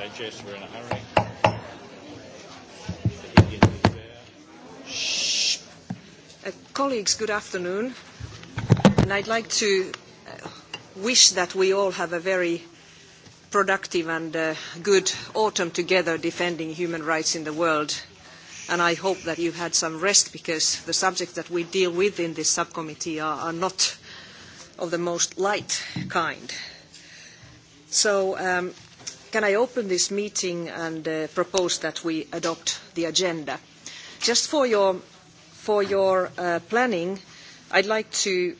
digest. We're in a hurry. Colleagues, good afternoon. And I'd like to wish that we all have a very productive and good autumn together defending human rights in the world. And I hope that you've had some rest because the subjects that we deal with in this subcommittee are not of the most light kind. So Can I open this meeting and propose that we adopt the agenda? Just for your, planning, I would like to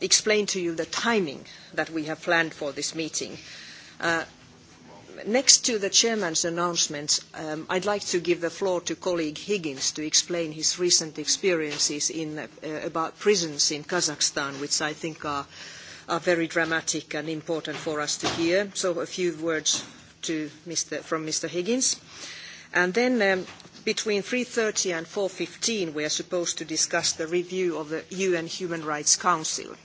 explain to you the timing that we have planned for this meeting. next to the chairman's announcements, I would like to give the floor to colleague Higgins to explain his recent experiences about prisons in Kazakhstan, which I think are, very dramatic and important for us to hear. So a few words to Mr. from Mr. Higgins. And then between three thirty and four fifteen we are supposed to discuss the review of the UN Human Rights Council.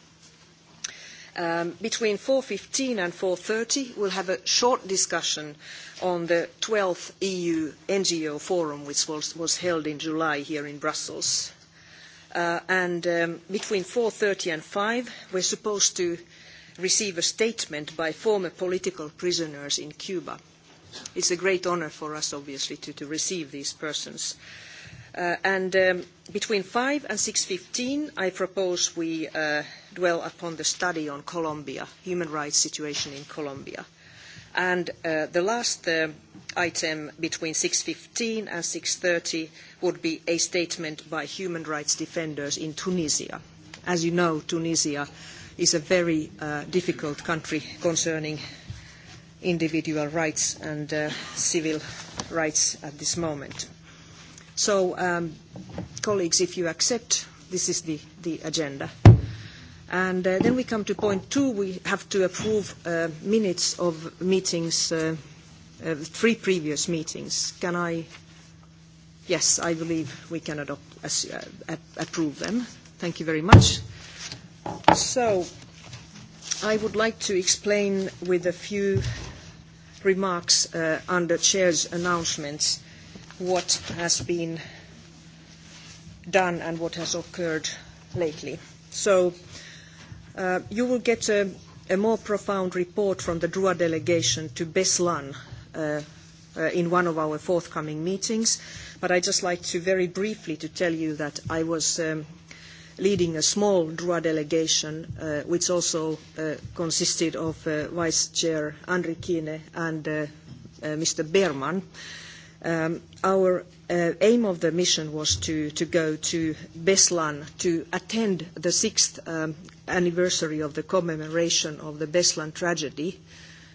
between four fifteen and four thirty we will have a short discussion on the twelfth EU NGO forum, which was, held in July here in Brussels. and between four thirty and five we are supposed to receive a statement by former political prisoners in Cuba. It's a great honor for us, obviously, to, to receive these persons. and between 5 and 6.15, I propose we dwell upon the study on Colombia, human rights situation in Colombia. And the last item between 6.15 and 6.30 would be a statement by human rights defenders in Tunisia. As you know, Tunisia is a very difficult country concerning individual rights and civil rights at this moment. So, colleagues, if you accept, this is the, the agenda. And then we come to point two. We have to approve minutes of meetings, three previous meetings. Can I? Yes, I believe we can adopt, approve them. Thank you very much. So I would like to explain with a few remarks under Chair's announcements what has been done and what has occurred lately. So you will get a, more profound report from the DRUA delegation to Beslan in one of our forthcoming meetings, but I'd just like to very briefly to tell you that I was leading a small DRUA delegation, which also consisted of Vice Chair Andri Kine and Mr. Berman. Our aim of the mission was to go to Beslan to attend the sixth anniversary of the commemoration of the Beslan tragedy,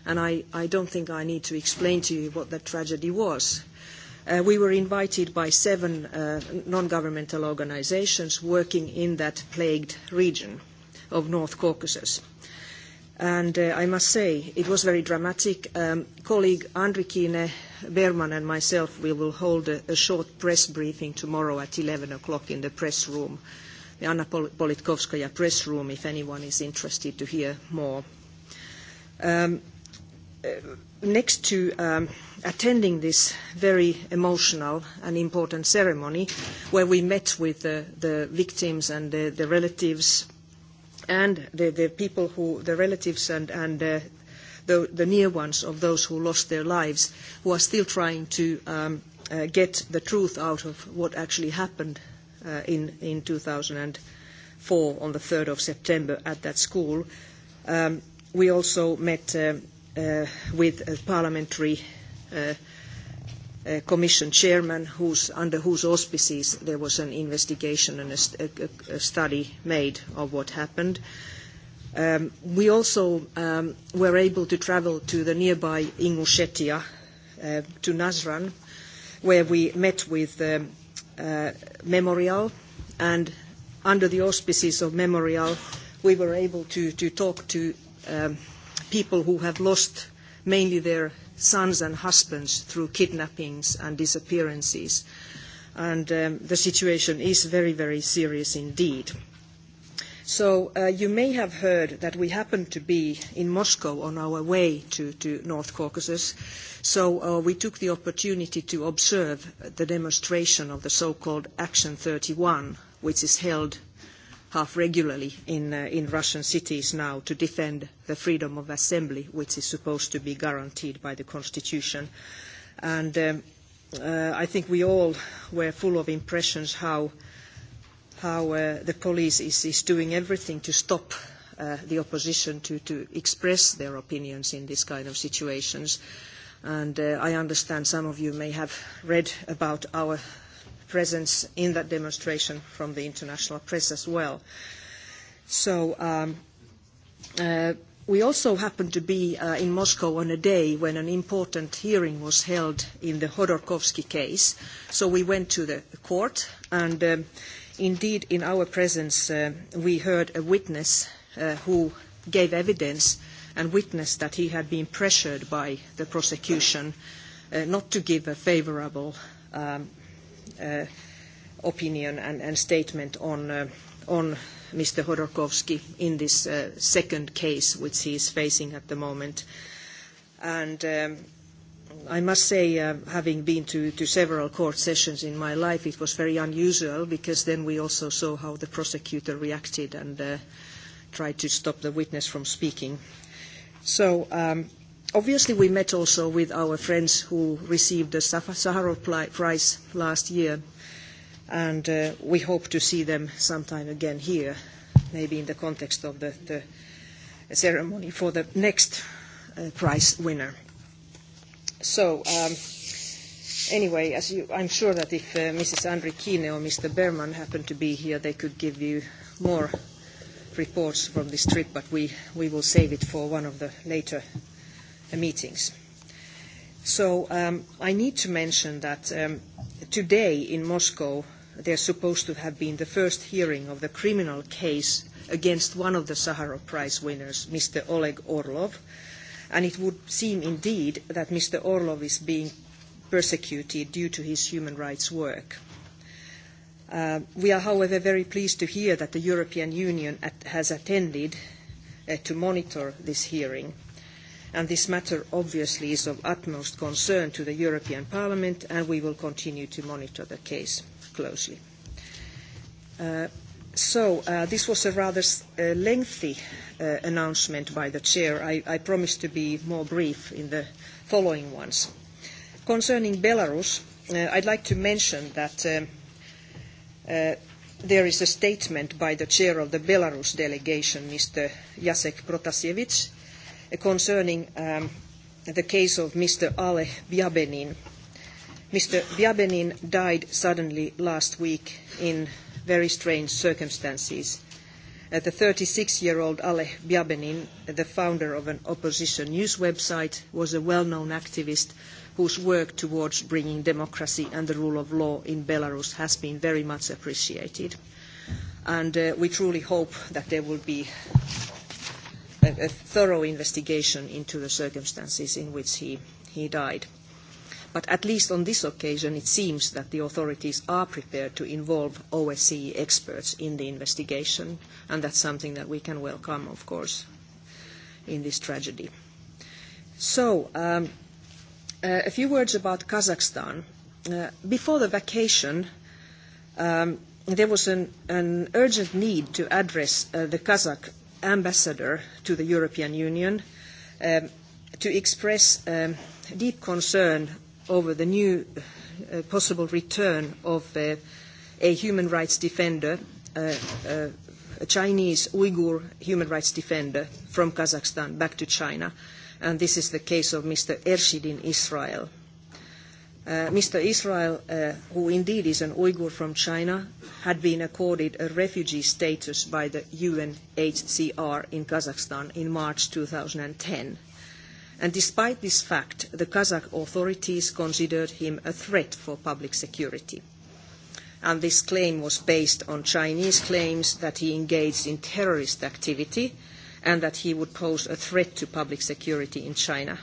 and I don't think I need to explain to you what that tragedy was we were invited by seven non-governmental organisations working in that plagued region of North Caucasus. And I must say, it was very dramatic. colleague Andrikine Berman and myself, we will hold a, short press briefing tomorrow at eleven o'clock in the press room, the Anna Politkovskaya press room, if anyone is interested to hear more. next to attending this very emotional and important ceremony where we met with the, the victims and the, the relatives and the, the people who, the relatives and, and uh, the, the near ones of those who lost their lives, who are still trying to um, uh, get the truth out of what actually happened uh, in, in 2004 on the 3rd of September at that school. Um, we also met uh, uh, with a parliamentary Commission chairman, whose under whose auspices there was an investigation and a, study made of what happened. we also were able to travel to the nearby Ingushetia, to Nazran, where we met with Memorial, and under the auspices of Memorial, we were able to, talk to people who have lost mainly their sons and husbands through kidnappings and disappearances. And the situation is very, very serious indeed. So you may have heard that we happen to be in Moscow on our way to, North Caucasus. So we took the opportunity to observe the demonstration of the so-called Action thirty one, which is held half regularly in, in Russian cities now to defend the freedom of assembly, which is supposed to be guaranteed by the constitution. And I think we all were full of impressions how, how the police is, is doing everything to stop the opposition to, to express their opinions in these kind of situations. And I understand some of you may have read about our presence in that demonstration from the international press as well. So um, uh, we also happened to be uh, in Moscow on a day when an important hearing was held in the Hodorkovsky case. So we went to the court, and um, indeed, in our presence, uh, we heard a witness uh, who gave evidence and witnessed that he had been pressured by the prosecution uh, not to give a favourable um, opinion and statement on Mr. Hodorkovsky in this second case, which he is facing at the moment. And I must say, having been to several court sessions in my life, it was very unusual because then we also saw how the prosecutor reacted and tried to stop the witness from speaking. So obviously, we met also with our friends who received the Sakharov Prize last year, and uh, we hope to see them sometime again here, maybe in the context of the, the ceremony for the next uh, prize winner. So, um, anyway, as you, I'm sure that if uh, Mrs. Andre Kine or Mr. Berman happened to be here, they could give you more reports from this trip, but we, we will save it for one of the later meetings. So um, I need to mention that um, today in Moscow there's supposed to have been the first hearing of the criminal case against one of the Sakharov Prize winners, Mr. Oleg Orlov. And it would seem indeed that Mr. Orlov is being persecuted due to his human rights work. we are, however, very pleased to hear that the European Union has attended to monitor this hearing and this matter obviously is of utmost concern to the European Parliament, and we will continue to monitor the case closely. So This was a rather lengthy announcement by the chair. I promise to be more brief in the following ones. Concerning Belarus, I'd like to mention that there is a statement by the chair of the Belarus delegation, Mr. Jacek Protasevich, concerning the case of Mr. Ale Vyabenin. Mr. Vyabenin died suddenly last week in very strange circumstances. The thirty six year old Ale Biabenin, the founder of an opposition news website, was a well-known activist whose work towards bringing democracy and the rule of law in Belarus has been very much appreciated. And we truly hope that there will be a, thorough investigation into the circumstances in which he, he died. But at least on this occasion, it seems that the authorities are prepared to involve OSCE experts in the investigation, and that's something that we can welcome, of course, in this tragedy. So, um, uh, a few words about Kazakhstan. Uh, before the vacation, um, there was an, an urgent need to address uh, the Kazakh ambassador to the European Union to express deep concern over the new possible return of a human rights defender, a Chinese Uyghur human rights defender from Kazakhstan back to China. And this is the case of Mr. Ershid Israel Mr. Israel, who indeed is an Uyghur from China, had been accorded a refugee status by the UNHCR in Kazakhstan in March 2010. And despite this fact, the Kazakh authorities considered him a threat for public security. And this claim was based on Chinese claims that he engaged in terrorist activity and that he would pose a threat to public security in China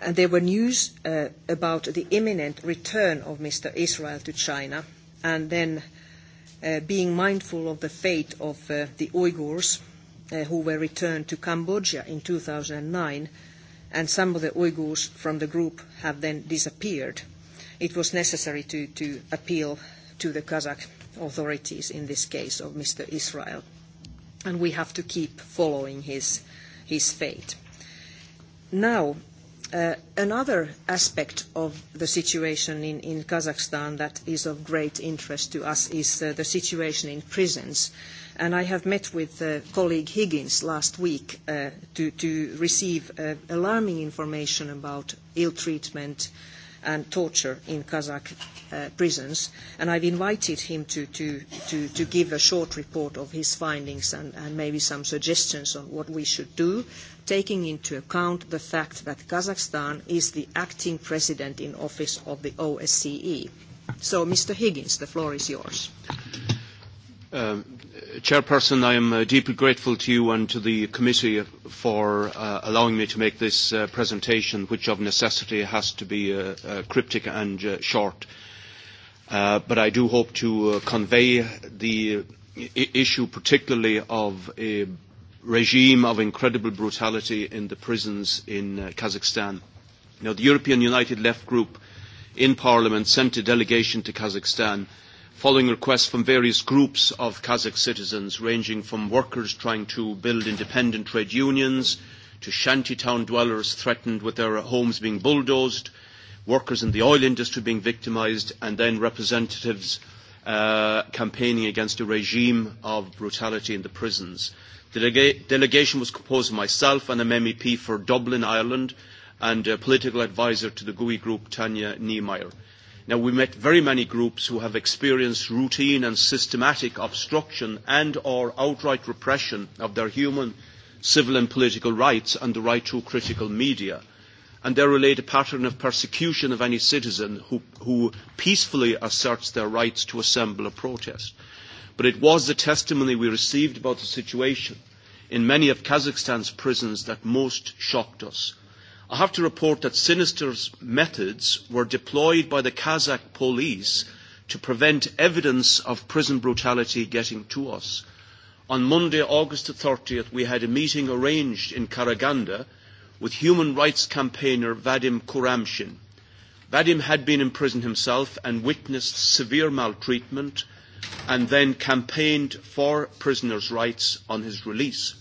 and there were news uh, about the imminent return of Mr. Israel to China, and then uh, being mindful of the fate of uh, the Uyghurs uh, who were returned to Cambodia in 2009, and some of the Uyghurs from the group have then disappeared. It was necessary to, to appeal to the Kazakh authorities in this case of Mr. Israel, and we have to keep following his, his fate. Now, another aspect of the situation in, Kazakhstan that is of great interest to us is the situation in prisons. And I have met with colleague Higgins last week to, receive alarming information about ill treatment, uh, and torture in Kazakh prisons. And I've invited him to, to, to, to give a short report of his findings and, and maybe some suggestions on what we should do, taking into account the fact that Kazakhstan is the acting president in office of the OSCE. So, Mr. Higgins, the floor is yours. Chairperson, I am deeply grateful to you and to the committee for allowing me to make this presentation, which of necessity has to be cryptic and short. But I do hope to convey the issue particularly of a regime of incredible brutality in the prisons in Kazakhstan. Now, the European United Left Group in Parliament sent a delegation to Kazakhstan – following requests from various groups of Kazakh citizens, ranging from workers trying to build independent trade unions to shantytown dwellers threatened with their homes being bulldozed, workers in the oil industry being victimised, and then representatives campaigning against a regime of brutality in the prisons. The delegation was composed of myself and an MEP for Dublin, Ireland, and a political adviser to the GUI group, Tanya Niemeyer. Now, we met very many groups who have experienced routine and systematic obstruction and or outright repression of their human, civil and political rights and the right to critical media. And they relate a pattern of persecution of any citizen who, who peacefully asserts their rights to assemble a protest. But it was the testimony we received about the situation in many of Kazakhstan's prisons that most shocked us I have to report that Sinister's methods were deployed by the Kazakh police to prevent evidence of prison brutality getting to us. On Monday, August the 30th, we had a meeting arranged in Karaganda with human rights campaigner Vadim Kuramshin. Vadim had been in prison himself and witnessed severe maltreatment and then campaigned for prisoners' rights on his release.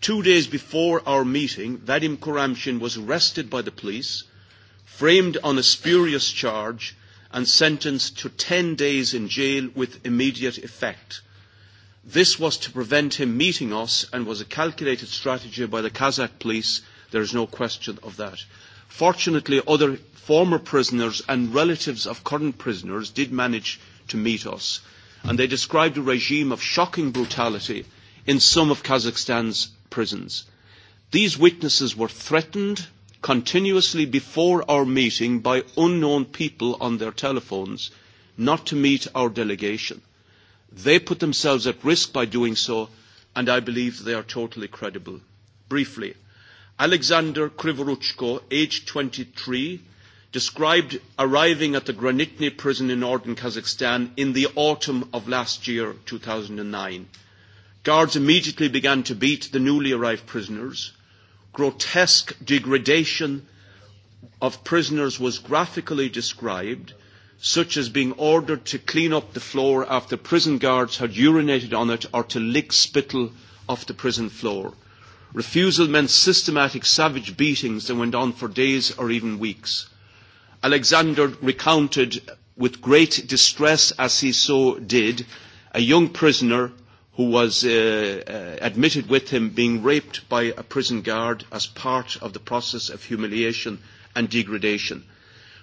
Two days before our meeting, Vadim Kuramshin was arrested by the police, framed on a spurious charge, and sentenced to 10 days in jail with immediate effect. This was to prevent him meeting us and was a calculated strategy by the Kazakh police. There is no question of that. Fortunately, other former prisoners and relatives of current prisoners did manage to meet us, and they described a regime of shocking brutality in some of Kazakhstan's prisons. These witnesses were threatened continuously before our meeting by unknown people on their telephones not to meet our delegation. They put themselves at risk by doing so, and I believe they are totally credible. Briefly, Alexander Krivoruchko, aged 23, described arriving at the Granitny prison in northern Kazakhstan in the autumn of last year, 2009. Guards immediately began to beat the newly arrived prisoners. Grotesque degradation of prisoners was graphically described, such as being ordered to clean up the floor after prison guards had urinated on it or to lick spittle off the prison floor. Refusal meant systematic savage beatings that went on for days or even weeks. Alexander recounted with great distress, as he so did, a young prisoner who was uh, uh, admitted with him being raped by a prison guard as part of the process of humiliation and degradation.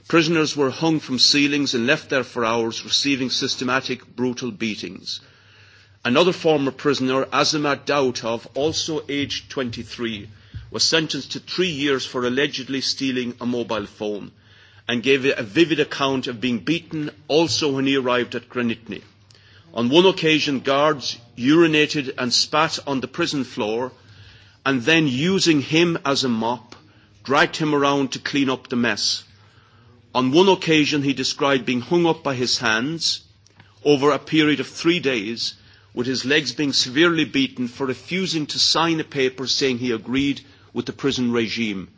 Prisoners were hung from ceilings and left there for hours, receiving systematic, brutal beatings. Another former prisoner, Azamat Dautov, also aged 23, was sentenced to three years for allegedly stealing a mobile phone and gave a vivid account of being beaten also when he arrived at Granitny. On one occasion, guards urinated and spat on the prison floor and then, using him as a mop, dragged him around to clean up the mess. On one occasion, he described being hung up by his hands over a period of three days, with his legs being severely beaten for refusing to sign a paper saying he agreed with the prison regime.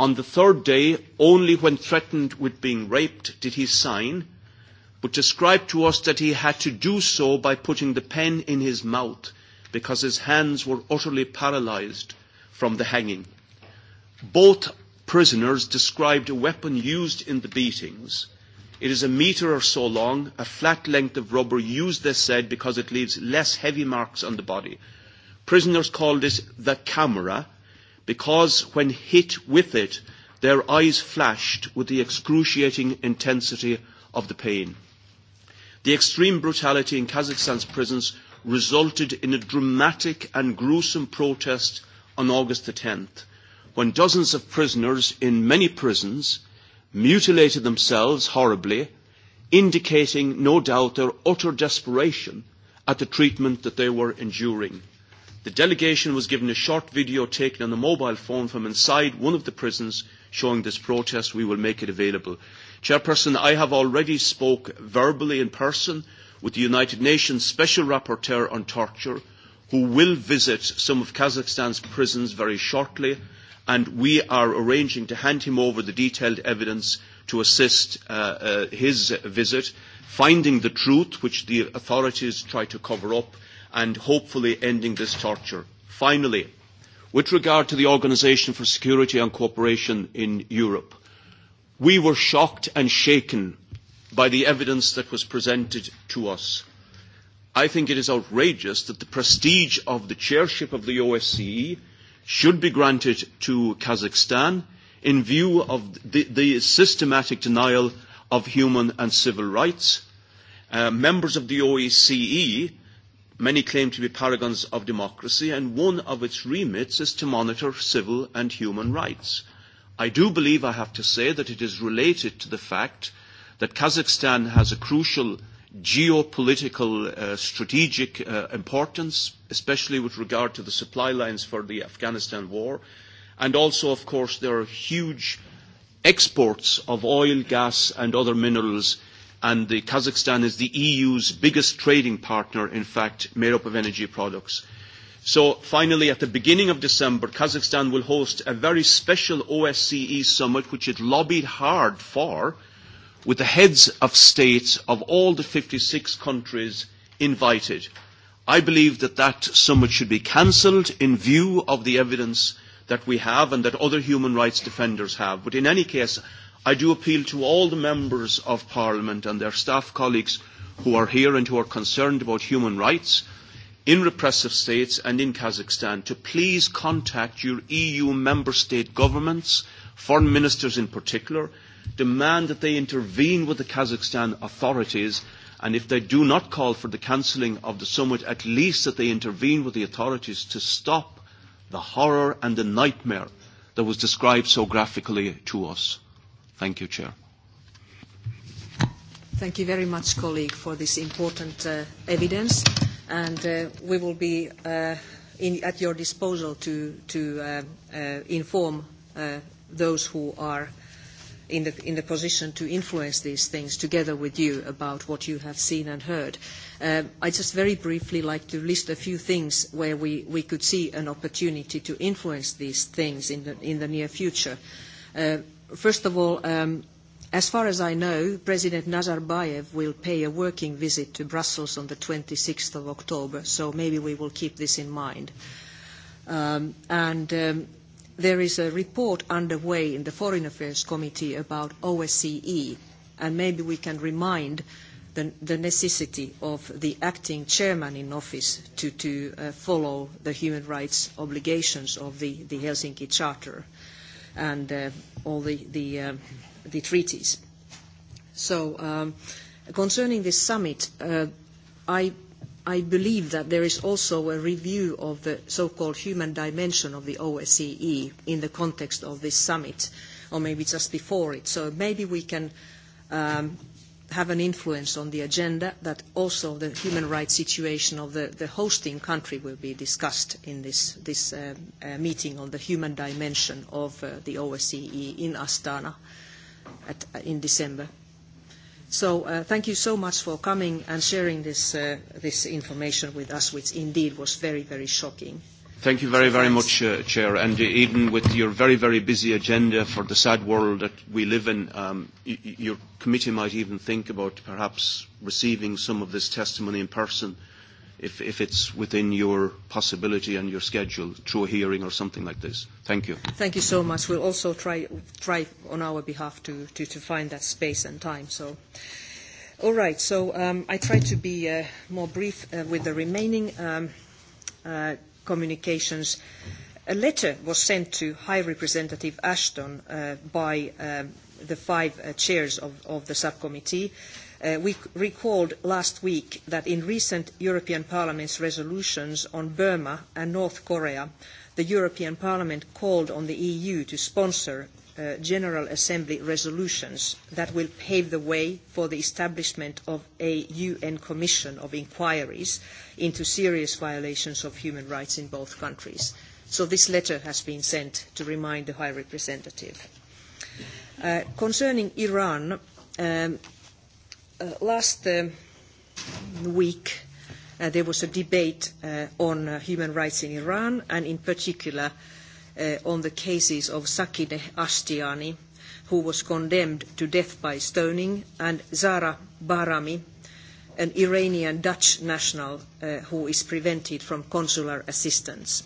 On the third day, only when threatened with being raped did he sign, but described to us that he had to do so by putting the pen in his mouth because his hands were utterly paralyzed from the hanging. Both prisoners described a weapon used in the beatings. It is a metre or so long, a flat length of rubber used, they said, because it leaves less heavy marks on the body. Prisoners called it the camera because when hit with it, their eyes flashed with the excruciating intensity of the pain. The extreme brutality in Kazakhstan's prisons resulted in a dramatic and gruesome protest on August the 10th, when dozens of prisoners in many prisons mutilated themselves horribly, indicating no doubt their utter desperation at the treatment that they were enduring. The delegation was given a short video taken on a mobile phone from inside one of the prisons showing this protest. We will make it available. Chairperson, I have already spoke verbally in person with the United Nations Special Rapporteur on Torture, who will visit some of Kazakhstan's prisons very shortly, and we are arranging to hand him over the detailed evidence to assist uh, uh, his visit, finding the truth which the authorities try to cover up, and hopefully ending this torture. Finally, with regard to the Organisation for Security and Cooperation in Europe, We were shocked and shaken by the evidence that was presented to us. I think it is outrageous that the prestige of the chairship of the OSCE should be granted to Kazakhstan in view of the, the systematic denial of human and civil rights. Uh, members of the OECE, many claim to be paragons of democracy, and one of its remits is to monitor civil and human rights. I do believe, I have to say, that it is related to the fact that Kazakhstan has a crucial geopolitical uh, strategic uh, importance, especially with regard to the supply lines for the Afghanistan war. And also, of course, there are huge exports of oil, gas, and other minerals. And the Kazakhstan is the EU's biggest trading partner, in fact, made up of energy products. So finally, at the beginning of December, Kazakhstan will host a very special OSCE summit, which it lobbied hard for, with the heads of state of all the 56 countries invited. I believe that that summit should be cancelled in view of the evidence that we have and that other human rights defenders have. But in any case, I do appeal to all the members of Parliament and their staff colleagues who are here and who are concerned about human rights in repressive states and in Kazakhstan to please contact your EU member state governments, foreign ministers in particular, demand that they intervene with the Kazakhstan authorities, and if they do not call for the cancelling of the summit, at least that they intervene with the authorities to stop the horror and the nightmare that was described so graphically to us. Thank you, Chair. Thank you very much, colleague, for this important evidence and uh, we will be uh, in, at your disposal to, to uh, uh, inform uh, those who are in the, in the position to influence these things together with you about what you have seen and heard. I'd I just very briefly like to list a few things where we, we could see an opportunity to influence these things in the, in the near future. Uh, first of all, um, As far as I know, President Nazarbayev will pay a working visit to Brussels on the 26th of October, so maybe we will keep this in mind. and there is a report underway in the Foreign Affairs Committee about OSCE, and maybe we can remind the, necessity of the acting chairman in office to, follow the human rights obligations of the, Helsinki Charter and all the the treaties. So concerning this summit, I I believe that there is also a review of the so-called human dimension of the OSCE in the context of this summit, or maybe just before it. So maybe we can have an influence on the agenda that also the human rights situation of the, the hosting country will be discussed in this, this meeting on the human dimension of the OSCE in Astana at, in December. So uh, thank you so much for coming and sharing this, uh, this information with us, which indeed was very, very shocking. Thank you very, very much, uh, Chair. And even with your very, very busy agenda for the sad world that we live in, um, your committee might even think about perhaps receiving some of this testimony in person if, if it's within your possibility and your schedule through a hearing or something like this. Thank you. Thank you so much. We'll also try, try on our behalf to, to, to find that space and time. So, all right. So um, I try to be uh, more brief uh, with the remaining um, uh, communications. A letter was sent to High Representative Ashton uh, by um, the five uh, chairs of, of the subcommittee we recalled last week that in recent European Parliament's resolutions on Burma and North Korea, the European Parliament called on the EU to sponsor General Assembly resolutions that will pave the way for the establishment of a UN Commission of inquiries into serious violations of human rights in both countries. So this letter has been sent to remind the High Representative. concerning Iran, last week there was a debate on human rights in Iran and in particular on the cases of Sakineh Ashtiani, who was condemned to death by stoning, and Zara Barami, an Iranian Dutch national who is prevented from consular assistance.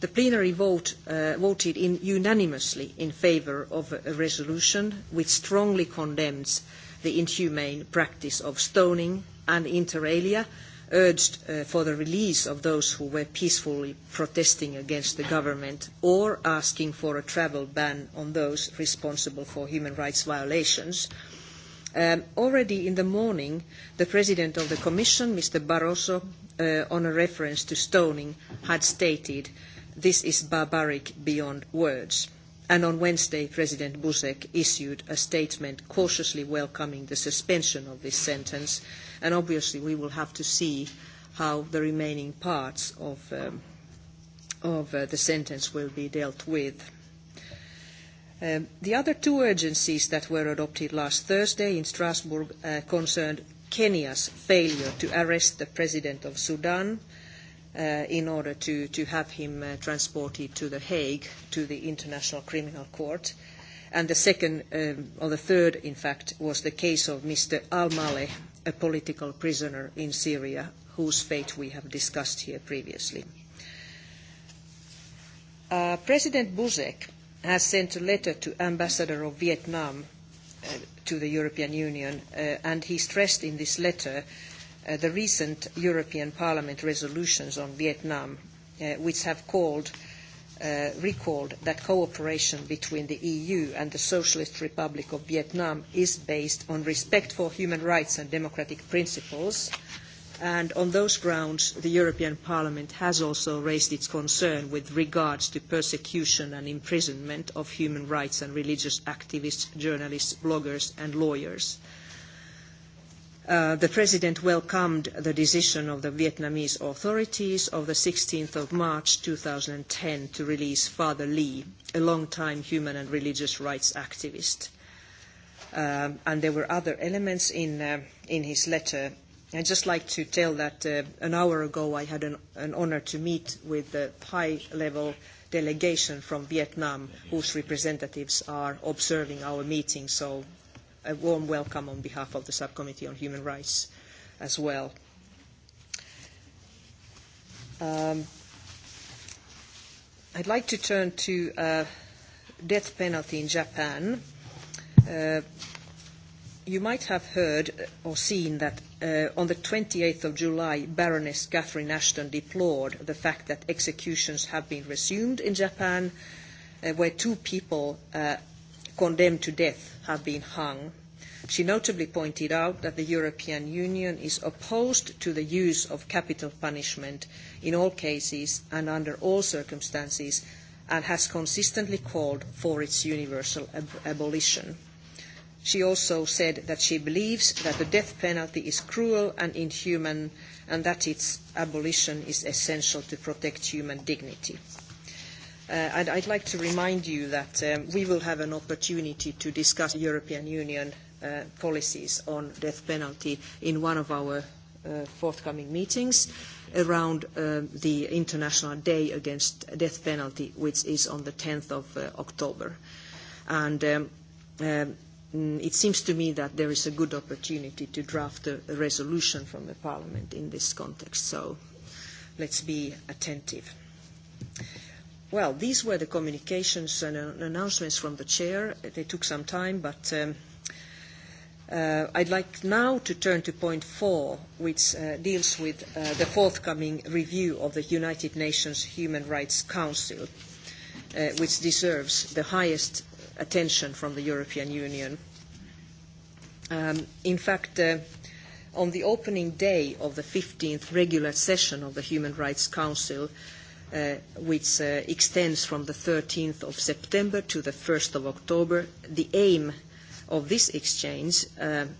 The plenary voted unanimously in favour of a resolution which strongly condemns uh, the inhumane practice of stoning and inter alia urged for the release of those who were peacefully protesting against the government or asking for a travel ban on those responsible for human rights violations. already in the morning, the President of the Commission, Mr. Barroso, on a reference to stoning, had stated, this is barbaric beyond words And on Wednesday, President Buzek issued a statement cautiously welcoming the suspension of this sentence. And obviously, we will have to see how the remaining parts of, um, of uh, the sentence will be dealt with. Um, the other two urgencies that were adopted last Thursday in Strasbourg uh, concerned Kenya's failure to arrest the president of Sudan in order to, to have him uh, transported to The Hague, to the International Criminal Court. And the second, um, or the third, in fact, was the case of Mr. Al-Maleh, a political prisoner in Syria, whose fate we have discussed here previously. Uh, President Buzek has sent a letter to Ambassador of Vietnam uh, to the European Union, uh, and he stressed in this letter the recent European Parliament resolutions on Vietnam, which have recalled that cooperation between the EU and the Socialist Republic of Vietnam is based on respect for human rights and democratic principles. And on those grounds, the European Parliament has also raised its concern with regards to persecution and imprisonment of human rights and religious activists, journalists, bloggers and lawyers the President welcomed the decision of the Vietnamese authorities of the 16th of March ten to release Father Lee, a long-time human and religious rights activist. and there were other elements in, his letter. I'd just like to tell that an hour ago I had an, an honor to meet with the high-level delegation from Vietnam whose representatives are observing our meeting, so a warm welcome on behalf of the Subcommittee on Human Rights as well. Um, I'd like to turn to uh, death penalty in Japan. Uh, you might have heard or seen that uh, on the 28th of July, Baroness Catherine Ashton deplored the fact that executions have been resumed in Japan, uh, where two people uh, condemned to death have been hung. She notably pointed out that the European Union is opposed to the use of capital punishment in all cases and under all circumstances and has consistently called for its universal abolition. She also said that she believes that the death penalty is cruel and inhuman and that its abolition is essential to protect human dignity and I'd like to remind you that we will have an opportunity to discuss European Union policies on death penalty in one of our forthcoming meetings around the International Day Against Death Penalty, which is on the 10th of October. And it seems to me that there is a good opportunity to draft a resolution from the Parliament in this context. So let's be attentive. Well, these were the communications and announcements from the chair. They took some time, but um, uh, I'd like now to turn to point four, which uh, deals with uh, the forthcoming review of the United Nations Human Rights Council, uh, which deserves the highest attention from the European Union. Um, in fact, uh, on the opening day of the 15th regular session of the Human Rights Council, uh, which extends from the 13th of September to the 1st of October. The aim of this exchange of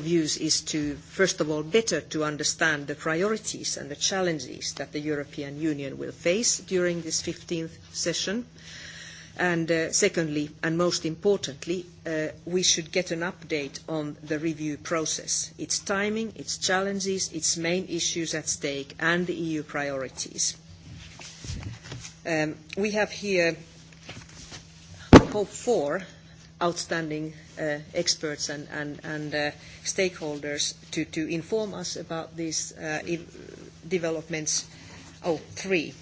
views is to, first of all, better to understand the priorities and the challenges that the European Union will face during this 15th session, uh, And secondly, and most importantly, we should get an update on the review process, its timing, its challenges, its main issues at stake, and the EU priorities. We have here hope for outstanding experts and stakeholders to inform us about these developments. Oh, three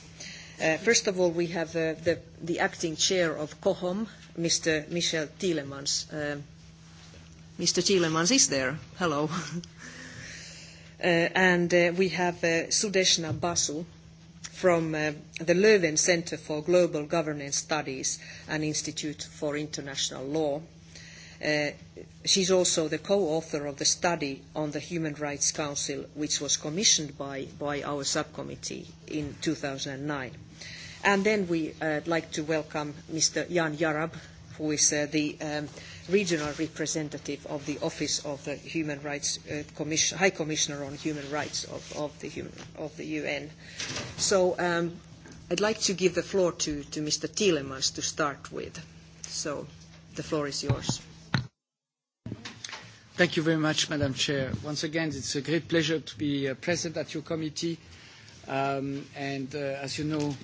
First of all, we have the acting chair of COHOM, Mr. Michel Tielemans. Mr. Tielemans is there. Hello. And we have Sudeshna Basu from the Leuven Center for Global Governance Studies and Institute for International Law She is also the co-author of the study on the Human Rights Council, which was commissioned by, by our subcommittee in 2009. And then we uh, like to welcome Mr. Jan Yarab, who is the regional representative of the Office of the Human Rights Commission, High Commissioner on Human Rights of, of, the, human, of the UN. So um, I'd like to give the floor to, to Mr. Tielemans to start with. So the floor is yours. Thank you very much, Madam Chair. Once again, it's a great pleasure to be present at your committee. And as you know,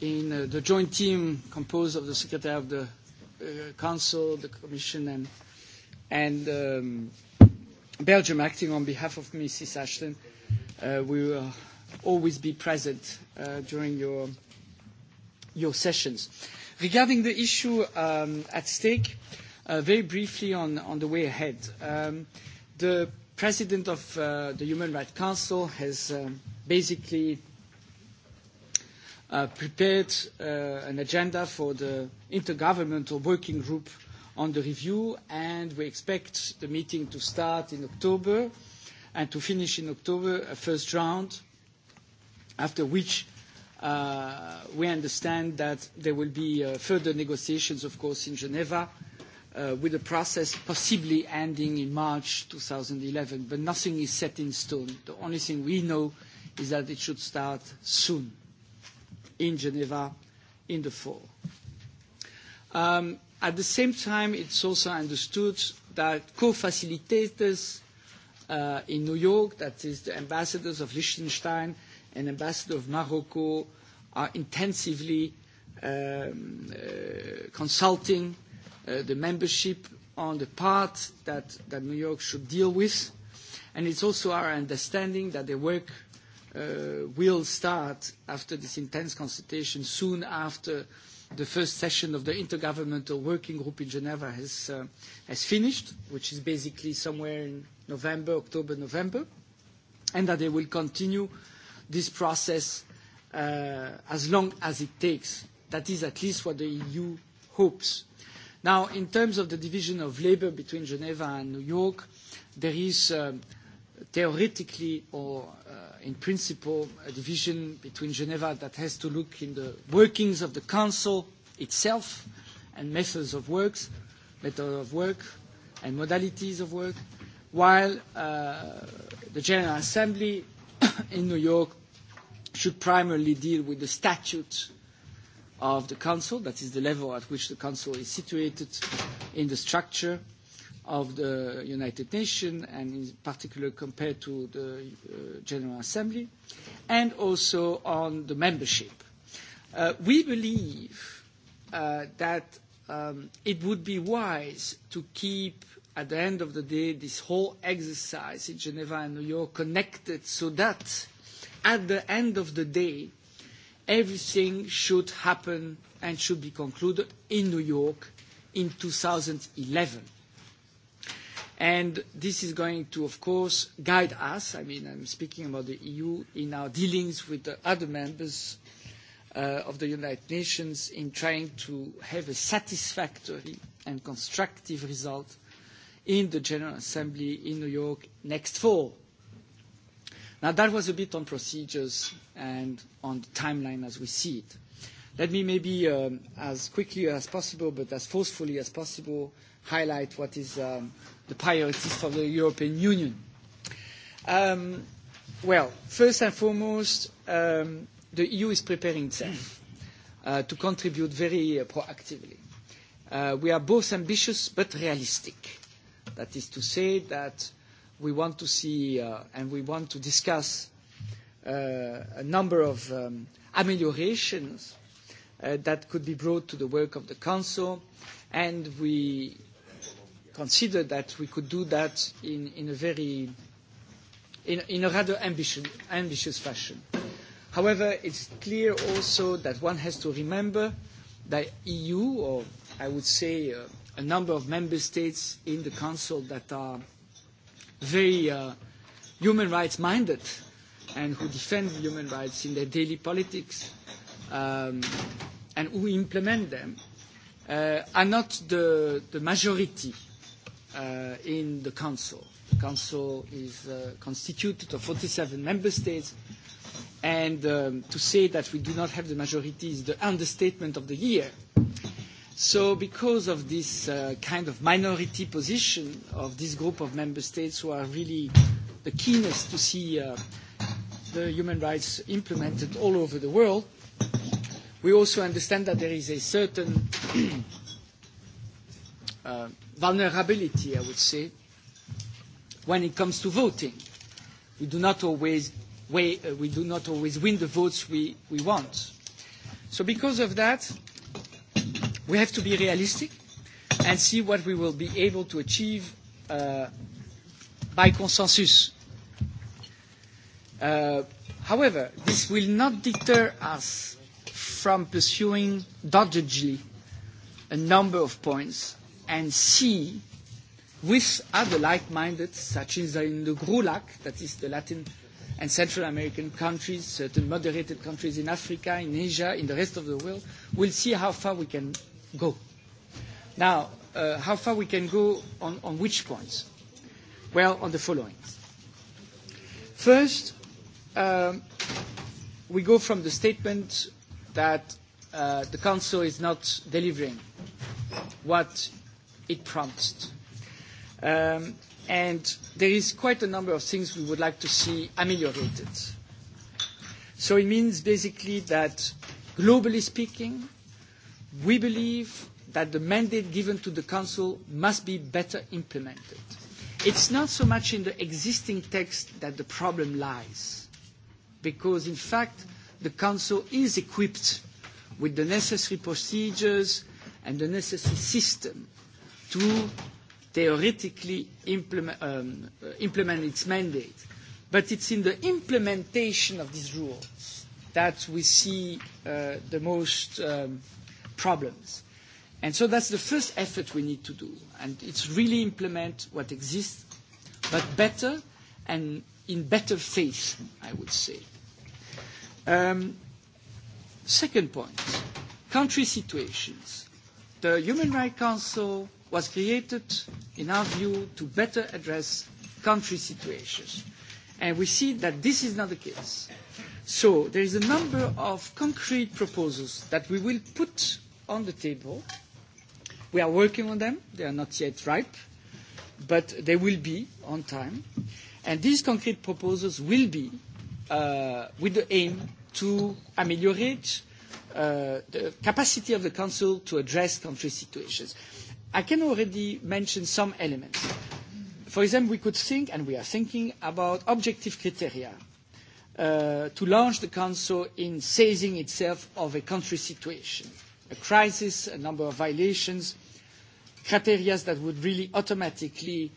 in the joint team composed of the Secretary of the Council, the Commission, and Belgium acting on behalf of Mrs. Ashton, we will always be present during your sessions. Regarding the issue at stake, Very briefly on the way ahead. The president of the Human Rights Council has basically prepared an agenda for the intergovernmental working group on the review, and we expect the meeting to start in October and to finish in October, a first round, after which we understand that there will be further negotiations, of course, in Geneva, with a process possibly ending in March 2011, but nothing is set in stone. The only thing we know is that it should start soon in Geneva in the fall. At the same time, it's also understood that co-facilitators in New York, that is the ambassadors of Liechtenstein and ambassador of Morocco, are intensively consulting the membership on the part that, that New York should deal with. And it's also our understanding that the work will start after this intense consultation soon after the first session of the Intergovernmental Working Group in Geneva has, finished, which is basically somewhere in November, October, November, and that they will continue this process as long as it takes. That is at least what the EU hopes Now, in terms of the division of labour between Geneva and New York, there is theoretically or in principle a division between Geneva that has to look in the workings of the Council itself and methods of work, method of work and modalities of work, while the General Assembly in New York should primarily deal with the statutes of the Council, that is the level at which the Council is situated in the structure of the United Nations, and in particular compared to the General Assembly, and also on the membership. we believe that it would be wise to keep, at the end of the day, this whole exercise in Geneva and New York connected so that at the end of the day, everything should happen and should be concluded in New York in 2011. And this is going to, of course, guide us. I mean, I'm speaking about the EU in our dealings with the other members of the United Nations in trying to have a satisfactory and constructive result in the General Assembly in New York next fall Now, that was a bit on procedures and on the timeline as we see it. Let me maybe, as quickly as possible, but as forcefully as possible, highlight what is the priorities for the European Union. Well, first and foremost, the EU is preparing itself to contribute very proactively. We are both ambitious but realistic. That is to say that we want to see and we want to discuss a number of ameliorations that could be brought to the work of the Council, and we consider that we could do that in, in a very in, a rather ambitious, fashion. However, it's clear also that one has to remember that EU, or I would say a number of member states in the Council that are very human rights minded and who defend human rights in their daily politics um, and who implement them uh, are not the, the majority uh, in the Council. The Council is uh, constituted of 47 member states, and um, to say that we do not have the majority is the understatement of the year. Uh, So because of this uh, kind of minority position of this group of member states who are really the keenest to see uh, the human rights implemented all over the world, we also understand that there is a certain uh, vulnerability, I would say, when it comes to voting. We do not always, weigh, uh, we do not always win the votes we, we want. So because of that, We have to be realistic and see what we will be able to achieve by consensus. however, this will not deter us from pursuing doggedly a number of points and see with other like-minded, such as in the GRULAC, that is the Latin and Central American countries, certain moderated countries in Africa, in Asia, in the rest of the world, we'll see how far we can go. Now, uh, how far we can go on, on which points? Well, on the following. First, um, we go from the statement that uh, the Council is not delivering what it promised. Um, and there is quite a number of things we would like to see ameliorated. So it means basically that, globally speaking, We believe that the mandate given to the Council must be better implemented. It's not so much in the existing text that the problem lies, because in fact the Council is equipped with the necessary procedures and the necessary system to theoretically implement its mandate. But it's in the implementation of these rules that we see the most problems. And so that's the first effort we need to do. And it's really implement what exists, but better and in better faith, I would say. Um, second point, country situations. The Human Rights Council was created, in our view, to better address country situations. And we see that this is not the case. So there is a number of concrete proposals that we will put on the table. We are working on them. They are not yet ripe, but they will be on time. And these concrete proposals will be with the aim to ameliorate the capacity of the Council to address country situations. I can already mention some elements. For example, we could think, and we are thinking, about objective criteria to launch the Council in seizing itself of a country situation a crisis, a number of violations, criteria that would really automatically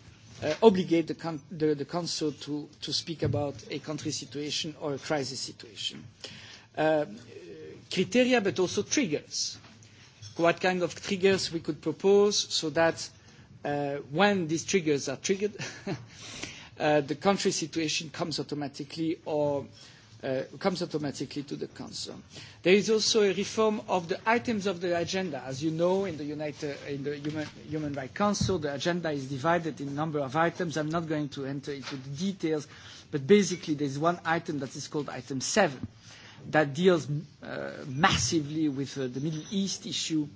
obligate the, Council to, speak about a country situation or a crisis situation. criteria, but also triggers. What kind of triggers we could propose so that when these triggers are triggered, the country situation comes automatically or comes automatically to the Council. There is also a reform of the items of the agenda. As you know, in the, United, in the Human, Human Rights Council, the agenda is divided in a number of items. I'm not going to enter into the details, but basically there's one item that is called item seven that deals massively with the Middle East issue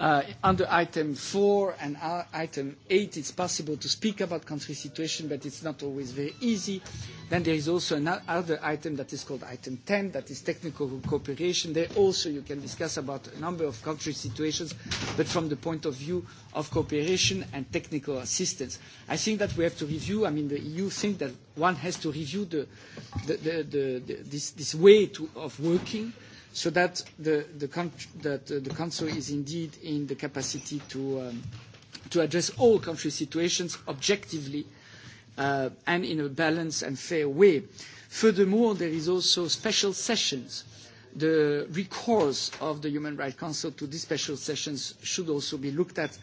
Under item four and item eight, it's possible to speak about country situation, but it's not always very easy. Then there is also another item that is called item ten, that is technical cooperation. There also you can discuss about a number of country situations, but from the point of view of cooperation and technical assistance. I think that we have to review, I mean, the EU thinks that one has to review this way of working, so that the, Council is indeed in the capacity to, address all country situations objectively and in a balanced and fair way. Furthermore, there is also special sessions. The recourse of the Human Rights Council to these special sessions should also be looked at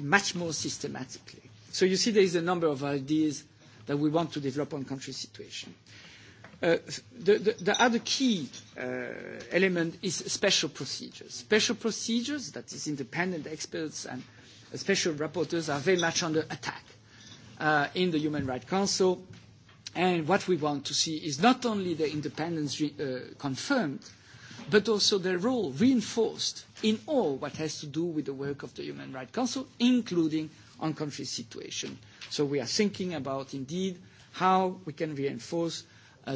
much more systematically. So you see there is a number of ideas that we want to develop on country situation. The other key element is special procedures. Special procedures, that is independent experts and special rapporteurs are very much under attack in the Human Rights Council. And what we want to see is not only their independence confirmed, but also their role reinforced in all what has to do with the work of the Human Rights Council, including on country situation. So we are thinking about, indeed, how we can reinforce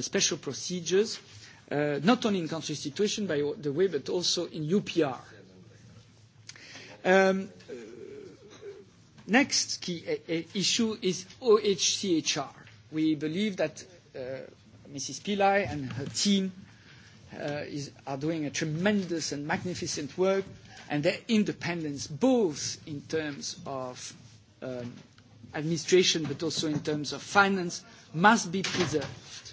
special procedures, not only in country situation, by the way, but also in UPR. Next key issue is OHCHR. We believe that Mrs. Pillai and her team are doing a tremendous and magnificent work, and their independence, both in terms of administration but also in terms of finance, must be preserved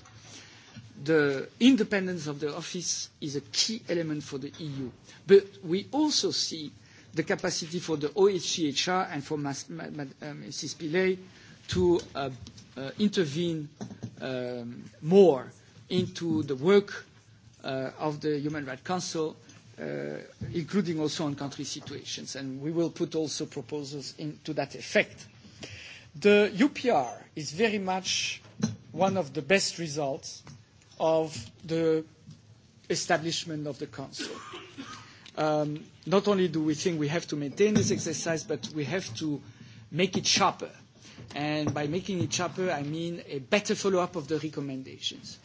the independence of the office is a key element for the EU. But we also see the capacity for the OHCHR and for Mrs. Pillay to intervene more into the work of the Human Rights Council, including also on country situations. And we will put also proposals to that effect. The UPR is very much one of the best results uh, of the establishment of the Council. not only do we think we have to maintain this exercise, but we have to make it sharper. And by making it sharper, I mean a better follow-up of the recommendations.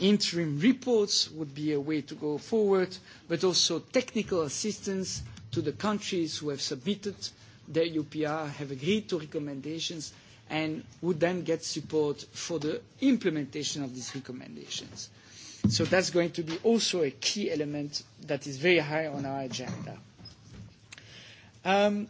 Interim reports would be a way to go forward, but also technical assistance to the countries who have submitted their UPR, have agreed to recommendations, and would then get support for the implementation of these recommendations. So that's going to be also a key element that is very high on our agenda. Um,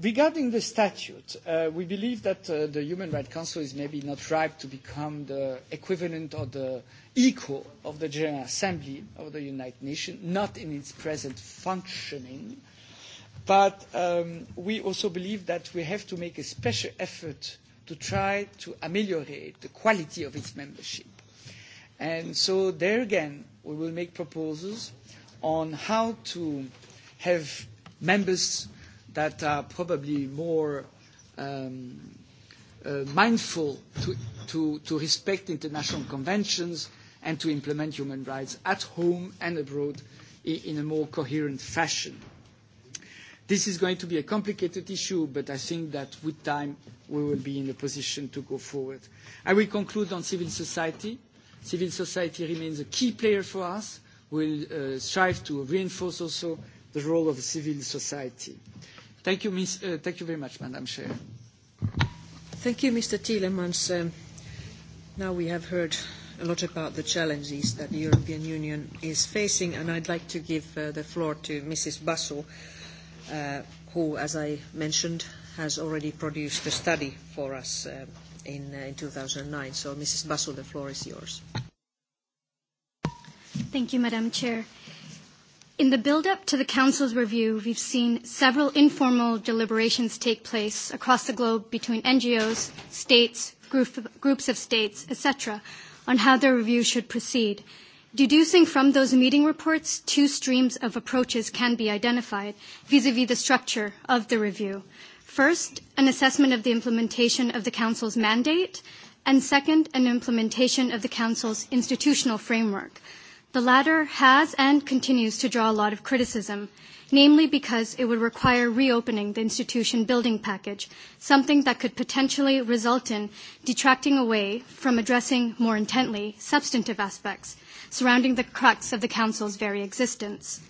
regarding the statute, uh, we believe that uh, the Human Rights Council is maybe not ripe to become the equivalent or the equal of the General Assembly of the United Nations, not in its present functioning. Uh, But we also believe that we have to make a special effort to try to ameliorate the quality of its membership. And so there again, we will make proposals on how to have members that are probably more mindful to respect international conventions and to implement human rights at home and abroad in a more coherent fashion. This is going to be a complicated issue, but I think that with time we will be in a position to go forward. I will conclude on civil society. Civil society remains a key player for us. We will strive to reinforce also the role of civil society. Thank you, thank you very much, Madam Chair. Thank you, Mr. Tielemans. now we have heard a lot about the challenges that the European Union is facing, and I'd like to give the floor to Mrs. Basu who, as I mentioned, has already produced a study for us in, uh, in 2009. So, Mrs. Basu, the floor is yours. Thank you, Madam Chair. In the build-up to the Council's review, we've seen several informal deliberations take place across the globe between NGOs, states, group, groups of states, etc., on how their review should proceed – Deducing from those meeting reports, two streams of approaches can be identified vis-à-vis the structure of the review. First, an assessment of the implementation of the Council's mandate, and second, an implementation of the Council's institutional framework. The latter has and continues to draw a lot of criticism, namely because it would require reopening the institution building package, something that could potentially result in detracting away from addressing more intently substantive aspects surrounding the crux of the Council's very existence.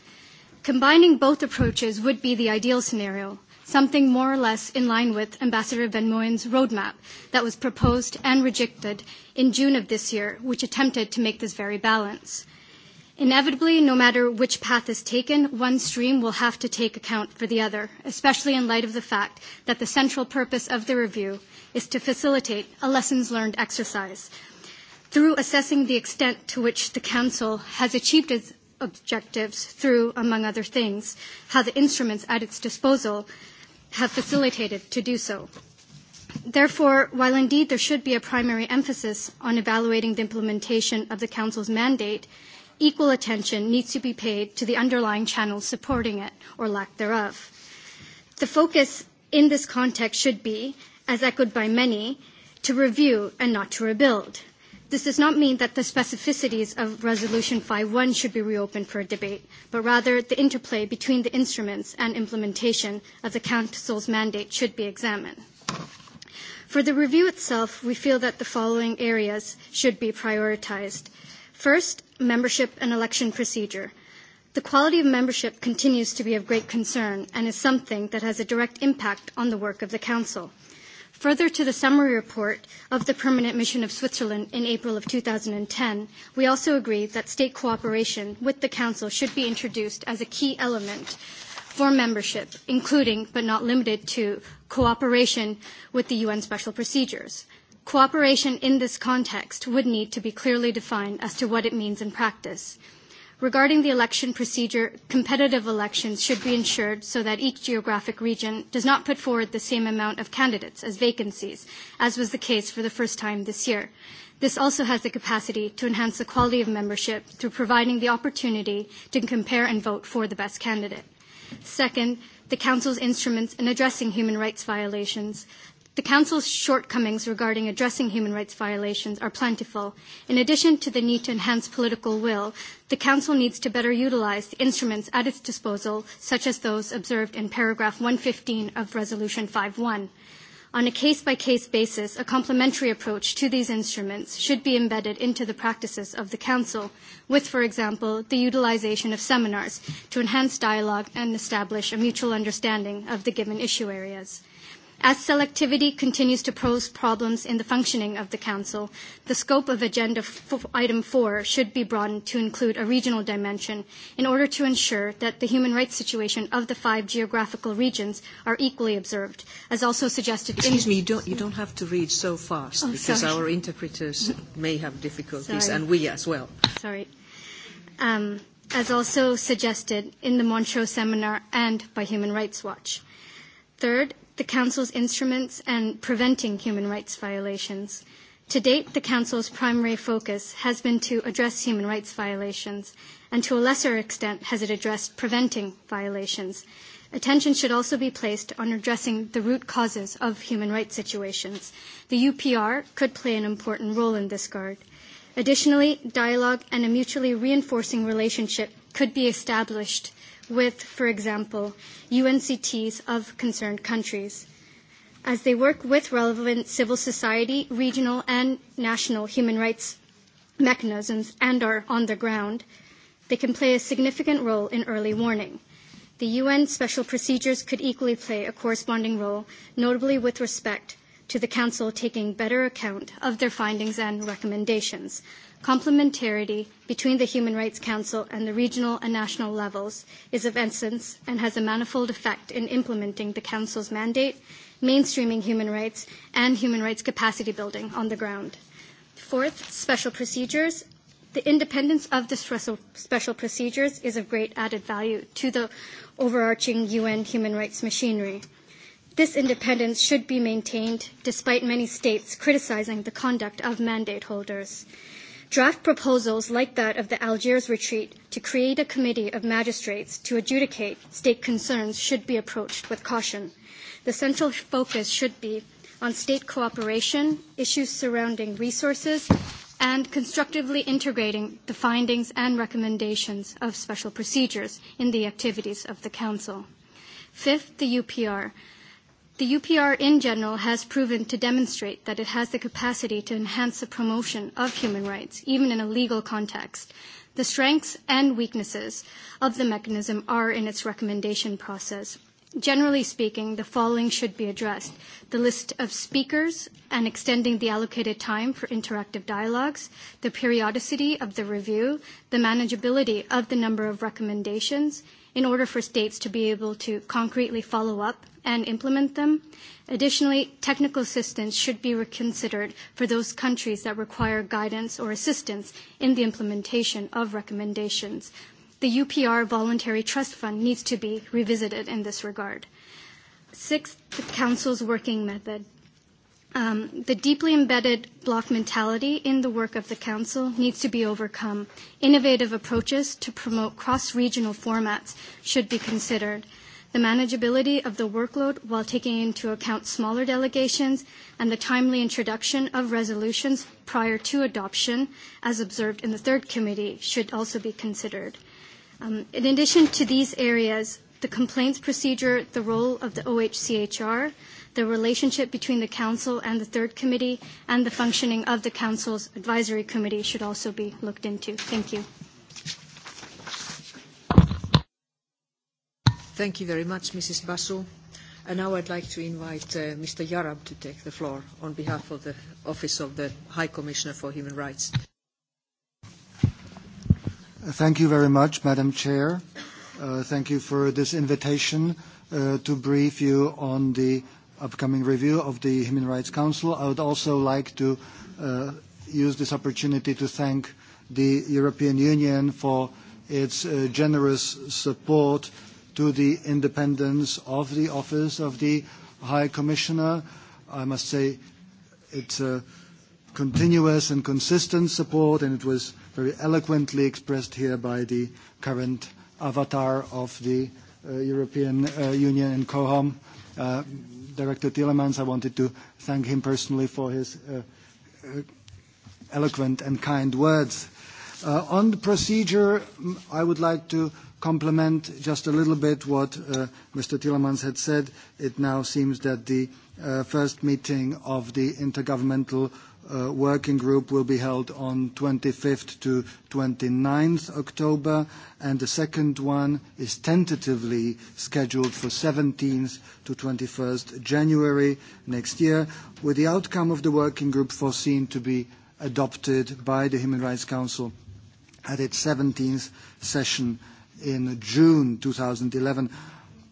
Combining both approaches would be the ideal scenario, something more or less in line with Ambassador Van Mooyen's roadmap that was proposed and rejected in June of this year, which attempted to make this very balance. Inevitably, no matter which path is taken, one stream will have to take account for the other, especially in light of the fact that the central purpose of the review is to facilitate a lessons learned exercise through assessing the extent to which the Council has achieved its objectives through, among other things, how the instruments at its disposal have facilitated to do so. Therefore, while indeed there should be a primary emphasis on evaluating the implementation of the Council's mandate, equal attention needs to be paid to the underlying channels supporting it or lack thereof. The focus in this context should be, as echoed by many, to review and not to rebuild. This does not mean that the specificities of Resolution 5.1 should be reopened for debate, but rather the interplay between the instruments and implementation of the Council's mandate should be examined. For the review itself, we feel that the following areas should be prioritized. First, membership and election procedure. The quality of membership continues to be of great concern and is something that has a direct impact on the work of the Council. Further to the summary report of the Permanent Mission of Switzerland in April of 2010, we also agreed that state cooperation with the Council should be introduced as a key element for membership, including but not limited to cooperation with the UN special procedures. Cooperation in this context would need to be clearly defined as to what it means in practice regarding the election procedure, competitive elections should be ensured so that each geographic region does not put forward the same amount of candidates as vacancies, as was the case for the first time this year. This also has the capacity to enhance the quality of membership through providing the opportunity to compare and vote for the best candidate. Second, the Council's instruments in addressing human rights violations. The Council's shortcomings regarding addressing human rights violations are plentiful. In addition to the need to enhance political will, the Council needs to better utilize the instruments at its disposal, such as those observed in paragraph 115 of Resolution 5.1. On a case-by-case basis, a complementary approach to these instruments should be embedded into the practices of the Council, with, for example, the utilization of seminars to enhance dialogue and establish a mutual understanding of the given issue areas. As selectivity continues to pose problems in the functioning of the Council, the scope of Agenda f- Item 4 should be broadened to include a regional dimension in order to ensure that the human rights situation of the five geographical regions are equally observed, as also suggested Excuse in... me, you don't, you don't have to read so fast, oh, because sorry. our interpreters may have difficulties, sorry. and we as well. Sorry. Um, as also suggested in the Montreux seminar and by Human Rights Watch. Third, the Council's instruments and preventing human rights violations. To date, the Council's primary focus has been to address human rights violations, and to a lesser extent has it addressed preventing violations. Attention should also be placed on addressing the root causes of human rights situations. The UPR could play an important role in this guard. Additionally, dialogue and a mutually reinforcing relationship could be established with, for example, UNCTs of concerned countries, as they work with relevant civil society, regional, and national human rights mechanisms and are on the ground, they can play a significant role in early warning. The UN special procedures could equally play a corresponding role, notably with respect to the Council taking better account of their findings and recommendations complementarity between the Human Rights Council and the regional and national levels is of essence and has a manifold effect in implementing the Council's mandate, mainstreaming human rights, and human rights capacity building on the ground. Fourth, special procedures. The independence of the special procedures is of great added value to the overarching UN human rights machinery. This independence should be maintained despite many states criticizing the conduct of mandate holders. Draft proposals like that of the Algiers retreat to create a committee of magistrates to adjudicate state concerns should be approached with caution. The central focus should be on state cooperation, issues surrounding resources, and constructively integrating the findings and recommendations of special procedures in the activities of the Council. Fifth, the UPR. The UPR in general has proven to demonstrate that it has the capacity to enhance the promotion of human rights, even in a legal context. The strengths and weaknesses of the mechanism are in its recommendation process. Generally speaking, the following should be addressed the list of speakers and extending the allocated time for interactive dialogues, the periodicity of the review, the manageability of the number of recommendations, in order for states to be able to concretely follow up and implement them. Additionally, technical assistance should be reconsidered for those countries that require guidance or assistance in the implementation of recommendations. The UPR Voluntary Trust Fund needs to be revisited in this regard. Sixth, the Council's working method um, the deeply embedded block mentality in the work of the Council needs to be overcome. Innovative approaches to promote cross-regional formats should be considered. The manageability of the workload while taking into account smaller delegations and the timely introduction of resolutions prior to adoption, as observed in the third committee, should also be considered. Um, in addition to these areas, the complaints procedure, the role of the OHCHR, the relationship between the Council and the Third Committee, and the functioning of the Council's Advisory Committee should also be looked into. Thank you. Thank you very much, Mrs. Basu. And now I'd like to invite uh, Mr. Yarab to take the floor on behalf of the Office of the High Commissioner for Human Rights. Thank you very much, Madam Chair. Uh, Thank you for this invitation uh, to brief you on the upcoming review of the Human Rights Council. I would also like to use this opportunity to thank the European Union for its generous support to the independence of the Office of the High Commissioner. I must say it's a continuous and consistent support, and it was very eloquently expressed here by the current avatar of the European Union in COHOM, Director Tillemans. I wanted to thank him personally for his eloquent and kind words. On the procedure, I would like to complement just a little bit what Mr. Tielemans had said. It now seems that the first meeting of the Intergovernmental working group will be held on 25th to 29th October, and the second one is tentatively scheduled for 17th to 21st January next year, with the outcome of the working group foreseen to be adopted by the Human Rights Council at its 17th session in June 2011.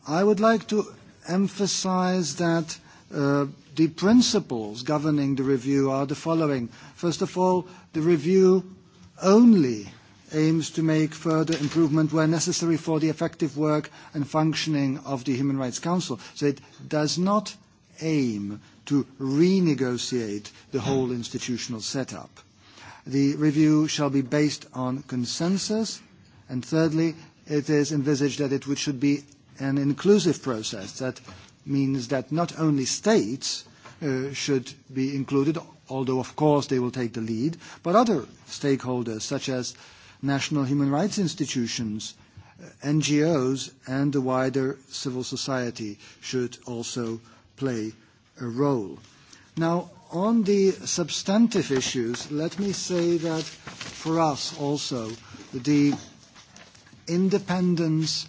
I would like to emphasize that the principles governing the review are the following. First of all, the review only aims to make further improvement where necessary for the effective work and functioning of the Human Rights Council. So it does not aim to renegotiate the whole institutional setup. The review shall be based on consensus. And thirdly, it is envisaged that it should be an inclusive process that means that not only states should be included, although of course they will take the lead, but other stakeholders such as national human rights institutions, NGOs, and the wider civil society should also play a role. Now, on the substantive issues, let me say that for us also, the independence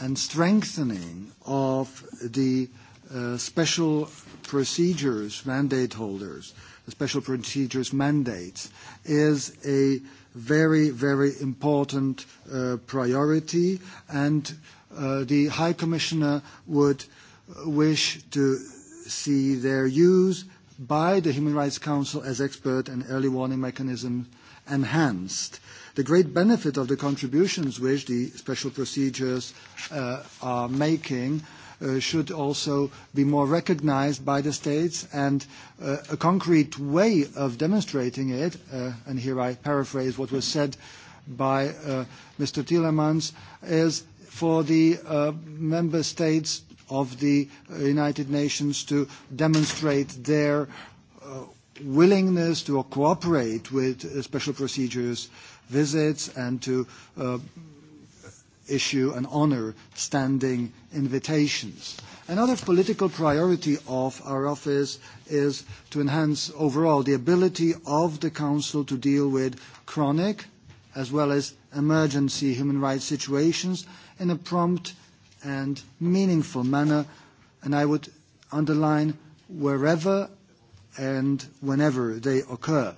and strengthening of the special procedures mandate holders, the special procedures mandates, is a very, very important priority, and the High Commissioner would wish to see their use by the Human Rights Council as expert and early warning mechanism enhanced. Uh, the great benefit of the contributions which the special procedures are making should also be more recognized by the states and a concrete way of demonstrating it, and here I paraphrase what was said by Mr. Timmermans, is for the member states of the United Nations to demonstrate their willingness to cooperate with special procedures visits and to uh, issue and honour standing invitations. Another political priority of our office is to enhance overall the ability of the Council to deal with chronic as well as emergency human rights situations in a prompt and meaningful manner, and I would underline wherever and whenever they occur.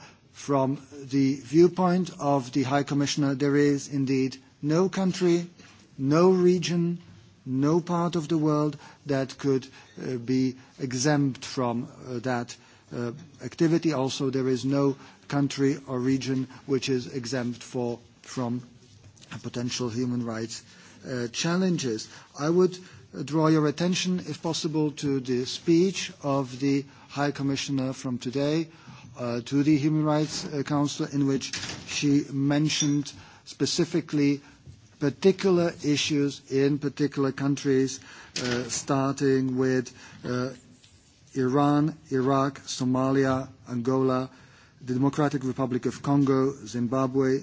From the viewpoint of the High Commissioner, there is indeed no country, no region, no part of the world that could be exempt from that activity. Also, there is no country or region which is exempt from potential human rights challenges. I would draw your attention, if possible, to the speech of the High Commissioner from today to the Human Rights Council in which she mentioned specifically particular issues in particular countries, starting with Iran, Iraq, Somalia, Angola, the Democratic Republic of Congo, Zimbabwe,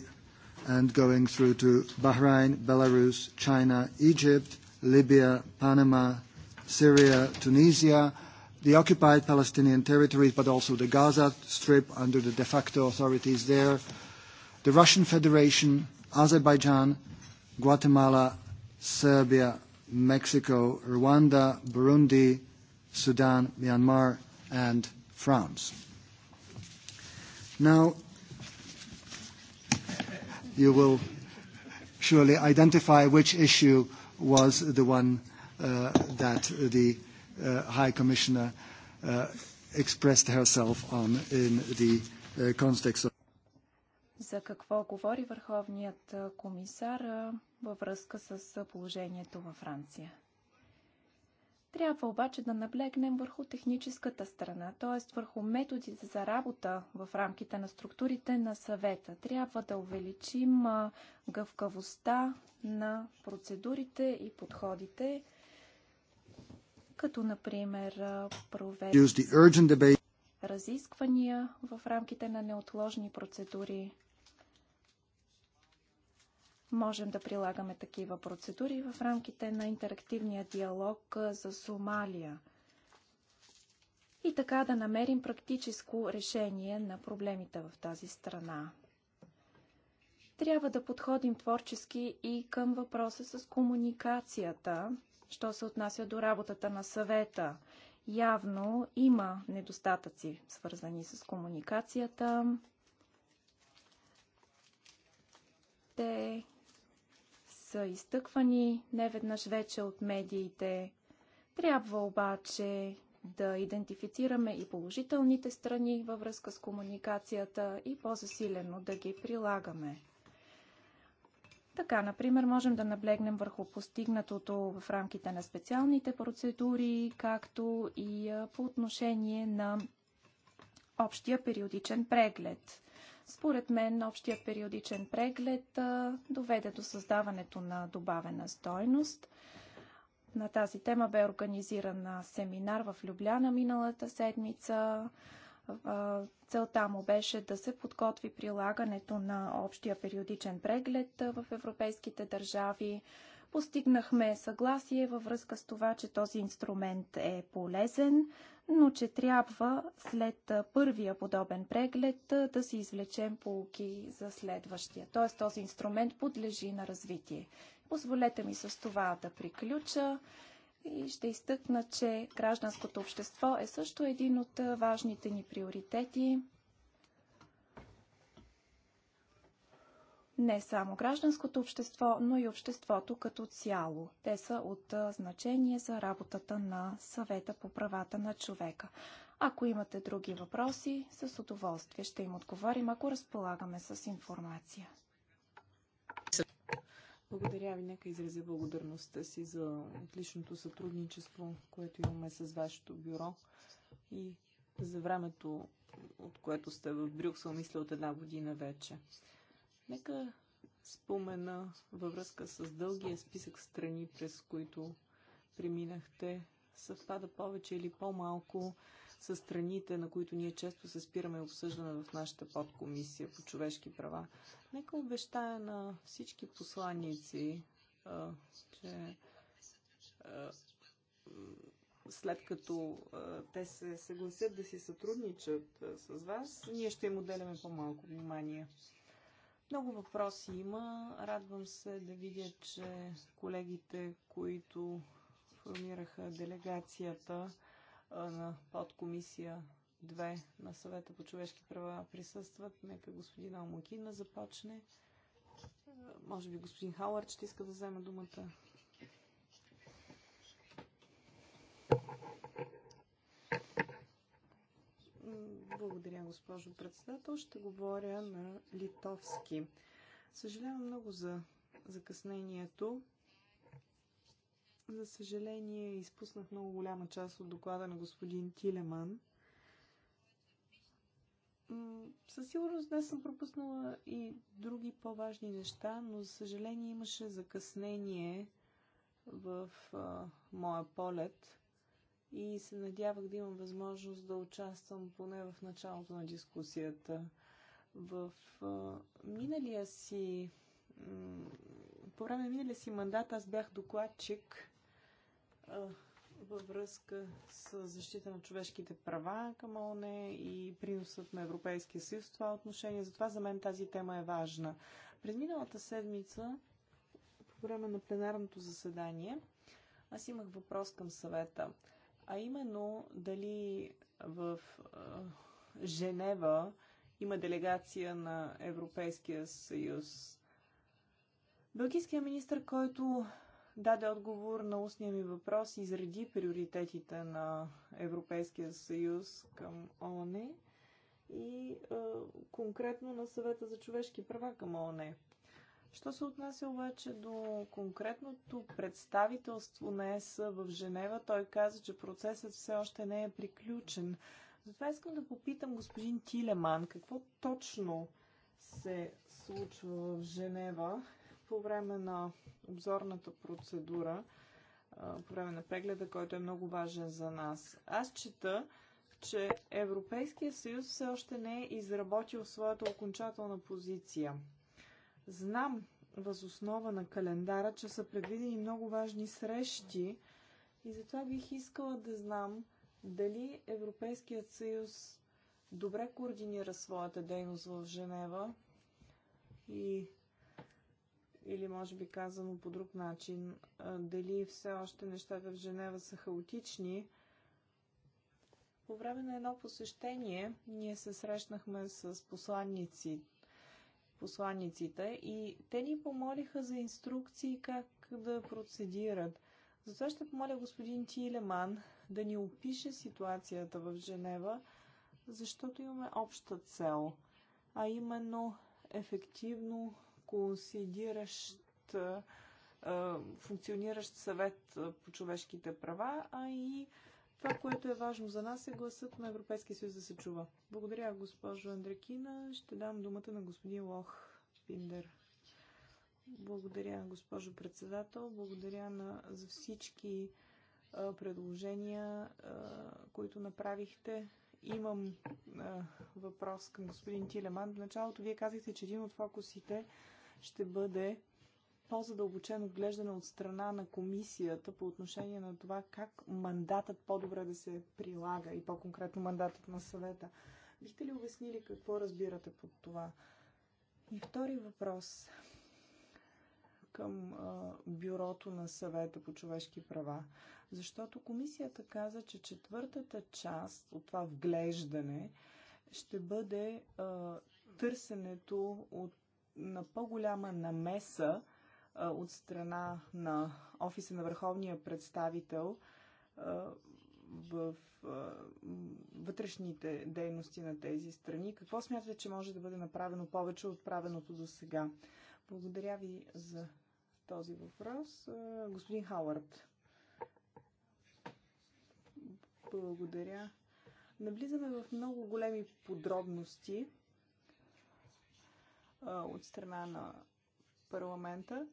and going through to Bahrain, Belarus, China, Egypt, Libya, Panama, Syria, Tunisia, the occupied Palestinian territories, but also the Gaza Strip under the de facto authorities there, the Russian Federation, Azerbaijan, Guatemala, Serbia, Mexico, Rwanda, Burundi, Sudan, Myanmar, and France. Now, you will surely identify which issue was the one uh, that the uh, Uh, High Commissioner uh, expressed herself on in the uh, context of за какво говори върховният комисар във връзка с положението във Франция. Трябва обаче да наблегнем върху техническата страна, т.е. върху методите за работа в рамките на структурите на съвета. Трябва да увеличим гъвкавостта на процедурите и подходите, като например проверки, разисквания в рамките на неотложни процедури. Можем да прилагаме такива процедури в рамките на интерактивния диалог за Сомалия и така да намерим практическо решение на проблемите в тази страна. Трябва да подходим творчески и към въпроса с комуникацията що се отнася до работата на съвета. Явно има недостатъци, свързани с комуникацията. Те са изтъквани неведнъж вече от медиите. Трябва обаче да идентифицираме и положителните страни във връзка с комуникацията и по-засилено да ги прилагаме. Така, например, можем да наблегнем върху постигнатото в рамките на специалните процедури, както и по отношение на общия периодичен преглед. Според мен, общия периодичен преглед доведе до създаването на добавена стойност. На тази тема бе организиран семинар в Любляна миналата седмица. Целта му беше да се подготви прилагането на общия периодичен преглед в европейските държави. Постигнахме съгласие във връзка с това, че този инструмент е полезен, но че трябва след първия подобен преглед да си извлечем полки за следващия. Т.е. този инструмент подлежи на развитие. Позволете ми с това да приключа. И ще изтъкна, че гражданското общество е също един от важните ни приоритети. Не само гражданското общество, но и обществото като цяло. Те са от значение за работата на съвета по правата на човека. Ако имате други въпроси, с удоволствие ще им отговорим, ако разполагаме с информация. Благодаря ви. Нека изразя благодарността си за отличното сътрудничество, което имаме с вашето бюро и за времето, от което сте в Брюксел, мисля от една година вече. Нека спомена във връзка с дългия списък страни, през които преминахте, съвпада повече или по-малко с страните, на които ние често се спираме и обсъждаме в нашата подкомисия по човешки права. Нека обещая на всички посланици, че след като те се съгласят да си сътрудничат с вас, ние ще им отделяме по-малко внимание. Много въпроси има. Радвам се да видя, че колегите, които формираха делегацията, на подкомисия 2 на съвета по човешки права присъстват. Нека господин Алмакина започне. Може би господин Хауърд ще иска да вземе думата. Благодаря, госпожо председател. Ще говоря на литовски. Съжалявам много за закъснението. За съжаление, изпуснах много голяма част от доклада на господин Тилеман. Със сигурност днес съм пропуснала и други по-важни неща, но за съжаление имаше закъснение в а, моя полет и се надявах да имам възможност да участвам поне в началото на дискусията. В а, миналия си по време на миналия си мандат аз бях докладчик във връзка с защита на човешките права към ООН и приносът на Европейския съюз в това отношение. Затова за мен тази тема е важна. През миналата седмица, по време на пленарното заседание, аз имах въпрос към съвета. А именно дали в Женева има делегация на Европейския съюз. Белгийския министр, който даде отговор на устния ми въпрос и изреди приоритетите на Европейския съюз към ООН и а, е, конкретно на съвета за човешки права към ООН. Що се отнася обаче до конкретното представителство на ЕС в Женева, той каза, че процесът все още не е приключен. Затова искам да попитам господин Тилеман, какво точно се случва в Женева по време на обзорната процедура, по време на прегледа, който е много важен за нас. Аз чета, че Европейския съюз все още не е изработил своята окончателна позиция. Знам, възоснова на календара, че са предвидени много важни срещи и затова бих искала да знам дали Европейският съюз добре координира своята дейност в Женева и или може би казано по друг начин, дали все още нещата в Женева са хаотични. По време на едно посещение ние се срещнахме с посланници, посланниците и те ни помолиха за инструкции как да процедират. Затова ще помоля господин Тилеман да ни опише ситуацията в Женева, защото имаме обща цел, а именно ефективно консидиращ функциониращ съвет по човешките права, а и това, което е важно за нас е гласът на Европейския съюз да се чува. Благодаря, госпожо Андрекина. Ще дам думата на господин Лох Пиндер. Благодаря, госпожо председател. Благодаря на, за всички а, предложения, а, които направихте. Имам а, въпрос към господин Тилеман. В началото вие казахте, че един от фокусите ще бъде по-задълбочено отглеждане от страна на комисията по отношение на това как мандатът по-добре да се прилага и по-конкретно мандатът на съвета. Бихте ли обяснили какво разбирате под това? И втори въпрос към а, бюрото на съвета по човешки права. Защото комисията каза, че четвъртата част от това вглеждане ще бъде а, търсенето от на по-голяма намеса от страна на офиса на върховния представител в вътрешните дейности на тези страни. Какво смятате, че може да бъде направено повече от правеното до сега? Благодаря ви за този въпрос. Господин Хауърд. Благодаря. Навлизаме в много големи подробности от страна на парламента.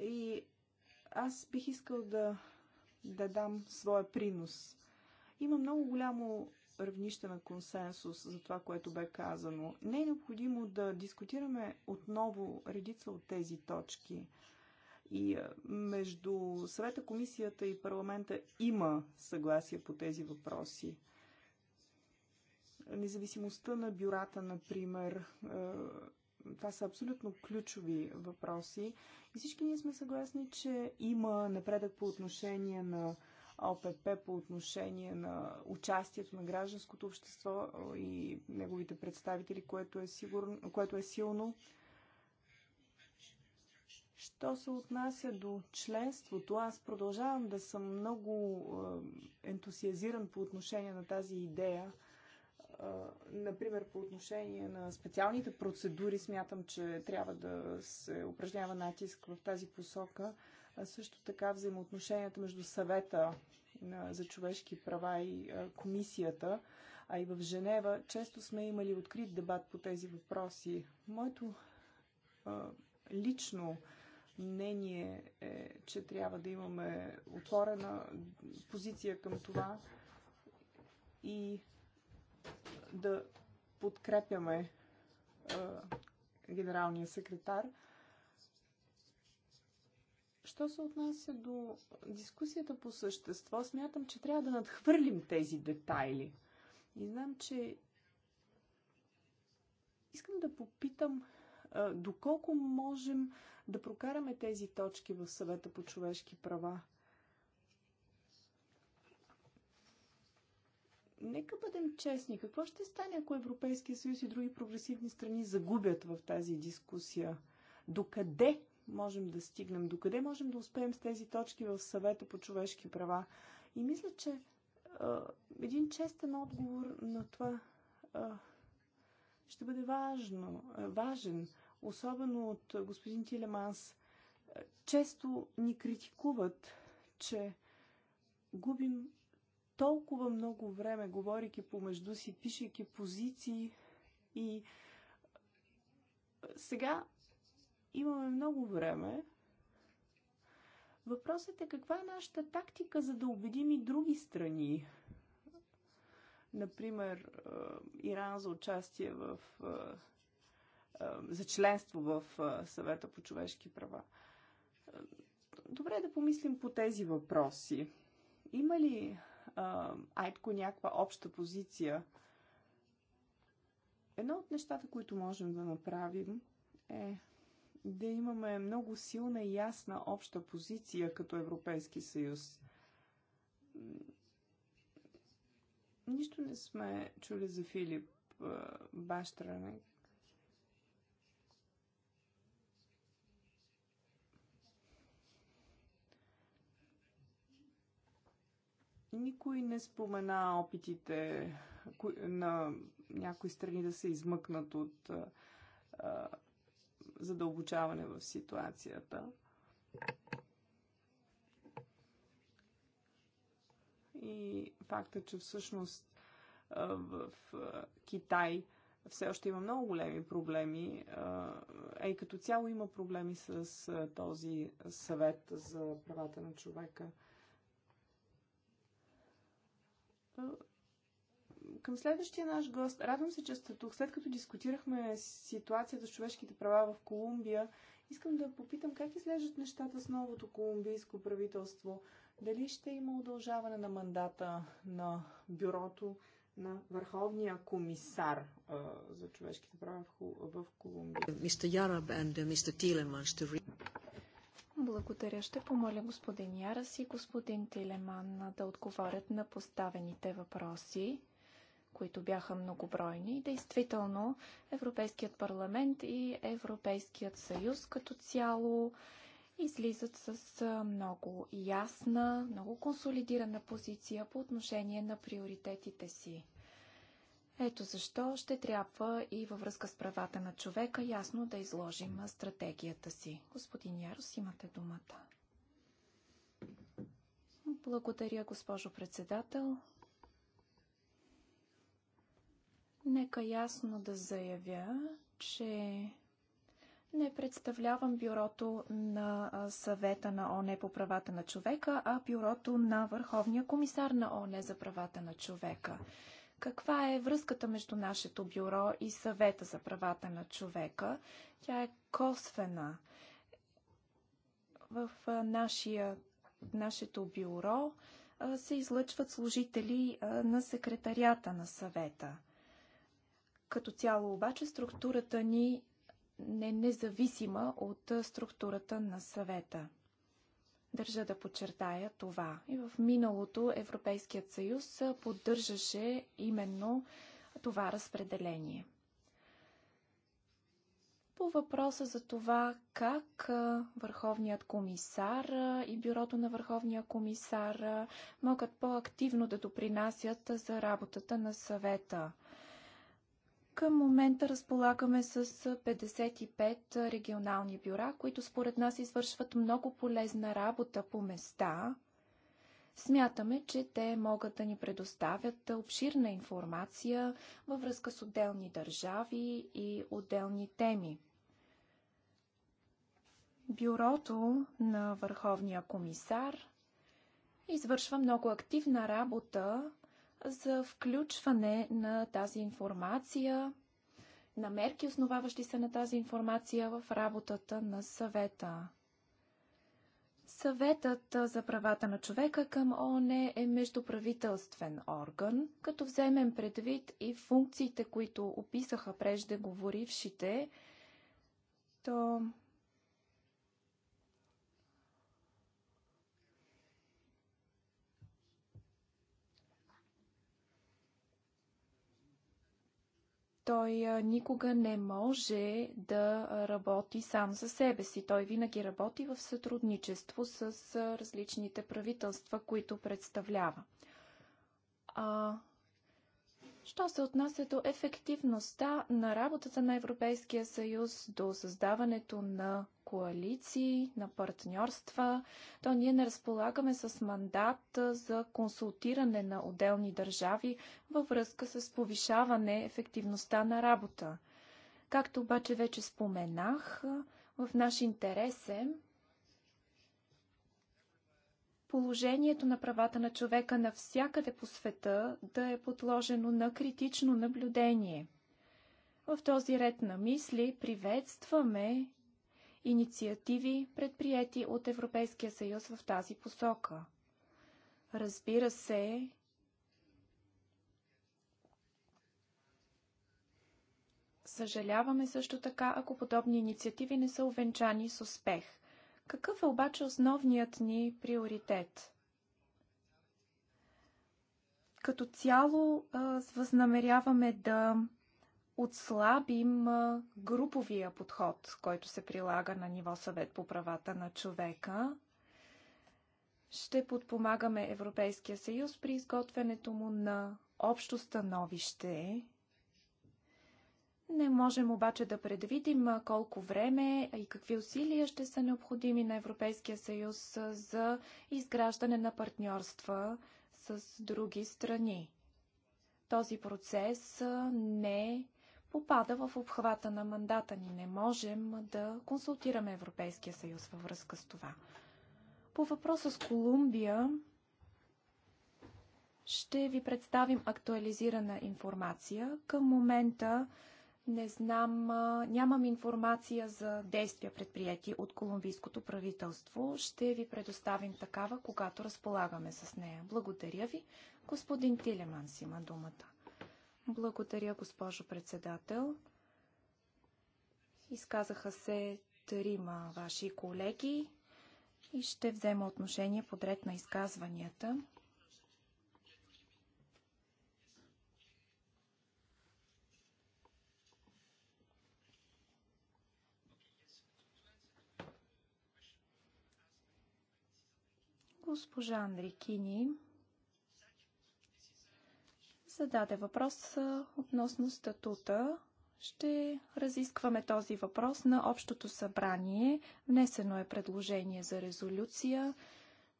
И аз бих искал да, да дам своя принос. Има много голямо равнище на консенсус за това, което бе казано. Не е необходимо да дискутираме отново редица от тези точки. И между съвета, комисията и парламента има съгласие по тези въпроси. Независимостта на бюрата, например, е, това са абсолютно ключови въпроси. И всички ние сме съгласни, че има напредък по отношение на ОПП, по отношение на участието на гражданското общество и неговите представители, което е, сигурно, което е силно. Що се отнася до членството, аз продължавам да съм много е, ентусиазиран по отношение на тази идея – например, по отношение на специалните процедури, смятам, че трябва да се упражнява натиск в тази посока. А също така взаимоотношенията между съвета за човешки права и комисията, а и в Женева, често сме имали открит дебат по тези въпроси. Моето лично мнение е, че трябва да имаме отворена позиция към това и да подкрепяме е, генералния секретар. Що се отнася до дискусията по същество, смятам, че трябва да надхвърлим тези детайли. И знам, че искам да попитам е, доколко можем да прокараме тези точки в съвета по човешки права. нека бъдем честни. Какво ще стане, ако Европейския съюз и други прогресивни страни загубят в тази дискусия? Докъде можем да стигнем? Докъде можем да успеем с тези точки в съвета по човешки права? И мисля, че е, един честен отговор на това е, ще бъде важно, е, важен, особено от господин Тилеманс. Често ни критикуват, че губим толкова много време, говорики помежду си, пишейки позиции и сега имаме много време. Въпросът е каква е нашата тактика, за да убедим и други страни. Например, Иран за участие в за членство в съвета по човешки права. Добре е да помислим по тези въпроси. Има ли Айтко някаква обща позиция. Едно от нещата, които можем да направим е да имаме много силна и ясна обща позиция като Европейски съюз. Нищо не сме чули за Филип Баштранек. Никой не спомена опитите на някои страни да се измъкнат от задълбочаване в ситуацията. И факта, че всъщност в Китай все още има много големи проблеми, а и като цяло има проблеми с този съвет за правата на човека – към следващия наш гост. Радвам се, че сте тук. След като дискутирахме ситуацията с човешките права в Колумбия, искам да попитам как изглеждат нещата с новото колумбийско правителство. Дали ще има удължаване на мандата на бюрото на Върховния комисар а, за човешките права в, в Колумбия? Мистер Яраб и uh, мистер Тилеман, ще благодаря. Ще помоля господин Ярас и господин Тилеман да отговорят на поставените въпроси, които бяха многобройни. Действително, Европейският парламент и Европейският съюз като цяло излизат с много ясна, много консолидирана позиция по отношение на приоритетите си. Ето защо ще трябва и във връзка с правата на човека ясно да изложим стратегията си. Господин Ярос, имате думата. Благодаря, госпожо председател. Нека ясно да заявя, че не представлявам бюрото на съвета на ОНЕ по правата на човека, а бюрото на Върховния комисар на ОНЕ за правата на човека. Каква е връзката между нашето бюро и съвета за правата на човека? Тя е косвена. В нашия, нашето бюро се излъчват служители на секретарията на съвета. Като цяло обаче структурата ни не е независима от структурата на съвета. Държа да подчертая това. И в миналото Европейският съюз поддържаше именно това разпределение. По въпроса за това как Върховният комисар и Бюрото на Върховния комисар могат по-активно да допринасят за работата на съвета – към момента разполагаме с 55 регионални бюра, които според нас извършват много полезна работа по места. Смятаме, че те могат да ни предоставят обширна информация във връзка с отделни държави и отделни теми. Бюрото на Върховния комисар извършва много активна работа за включване на тази информация, на мерки, основаващи се на тази информация в работата на съвета. Съветът за правата на човека към ООН е междуправителствен орган, като вземем предвид и функциите, които описаха преждеговорившите, то той никога не може да работи сам за себе си. Той винаги работи в сътрудничество с различните правителства, които представлява. А Що се отнася до ефективността на работата на Европейския съюз, до създаването на коалиции, на партньорства, то ние не разполагаме с мандат за консултиране на отделни държави във връзка с повишаване ефективността на работа. Както обаче вече споменах, в наш интерес е положението на правата на човека навсякъде по света да е подложено на критично наблюдение. В този ред на мисли приветстваме инициативи, предприяти от Европейския съюз в тази посока. Разбира се, съжаляваме също така, ако подобни инициативи не са увенчани с успех. Какъв е обаче основният ни приоритет? Като цяло възнамеряваме да отслабим груповия подход, който се прилага на ниво съвет по правата на човека. Ще подпомагаме Европейския съюз при изготвянето му на общо становище не можем обаче да предвидим колко време и какви усилия ще са необходими на Европейския съюз за изграждане на партньорства с други страни. Този процес не попада в обхвата на мандата ни. Не можем да консултираме Европейския съюз във връзка с това. По въпроса с Колумбия ще ви представим актуализирана информация. Към момента не знам, нямам информация за действия предприяти от колумбийското правителство. Ще ви предоставим такава, когато разполагаме с нея. Благодаря ви. Господин Тилеман, си има думата. Благодаря, госпожо председател. Изказаха се трима ваши колеги и ще взема отношение подред на изказванията. Госпожа Андрикини зададе въпрос относно статута. Ще разискваме този въпрос на Общото събрание. Внесено е предложение за резолюция,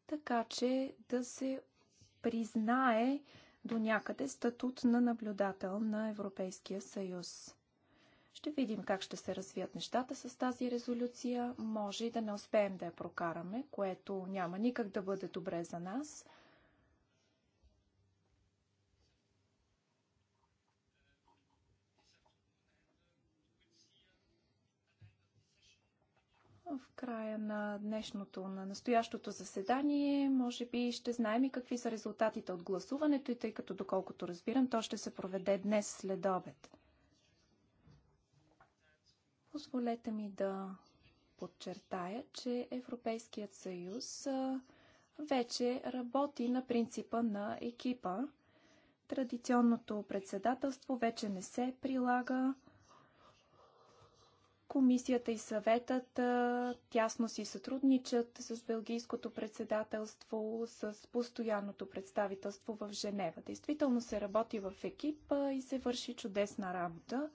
така че да се признае до някъде статут на наблюдател на Европейския съюз. Ще видим как ще се развият нещата с тази резолюция. Може и да не успеем да я прокараме, което няма никак да бъде добре за нас. в края на днешното, на настоящото заседание, може би ще знаем и какви са резултатите от гласуването и тъй като доколкото разбирам, то ще се проведе днес след обед. Позволете ми да подчертая, че Европейският съюз вече работи на принципа на екипа. Традиционното председателство вече не се прилага. Комисията и съветът тясно си сътрудничат с Белгийското председателство, с постоянното представителство в Женева. Действително се работи в екип и се върши чудесна работа.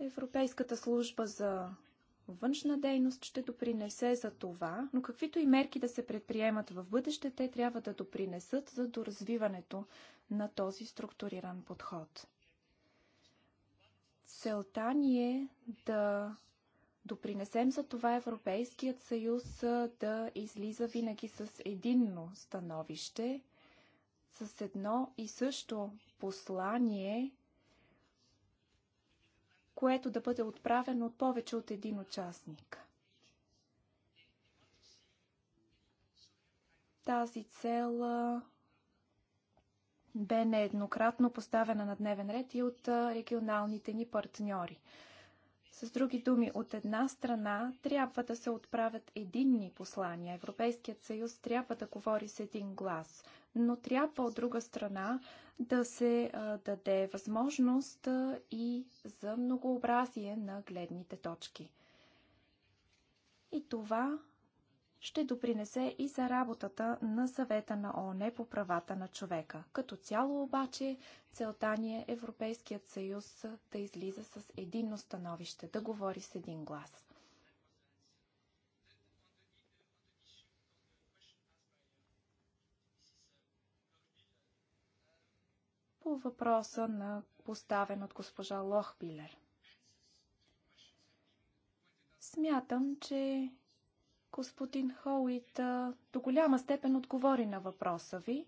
Европейската служба за външна дейност ще допринесе за това, но каквито и мерки да се предприемат в бъдеще, те трябва да допринесат за доразвиването на този структуриран подход. Целта ни е да допринесем за това Европейският съюз да излиза винаги с единно становище, с едно и също послание което да бъде отправено от повече от един участник. Тази цел бе нееднократно поставена на дневен ред и от регионалните ни партньори. С други думи, от една страна трябва да се отправят единни послания. Европейският съюз трябва да говори с един глас, но трябва от друга страна да се даде възможност и за многообразие на гледните точки. И това ще допринесе и за работата на съвета на ООН по правата на човека. Като цяло обаче целта ни е Европейският съюз да излиза с единно становище, да говори с един глас. По въпроса на поставен от госпожа Лохбилер. Смятам, че Господин Хоуит до голяма степен отговори на въпроса ви,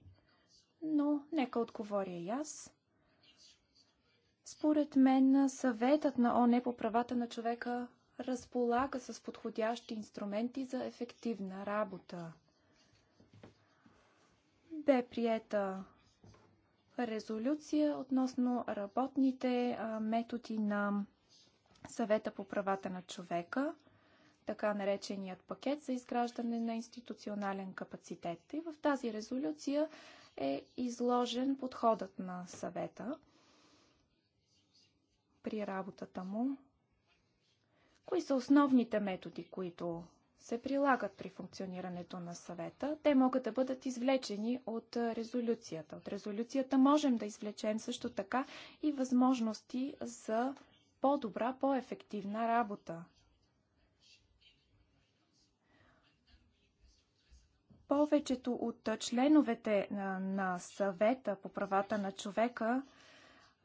но нека отговоря и аз. Според мен съветът на ОНЕ по правата на човека разполага с подходящи инструменти за ефективна работа. Бе приета резолюция относно работните методи на съвета по правата на човека – така нареченият пакет за изграждане на институционален капацитет. И в тази резолюция е изложен подходът на съвета при работата му. Кои са основните методи, които се прилагат при функционирането на съвета? Те могат да бъдат извлечени от резолюцията. От резолюцията можем да извлечем също така и възможности за по-добра, по-ефективна работа Повечето от членовете на, на съвета по правата на човека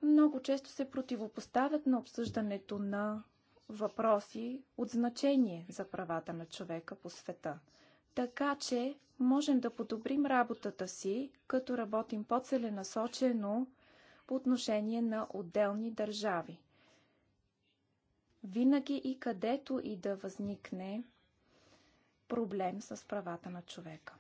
много често се противопоставят на обсъждането на въпроси от значение за правата на човека по света. Така че можем да подобрим работата си, като работим по-целенасочено по отношение на отделни държави. Винаги и където и да възникне проблем с правата на човека.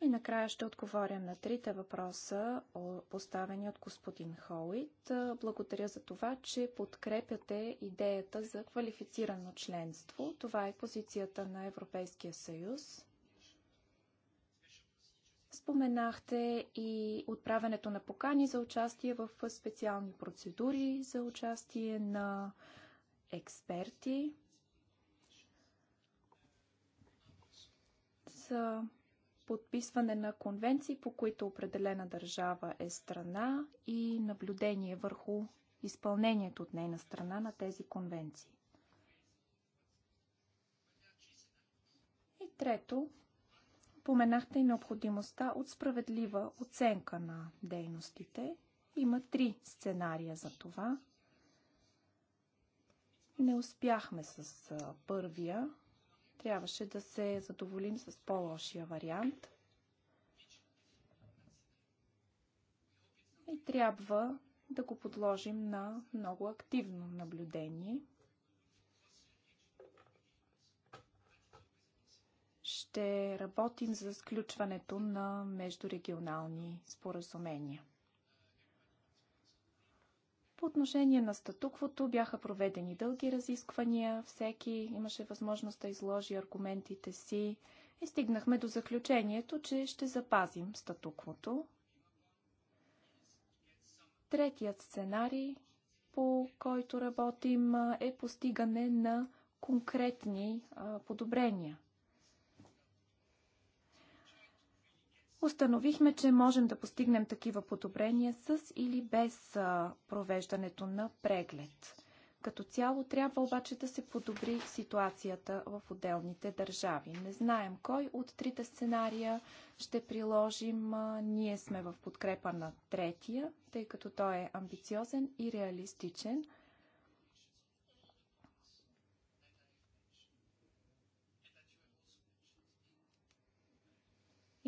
И накрая ще отговоря на трите въпроса, поставени от господин Холит. Благодаря за това, че подкрепяте идеята за квалифицирано членство. Това е позицията на Европейския съюз. Споменахте и отправянето на покани за участие в специални процедури за участие на експерти за подписване на конвенции, по които определена държава е страна и наблюдение върху изпълнението от нейна страна на тези конвенции. И трето, Поменахте и необходимостта от справедлива оценка на дейностите. Има три сценария за това. Не успяхме с първия. Трябваше да се задоволим с по-лошия вариант. И трябва да го подложим на много активно наблюдение. ще работим за сключването на междурегионални споразумения. По отношение на статуквото бяха проведени дълги разисквания, всеки имаше възможност да изложи аргументите си и стигнахме до заключението, че ще запазим статуквото. Третият сценарий, по който работим, е постигане на конкретни подобрения – установихме, че можем да постигнем такива подобрения с или без провеждането на преглед. Като цяло трябва обаче да се подобри ситуацията в отделните държави. Не знаем кой от трите сценария ще приложим. Ние сме в подкрепа на третия, тъй като той е амбициозен и реалистичен –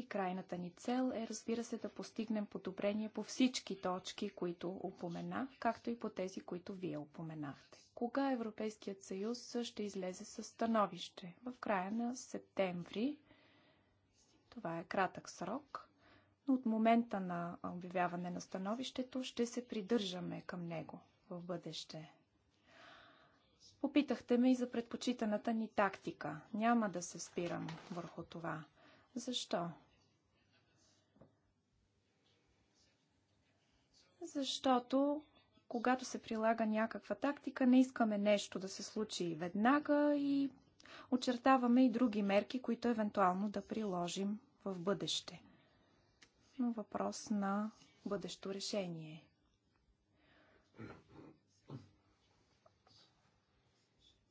крайната ни цел е, разбира се, да постигнем подобрение по всички точки, които упоменах, както и по тези, които вие упоменахте. Кога Европейският съюз ще излезе с становище? В края на септември. Това е кратък срок, но от момента на обявяване на становището ще се придържаме към него в бъдеще. Попитахте ме и за предпочитаната ни тактика. Няма да се спирам върху това. Защо? защото когато се прилага някаква тактика, не искаме нещо да се случи веднага и очертаваме и други мерки, които евентуално да приложим в бъдеще. Но въпрос на бъдещо решение.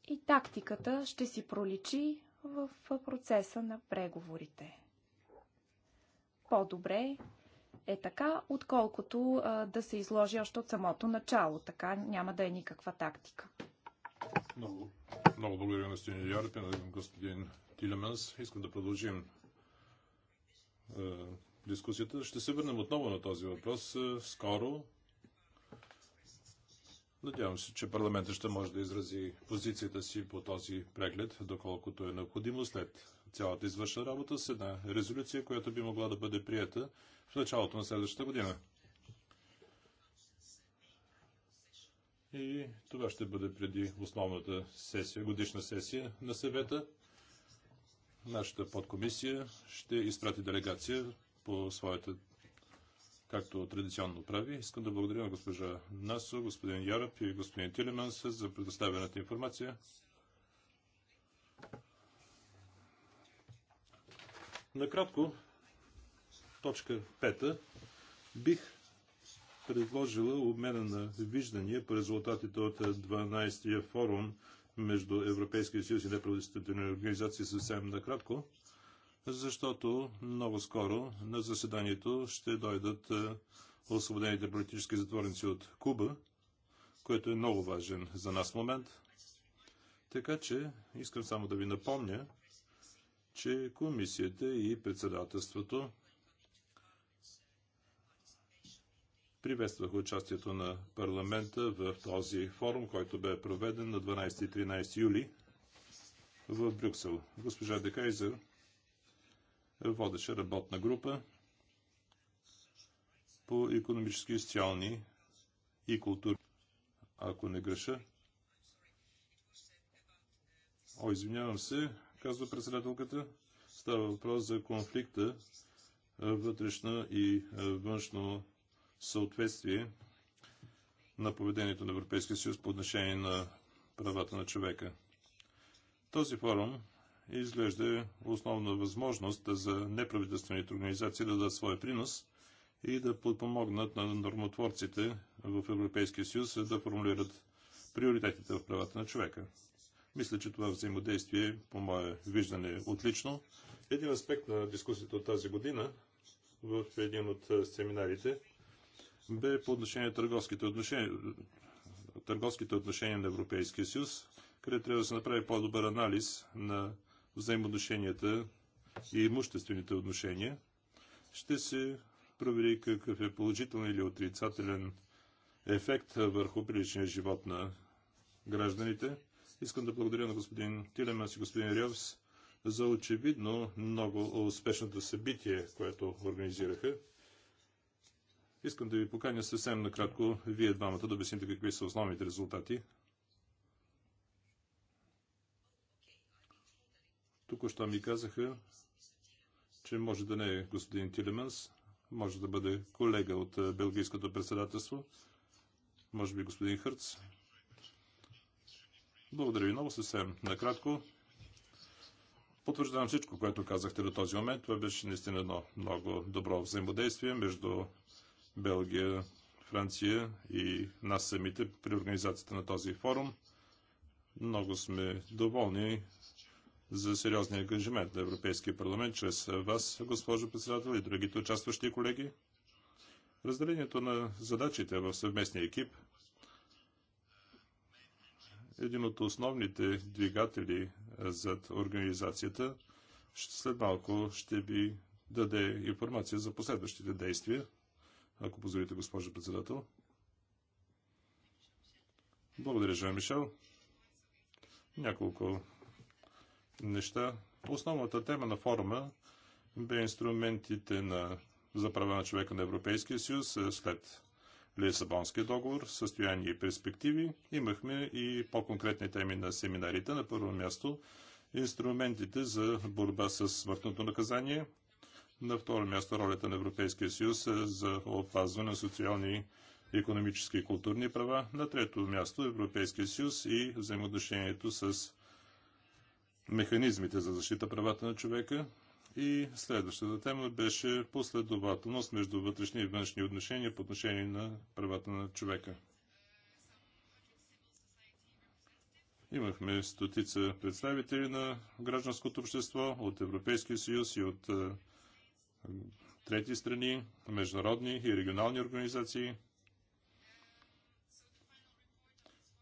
И тактиката ще си проличи в процеса на преговорите. По-добре е така, отколкото а, да се изложи още от самото начало. Така няма да е никаква тактика. Много, много благодаря на Стени Яреп и на господин Тилеманс. Искам да продължим е, дискусията. Ще се върнем отново на този въпрос е, скоро. Надявам се, че парламентът ще може да изрази позицията си по този преглед, доколкото е необходимо след цялата извършена работа с една резолюция, която би могла да бъде прията в началото на следващата година. И това ще бъде преди основната сесия, годишна сесия на съвета. Нашата подкомисия ще изпрати делегация по своята, както традиционно прави. Искам да благодаря на госпожа Насо, господин Яраб и господин Тилеманс за предоставената информация. Накратко, точка 5 бих предложила обмена на виждания по резултатите от 12-я форум между Европейския съюз и неправителствени организации съвсем накратко, защото много скоро на заседанието ще дойдат е, освободените политически затворници от Куба, което е много важен за нас момент. Така че искам само да ви напомня, че комисията и председателството приветстваха участието на парламента в този форум, който бе проведен на 12 и 13 юли в Брюксел. Госпожа Декайзер водеше работна група по економически, социални и културни. Ако не греша, О, извинявам се, казва председателката. Става въпрос за конфликта вътрешно и външно съответствие на поведението на Европейския съюз по отношение на правата на човека. Този форум изглежда основна възможност за неправителствените организации да дадат своя принос и да подпомогнат на нормотворците в Европейския съюз да формулират приоритетите в правата на човека. Мисля, че това взаимодействие, по мое виждане, е отлично. Един аспект на дискусията от тази година в един от семинарите бе по отношение на търговските отношения, търговските отношения на Европейския съюз, където трябва да се направи по-добър анализ на взаимоотношенията и имуществените отношения. Ще се провери какъв е положителен или отрицателен ефект върху приличния живот на гражданите. Искам да благодаря на господин Тилемас и господин Ревс за очевидно много успешното събитие, което организираха. Искам да ви поканя съвсем накратко, вие двамата, да обясните какви са основните резултати. Тук що ми казаха, че може да не е господин Тилеманс, може да бъде колега от Белгийското председателство, може би господин Хърц. Благодаря ви много съвсем. Накратко, потвърждавам всичко, което казахте до този момент. Това беше наистина едно много добро взаимодействие между Белгия, Франция и нас самите при организацията на този форум. Много сме доволни за сериозния ангажимент на Европейския парламент чрез вас, госпожо председател и другите участващи колеги. Разделението на задачите в съвместния екип един от основните двигатели зад организацията. След малко ще ви даде информация за последващите действия, ако позволите, госпожо председател. Благодаря, Жан Мишел. Няколко неща. Основната тема на форума бе инструментите на, за права на човека на Европейския съюз след Лисабонския договор, състояние и перспективи. Имахме и по-конкретни теми на семинарите. На първо място инструментите за борба с смъртното наказание. На второ място ролята на Европейския съюз е, за опазване на социални, економически и културни права. На трето място Европейския съюз и взаимоотношението с механизмите за защита правата на човека. И следващата тема беше последователност между вътрешни и външни отношения по отношение на правата на човека. Имахме стотица представители на гражданското общество от Европейския съюз и от е, трети страни, международни и регионални организации.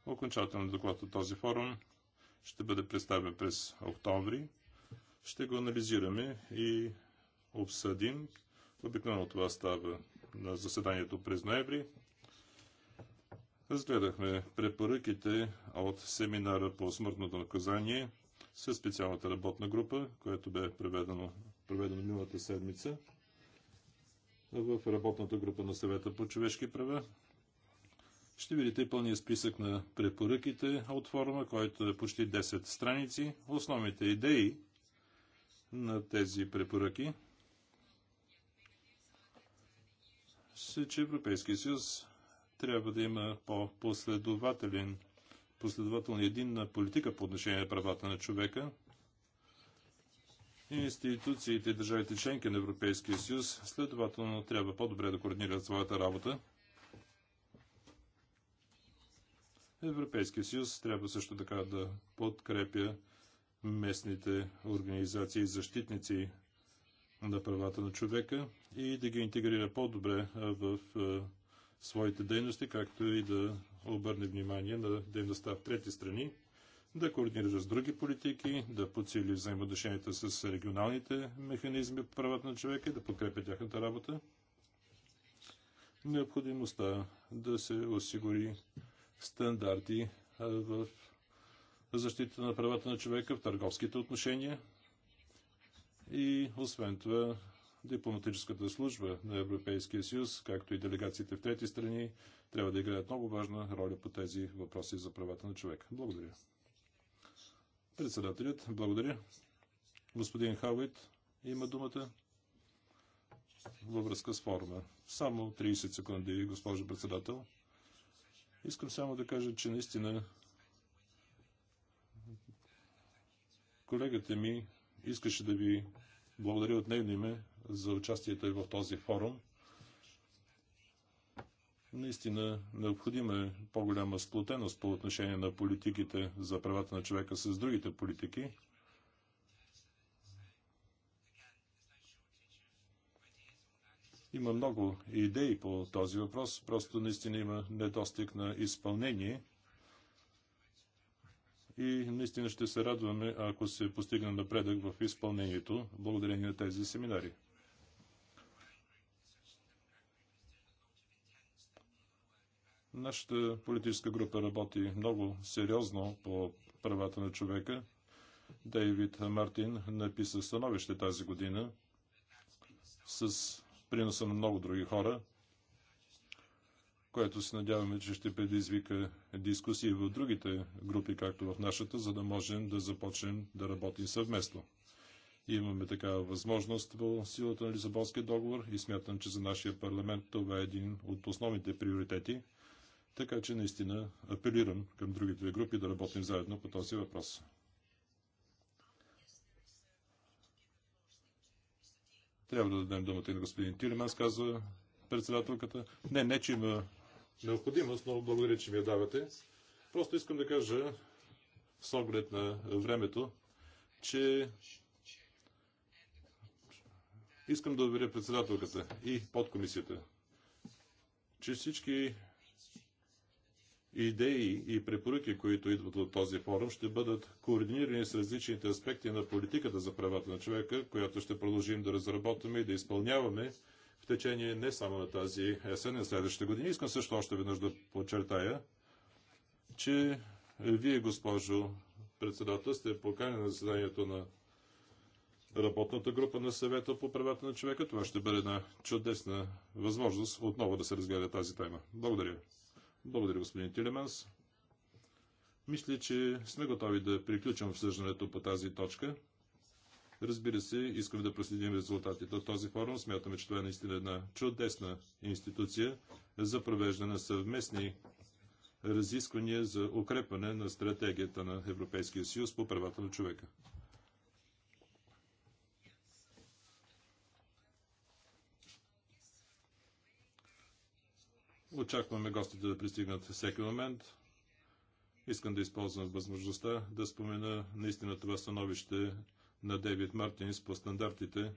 Окончателно доклад от този форум ще бъде представен през октомври ще го анализираме и обсъдим. Обикновено това става на заседанието през ноември. Разгледахме препоръките от семинара по смъртното наказание със специалната работна група, която бе проведено, проведено миналата седмица в работната група на съвета по човешки права. Ще видите пълния списък на препоръките от форума, който е почти 10 страници. Основните идеи на тези препоръки се, че Европейския съюз трябва да има по-последователен, един единна политика по отношение на правата на човека. Институциите и държавите членки на Европейския съюз следователно трябва по-добре да координират своята работа. Европейския съюз трябва също така да подкрепя местните организации и защитници на правата на човека и да ги интегрира по-добре в своите дейности, както и да обърне внимание на дейността в трети страни, да координира с други политики, да подсили взаимодушенията с регионалните механизми по правата на човека и да подкрепя тяхната работа. Необходимостта да се осигури стандарти в защита на правата на човека в търговските отношения и освен това дипломатическата служба на Европейския съюз, както и делегациите в трети страни, трябва да играят много важна роля по тези въпроси за правата на човека. Благодаря. Председателят, благодаря. Господин Хауит има думата във връзка с форума. Само 30 секунди, госпожо председател. Искам само да кажа, че наистина Колегата ми искаше да ви благодаря от нейно име за участието в този форум. Наистина необходима е по-голяма сплотеност по отношение на политиките за правата на човека с другите политики. Има много идеи по този въпрос, просто наистина има недостиг на изпълнение – и наистина ще се радваме, ако се постигне напредък в изпълнението, благодарение на тези семинари. Нашата политическа група работи много сериозно по правата на човека. Дейвид Мартин написа становище тази година с приноса на много други хора – което се надяваме, че ще предизвика дискусии в другите групи, както в нашата, за да можем да започнем да работим съвместно. Имаме такава възможност по силата на Лисабонския договор и смятам, че за нашия парламент това е един от основните приоритети, така че наистина апелирам към другите групи да работим заедно по този въпрос. Трябва да дадем думата и на господин Тилеманс, казва председателката. Не, не, че има необходимост, но благодаря, че ми я давате. Просто искам да кажа с оглед на времето, че искам да уверя председателката и подкомисията, че всички идеи и препоръки, които идват от този форум, ще бъдат координирани с различните аспекти на политиката за правата на човека, която ще продължим да разработваме и да изпълняваме в течение не само на тази есен, на следващите години. Искам също още веднъж да подчертая, че вие, госпожо председател, сте поканени на заседанието на работната група на съвета по правата на човека. Това ще бъде една чудесна възможност отново да се разгледа тази тема. Благодаря. Благодаря, господин Тилеманс. Мисля, че сме готови да приключим обсъждането по тази точка. Разбира се, искаме да проследим резултатите от този форум. Смятаме, че това е наистина една чудесна институция за провеждане на съвместни разисквания за укрепване на стратегията на Европейския съюз по правата на човека. Очакваме гостите да пристигнат всеки момент. Искам да използвам възможността да спомена наистина това становище на Дейвид Мартинс по стандартите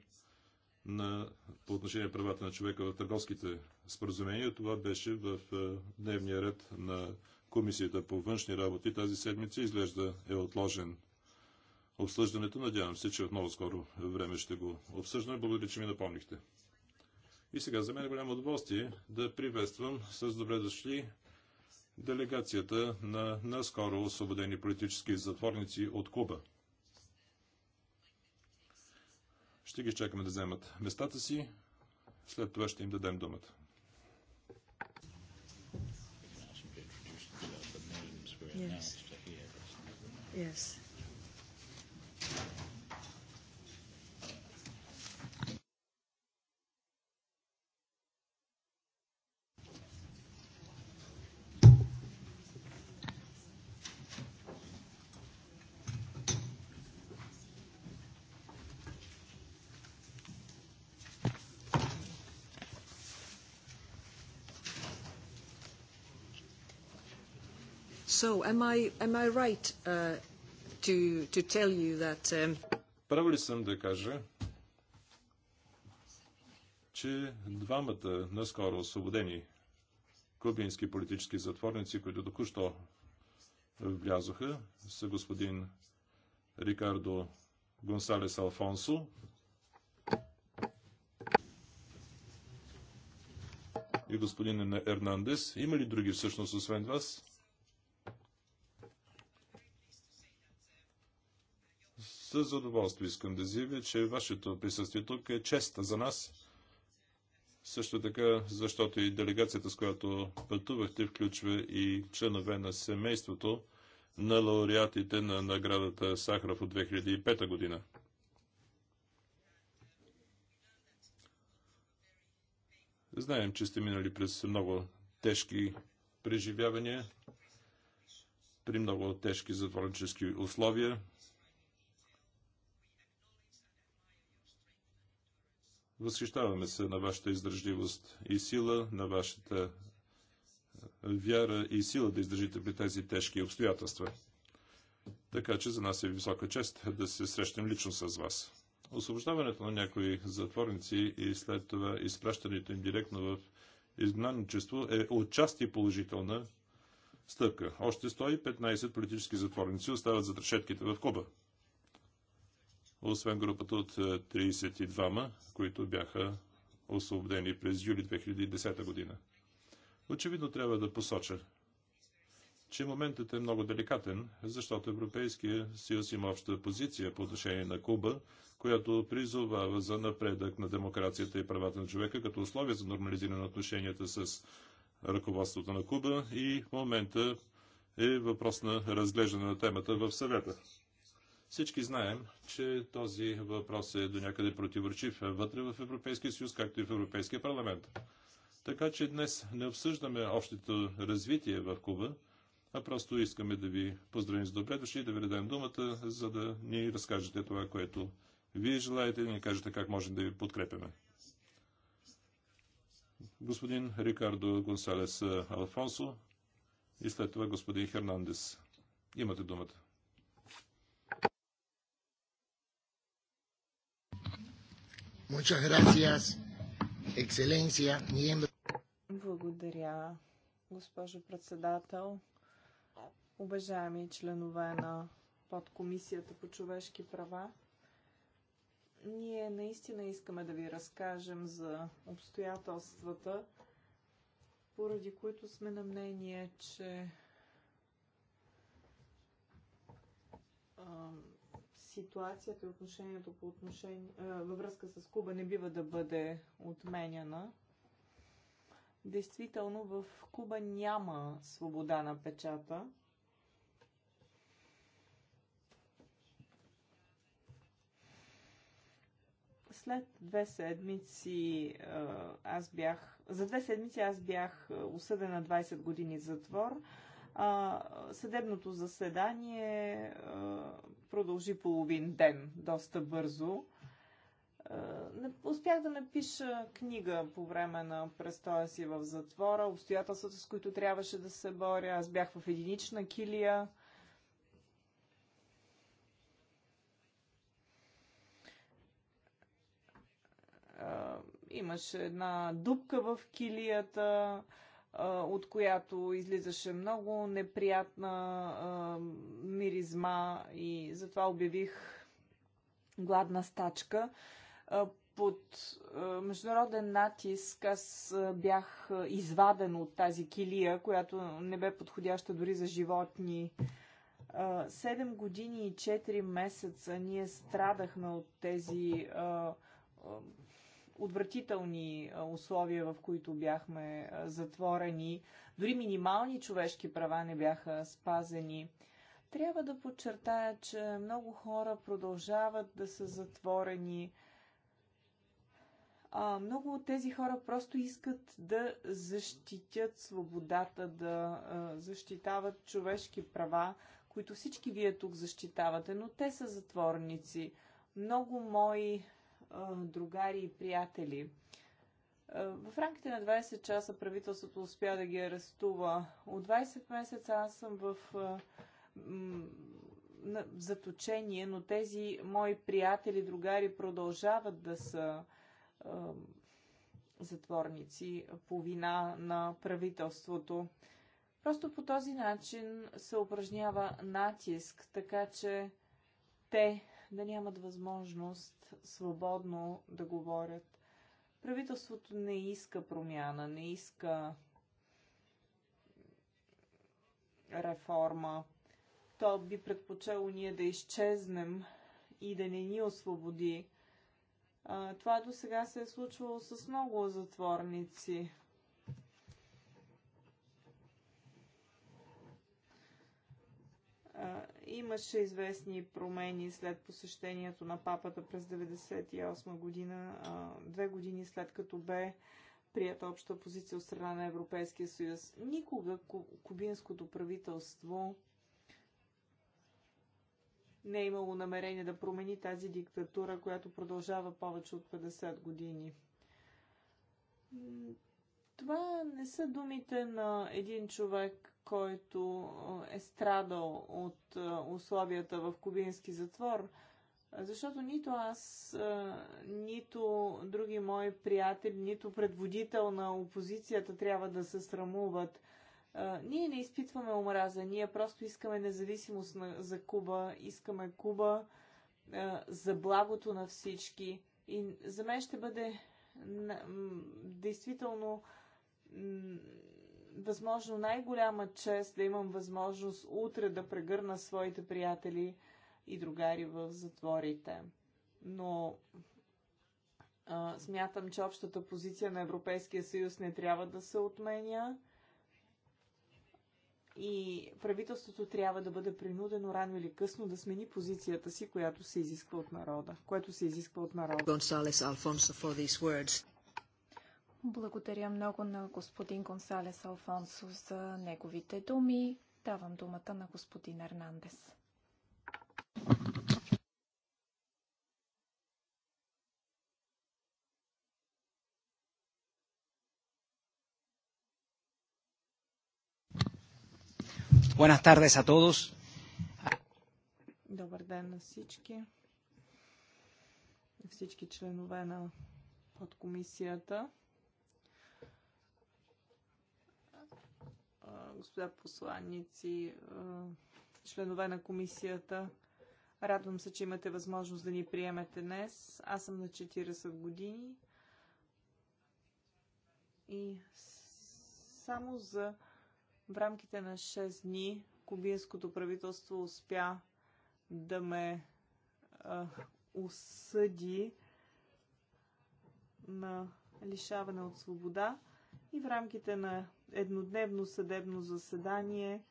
на, по отношение правата на човека в търговските споразумения. Това беше в е, дневния ред на Комисията по външни работи тази седмица. Изглежда е отложен обсъждането. Надявам се, че отново скоро време ще го обсъждаме. Благодаря, че ми напомнихте. И сега за мен е голямо удоволствие да приветствам с добре дошли делегацията на наскоро освободени политически затворници от Куба – Ще ги чакаме да вземат местата си. След това ще им дадем думата. Yes. Yes. So, am I, am I right uh, to, to tell you that... Um, Прав ли съм да кажа, че двамата наскоро освободени кубински политически затворници, които току-що влязоха, са господин Рикардо Гонсалес Алфонсо, и господин Ернандес. Има ли други всъщност, освен вас? С задоволство искам да заявя, че вашето присъствие тук е чест за нас. Също така, защото и делегацията, с която пътувахте, включва и членове на семейството на лауреатите на наградата Сахаров от 2005 година. Знаем, че сте минали през много тежки преживявания, при много тежки затворнически условия. Възхищаваме се на вашата издържливост и сила, на вашата е, вяра и сила да издържите при тези тежки обстоятелства. Така че за нас е висока чест да се срещнем лично с вас. Освобождаването на някои затворници и след това изпращането им директно в изгнанничество е отчасти положителна стъпка. Още 115 политически затворници остават за решетките в Куба освен групата от 32-ма, е, които бяха освободени през юли 2010 година. Очевидно трябва да посоча, че моментът е много деликатен, защото Европейския съюз има обща позиция по отношение на Куба, която призовава за напредък на демокрацията и правата на човека като условие за нормализиране на отношенията с ръководството на Куба и в момента е въпрос на разглеждане на темата в съвета. Всички знаем, че този въпрос е до някъде противоречив вътре в Европейския съюз, както и в Европейския парламент. Така че днес не обсъждаме общото развитие в Куба, а просто искаме да ви поздравим с добре дошли, да ви дадем думата, за да ни разкажете това, което вие желаете и да ни кажете как можем да ви подкрепяме. Господин Рикардо Гонсалес Алфонсо и след това господин Хернандес. Имате думата. Muchas gracias, miembro. Благодаря, госпожо председател. Уважаеми членове на подкомисията по човешки права, ние наистина искаме да ви разкажем за обстоятелствата, поради които сме на мнение, че ситуацията и отношението по отношение, във връзка с Куба не бива да бъде отменяна. Действително в Куба няма свобода на печата. След две седмици аз бях. За две седмици аз бях осъден на 20 години затвор. съдебното заседание продължи половин ден, доста бързо. Е, успях да напиша книга по време на престоя си в затвора, обстоятелствата, с които трябваше да се боря. Аз бях в единична килия. Е, имаше една дупка в килията от която излизаше много неприятна миризма и затова обявих гладна стачка. Под международен натиск аз бях изваден от тази килия, която не бе подходяща дори за животни. Седем години и 4 месеца ние страдахме от тези отвратителни условия, в които бяхме затворени. Дори минимални човешки права не бяха спазени. Трябва да подчертая, че много хора продължават да са затворени. А, много от тези хора просто искат да защитят свободата, да а, защитават човешки права, които всички вие тук защитавате, но те са затворници. Много мои другари и приятели. в рамките на 20 часа правителството успя да ги арестува. От 20 месеца аз съм в заточение, но тези мои приятели, другари продължават да са затворници по вина на правителството. Просто по този начин се упражнява натиск, така че те да нямат възможност свободно да говорят. Правителството не иска промяна, не иска реформа. То би предпочело ние да изчезнем и да не ни освободи. това до сега се е случвало с много затворници. Uh, Имаше известни промени след посещението на папата през 1998 година, две години след като бе прията обща позиция от страна на Европейския съюз. Никога кубинското правителство не е имало намерение да промени тази диктатура, която продължава повече от 50 години. Това не са думите на един човек, който е страдал от условията в кубински затвор, защото нито аз, нито други мои приятели, нито предводител на опозицията трябва да се срамуват. Ние не изпитваме омраза, ние просто искаме независимост за Куба, искаме Куба за благото на всички. И за мен ще бъде действително възможно най-голяма чест да имам възможност утре да прегърна своите приятели и другари в затворите. Но а, смятам, че общата позиция на Европейския съюз не трябва да се отменя и правителството трябва да бъде принудено рано или късно да смени позицията си, която се изисква от народа, което се изисква от народа. Благодаря много на господин Гонсалес Алфонсо за неговите думи. Давам думата на господин Ернандес. Buenas tardes a todos. Добър ден на всички. Всички членове на подкомисията. господа посланници, членове на комисията. Радвам се, че имате възможност да ни приемете днес. Аз съм на 40 години и само за в рамките на 6 дни кубинското правителство успя да ме а, осъди на лишаване от свобода и в рамките на еднодневно съдебно заседание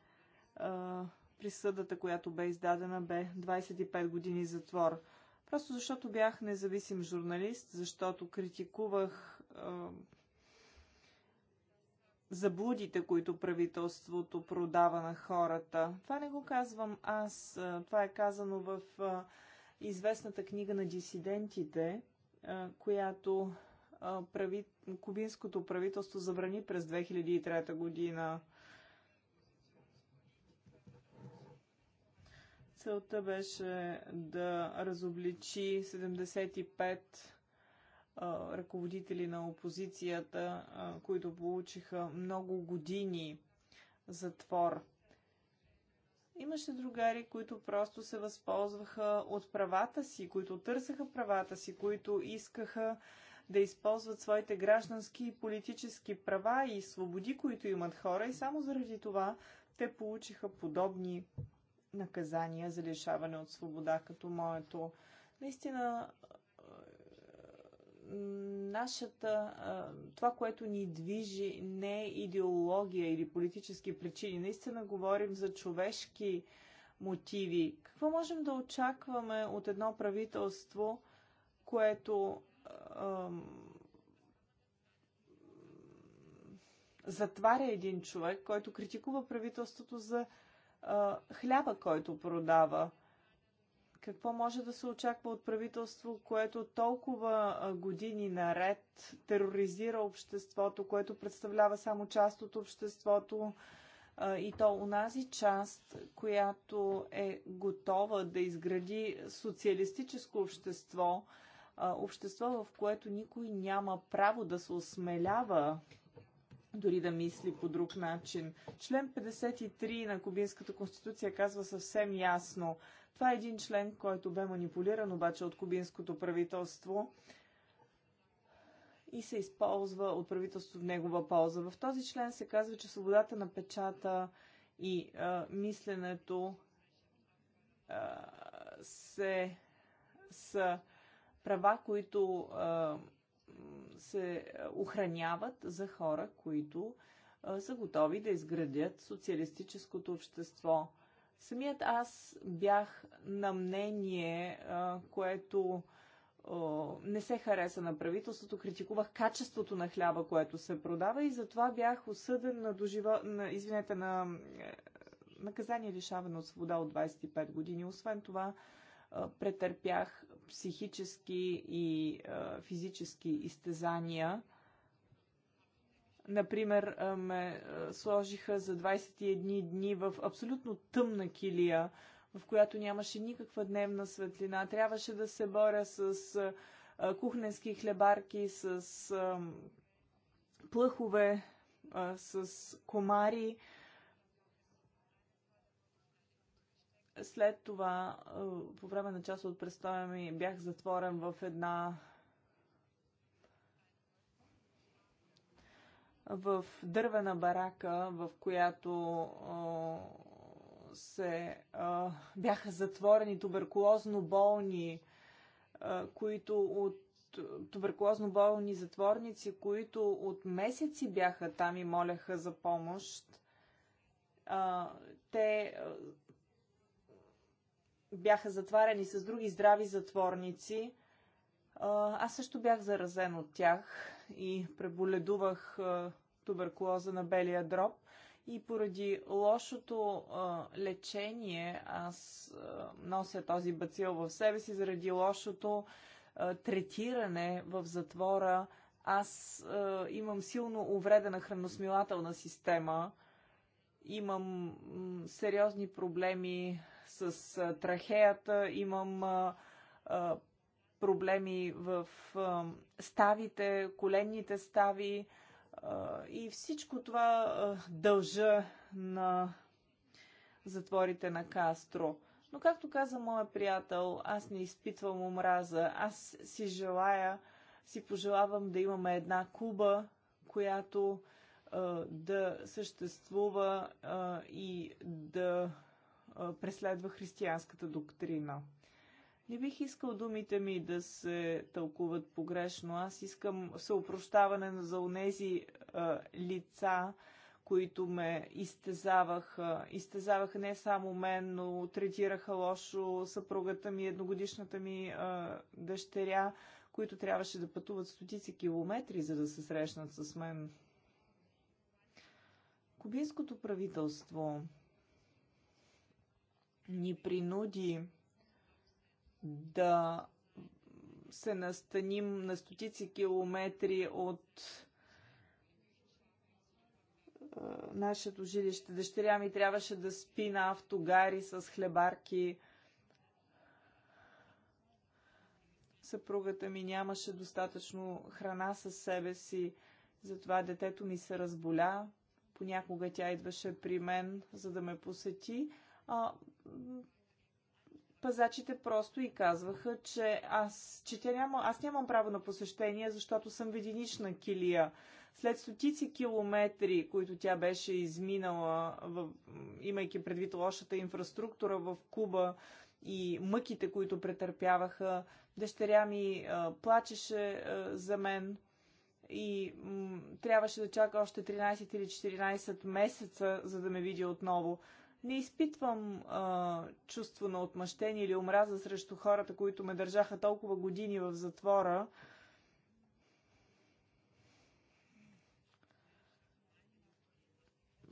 а, присъдата, която бе издадена, бе 25 години затвор. Просто защото бях независим журналист, защото критикувах а, заблудите, които правителството продава на хората. Това не го казвам аз. Това е казано в известната книга на дисидентите, която прави... кубинското правителство забрани през 2003 година. Целта беше да разобличи 75 а, ръководители на опозицията, а, които получиха много години затвор. Имаше другари, които просто се възползваха от правата си, които търсеха правата си, които искаха да използват своите граждански и политически права и свободи, които имат хора и само заради това те получиха подобни наказания за лишаване от свобода, като моето. Наистина, е, нашата, е, това, което ни движи, не е идеология или политически причини. Наистина говорим за човешки мотиви. Какво можем да очакваме от едно правителство, което затваря един човек, който критикува правителството за хляба, който продава. Какво може да се очаква от правителство, което толкова години наред тероризира обществото, което представлява само част от обществото и то унази част, която е готова да изгради социалистическо общество, общество, в което никой няма право да се осмелява дори да мисли по друг начин. Член 53 на Кубинската конституция казва съвсем ясно. Това е един член, който бе манипулиран обаче от кубинското правителство и се използва от правителството в негова полза. В този член се казва, че свободата на печата и а, мисленето а, се са права, които се охраняват за хора, които са готови да изградят социалистическото общество. Самият аз бях на мнение, което не се хареса на правителството, критикувах качеството на хляба, което се продава и затова бях осъден на, дожива... на, извинете, на наказание лишаване от свобода от 25 години. Освен това, претърпях психически и а, физически изтезания. Например, ме сложиха за 21 дни в абсолютно тъмна килия, в която нямаше никаква дневна светлина. Трябваше да се боря с а, кухненски хлебарки, с а, плъхове, а, с комари. А, След това, е, по време на част от престоя ми, бях затворен в една в дървена барака, в която е, се а, е, бяха затворени туберкулозно болни, а, които от туберкулозно болни затворници, които от месеци бяха там и моляха за помощ. А, те бяха затваряни с други здрави затворници. Аз също бях заразен от тях и преболедувах туберкулоза на белия дроб. И поради лошото а, лечение, аз а, нося този бацил в себе си, заради лошото а, третиране в затвора, аз а, имам силно увредена храносмилателна система, имам м, сериозни проблеми с а, трахеята, имам а, а, проблеми в а, ставите, коленните стави а, и всичко това а, дължа на затворите на Кастро. Но както каза моя приятел, аз не изпитвам омраза. Аз си желая, си пожелавам да имаме една Куба, която а, да съществува а, и да преследва християнската доктрина. Не бих искал думите ми да се тълкуват погрешно. Аз искам съопрощаване за онези а, лица, които ме изтезаваха. Изтезаваха не само мен, но третираха лошо съпругата ми, едногодишната ми а, дъщеря, които трябваше да пътуват стотици километри, за да се срещнат с мен. Кубинското правителство ни принуди да се настаним на стотици километри от е, нашето жилище. Дъщеря ми трябваше да спи на автогари с хлебарки. Съпругата ми нямаше достатъчно храна със себе си, затова детето ми се разболя. Понякога тя идваше при мен, за да ме посети а, пазачите просто и казваха, че аз, че тя няма, аз нямам право на посещение, защото съм единична килия. След стотици километри, които тя беше изминала, в, имайки предвид лошата инфраструктура в Куба и мъките, които претърпяваха, дъщеря ми а, плачеше а, за мен и трябваше да чака още 13 или 14 месеца, за да ме види отново. Не изпитвам а, чувство на отмъщение или омраза срещу хората, които ме държаха толкова години в затвора.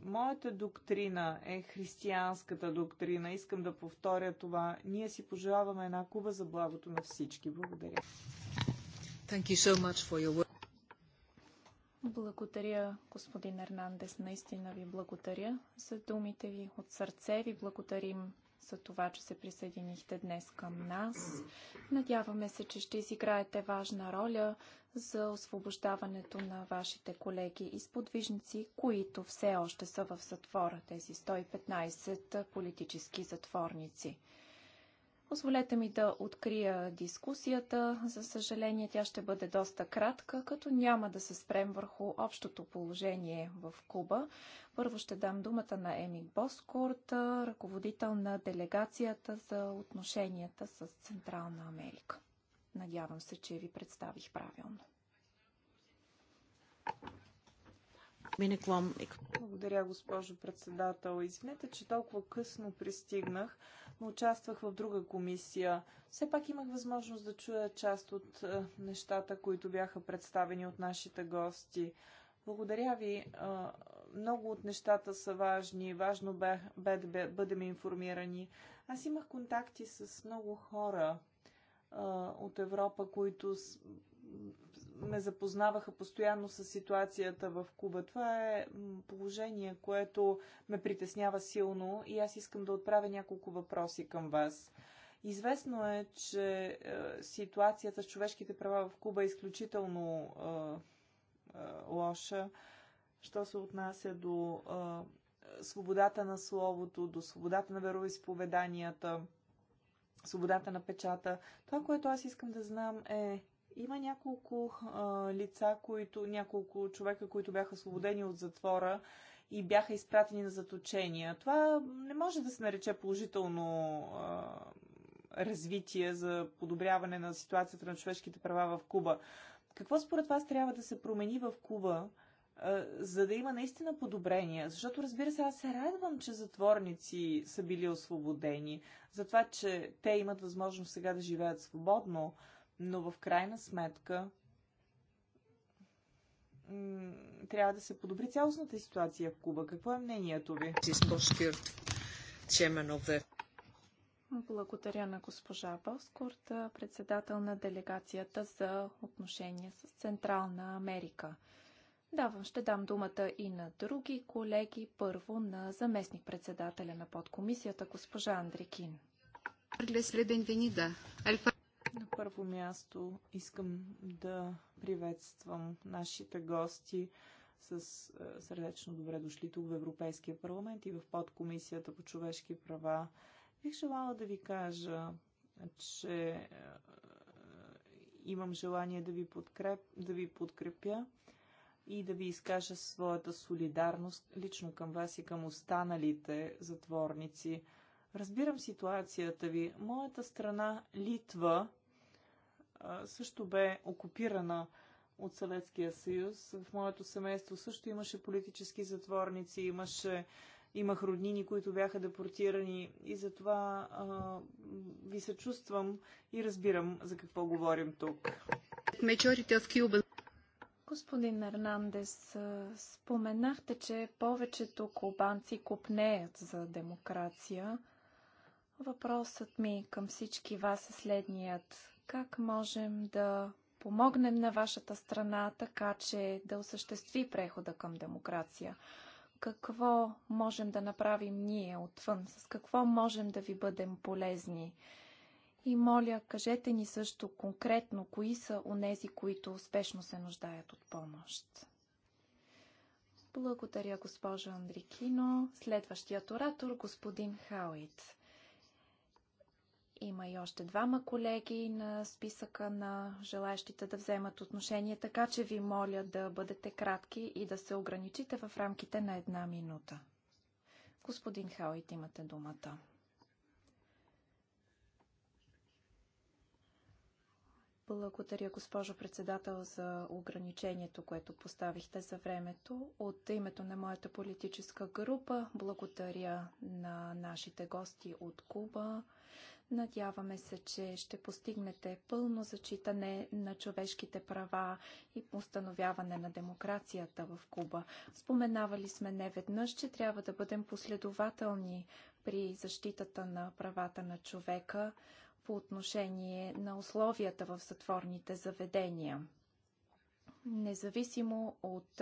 Моята доктрина е християнската доктрина. Искам да повторя това. Ние си пожелаваме една куба за благото на всички. Благодаря. Thank you so much for your work. Благодаря, господин Ернандес. Наистина ви благодаря за думите ви. От сърце ви благодарим за това, че се присъединихте днес към нас. Надяваме се, че ще изиграете важна роля за освобождаването на вашите колеги и сподвижници, които все още са в затвора, тези 115 политически затворници. Позволете ми да открия дискусията. За съжаление, тя ще бъде доста кратка, като няма да се спрем върху общото положение в Куба. Първо ще дам думата на Еми Боскорт, ръководител на делегацията за отношенията с Централна Америка. Надявам се, че ви представих правилно. Благодаря, госпожо председател. Извинете, че толкова късно пристигнах, но участвах в друга комисия. Все пак имах възможност да чуя част от е, нещата, които бяха представени от нашите гости. Благодаря ви. Е, много от нещата са важни. Важно бе, бе да бъдем информирани. Аз имах контакти с много хора е, от Европа, които ме запознаваха постоянно с ситуацията в Куба. Това е положение, което ме притеснява силно и аз искам да отправя няколко въпроси към вас. Известно е, че е, ситуацията с човешките права в Куба е изключително е, е, лоша, що се отнася до е, свободата на словото, до свободата на вероисповеданията, свободата на печата. Това, което аз искам да знам е има няколко а, лица, които, няколко човека, които бяха освободени от затвора и бяха изпратени на заточения. Това не може да се нарече положително а, развитие за подобряване на ситуацията на човешките права в Куба. Какво според вас трябва да се промени в Куба, а, за да има наистина подобрение? Защото, разбира се, аз се радвам, че затворници са били освободени, за това, че те имат възможност сега да живеят свободно, но в крайна сметка трябва да се подобри цялостната ситуация в Куба. Какво е мнението ви? Благодаря на госпожа Боскорт, председател на делегацията за отношения с Централна Америка. Давам, ще дам думата и на други колеги. Първо на заместник-председателя на подкомисията, госпожа Андрикин. Следен на първо място искам да приветствам нашите гости с е, сърдечно добре дошли тук в Европейския парламент и в подкомисията по човешки права. Бих желала да ви кажа, че е, имам желание да ви, подкреп, да ви подкрепя и да ви изкажа своята солидарност лично към вас и към останалите затворници. Разбирам ситуацията ви. Моята страна Литва също бе окупирана от Съветския съюз. В моето семейство също имаше политически затворници, имаше, имах роднини, които бяха депортирани и затова а, ви се чувствам и разбирам за какво говорим тук. Господин Ернандес, споменахте, че повечето кубанци купнеят за демокрация. Въпросът ми към всички вас е следният. Как можем да помогнем на вашата страна, така че да осъществи прехода към демокрация? Какво можем да направим ние отвън? С какво можем да ви бъдем полезни? И моля, кажете ни също конкретно, кои са онези, които успешно се нуждаят от помощ. Благодаря, госпожо Андрикино. Следващият оратор, господин Хауит. Има и още двама колеги на списъка на желаящите да вземат отношение, така че ви моля да бъдете кратки и да се ограничите в рамките на една минута. Господин Хауит, имате думата. Благодаря, госпожо председател, за ограничението, което поставихте за времето. От името на моята политическа група благодаря на нашите гости от Куба. Надяваме се, че ще постигнете пълно зачитане на човешките права и установяване на демокрацията в Куба. Споменавали сме неведнъж, че трябва да бъдем последователни при защитата на правата на човека по отношение на условията в затворните заведения. Независимо от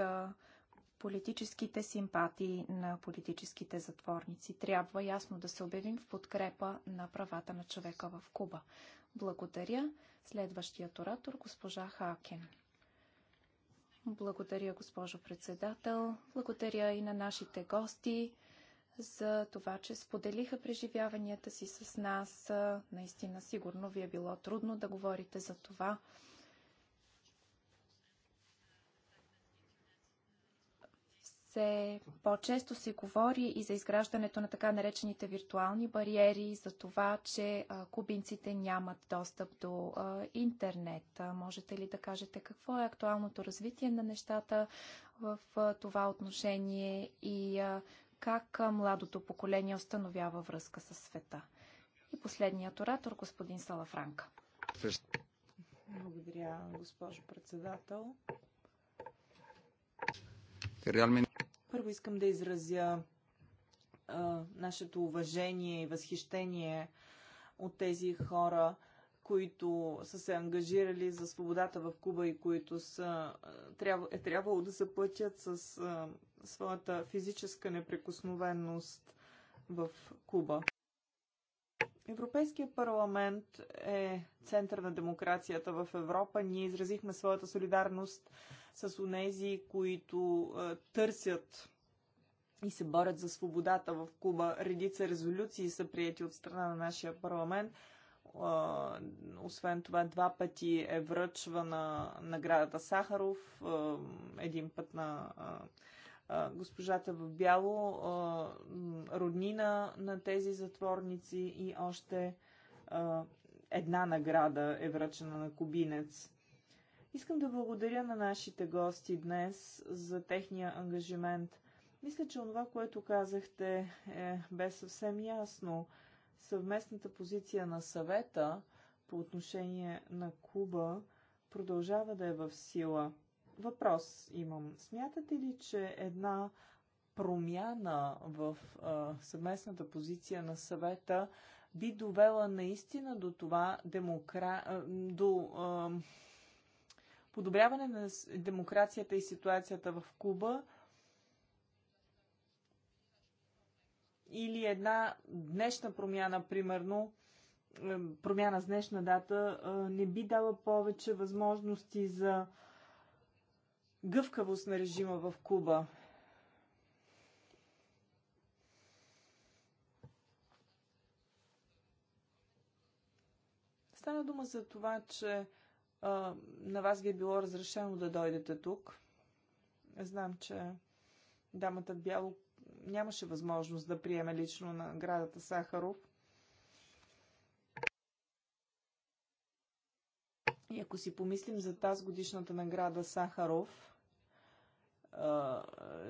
политическите симпатии на политическите затворници. Трябва ясно да се обявим в подкрепа на правата на човека в Куба. Благодаря. Следващият оратор, госпожа Хакен. Благодаря, госпожо председател. Благодаря и на нашите гости за това, че споделиха преживяванията си с нас. Наистина, сигурно ви е било трудно да говорите за това. Все по-често се говори и за изграждането на така наречените виртуални бариери, за това, че кубинците нямат достъп до интернет. Можете ли да кажете какво е актуалното развитие на нещата в това отношение и как младото поколение установява връзка с света. И последният оратор, господин Салафранка. Благодаря, госпожо председател. Първо искам да изразя а, нашето уважение и възхищение от тези хора, които са се ангажирали за свободата в Куба и които са, е, е трябвало да се платят с а, е, своята физическа неприкосновенност в Куба. Европейския парламент е център на демокрацията в Европа. Ние изразихме своята солидарност с онези, които а, е, търсят и се борят за свободата в Куба. Редица резолюции са прияти от страна на нашия парламент – освен това, два пъти е връчвана наградата Сахаров, един път на госпожата в бяло, роднина на тези затворници и още една награда е връчена на кубинец. Искам да благодаря на нашите гости днес за техния ангажимент. Мисля, че онова, което казахте, е, бе съвсем ясно съвместната позиция на съвета по отношение на Куба продължава да е в сила. Въпрос имам. Смятате ли, че една промяна в а, съвместната позиция на съвета би довела наистина до това демокра... до а, подобряване на демокрацията и ситуацията в Куба, или една днешна промяна, примерно, е, промяна с днешна дата, е, не би дала повече възможности за гъвкавост на режима в Куба. Стана дума за това, че е, на вас ви е било разрешено да дойдете тук. Знам, че дамата в бяло нямаше възможност да приеме лично наградата Сахаров. И ако си помислим за тази годишната награда Сахаров,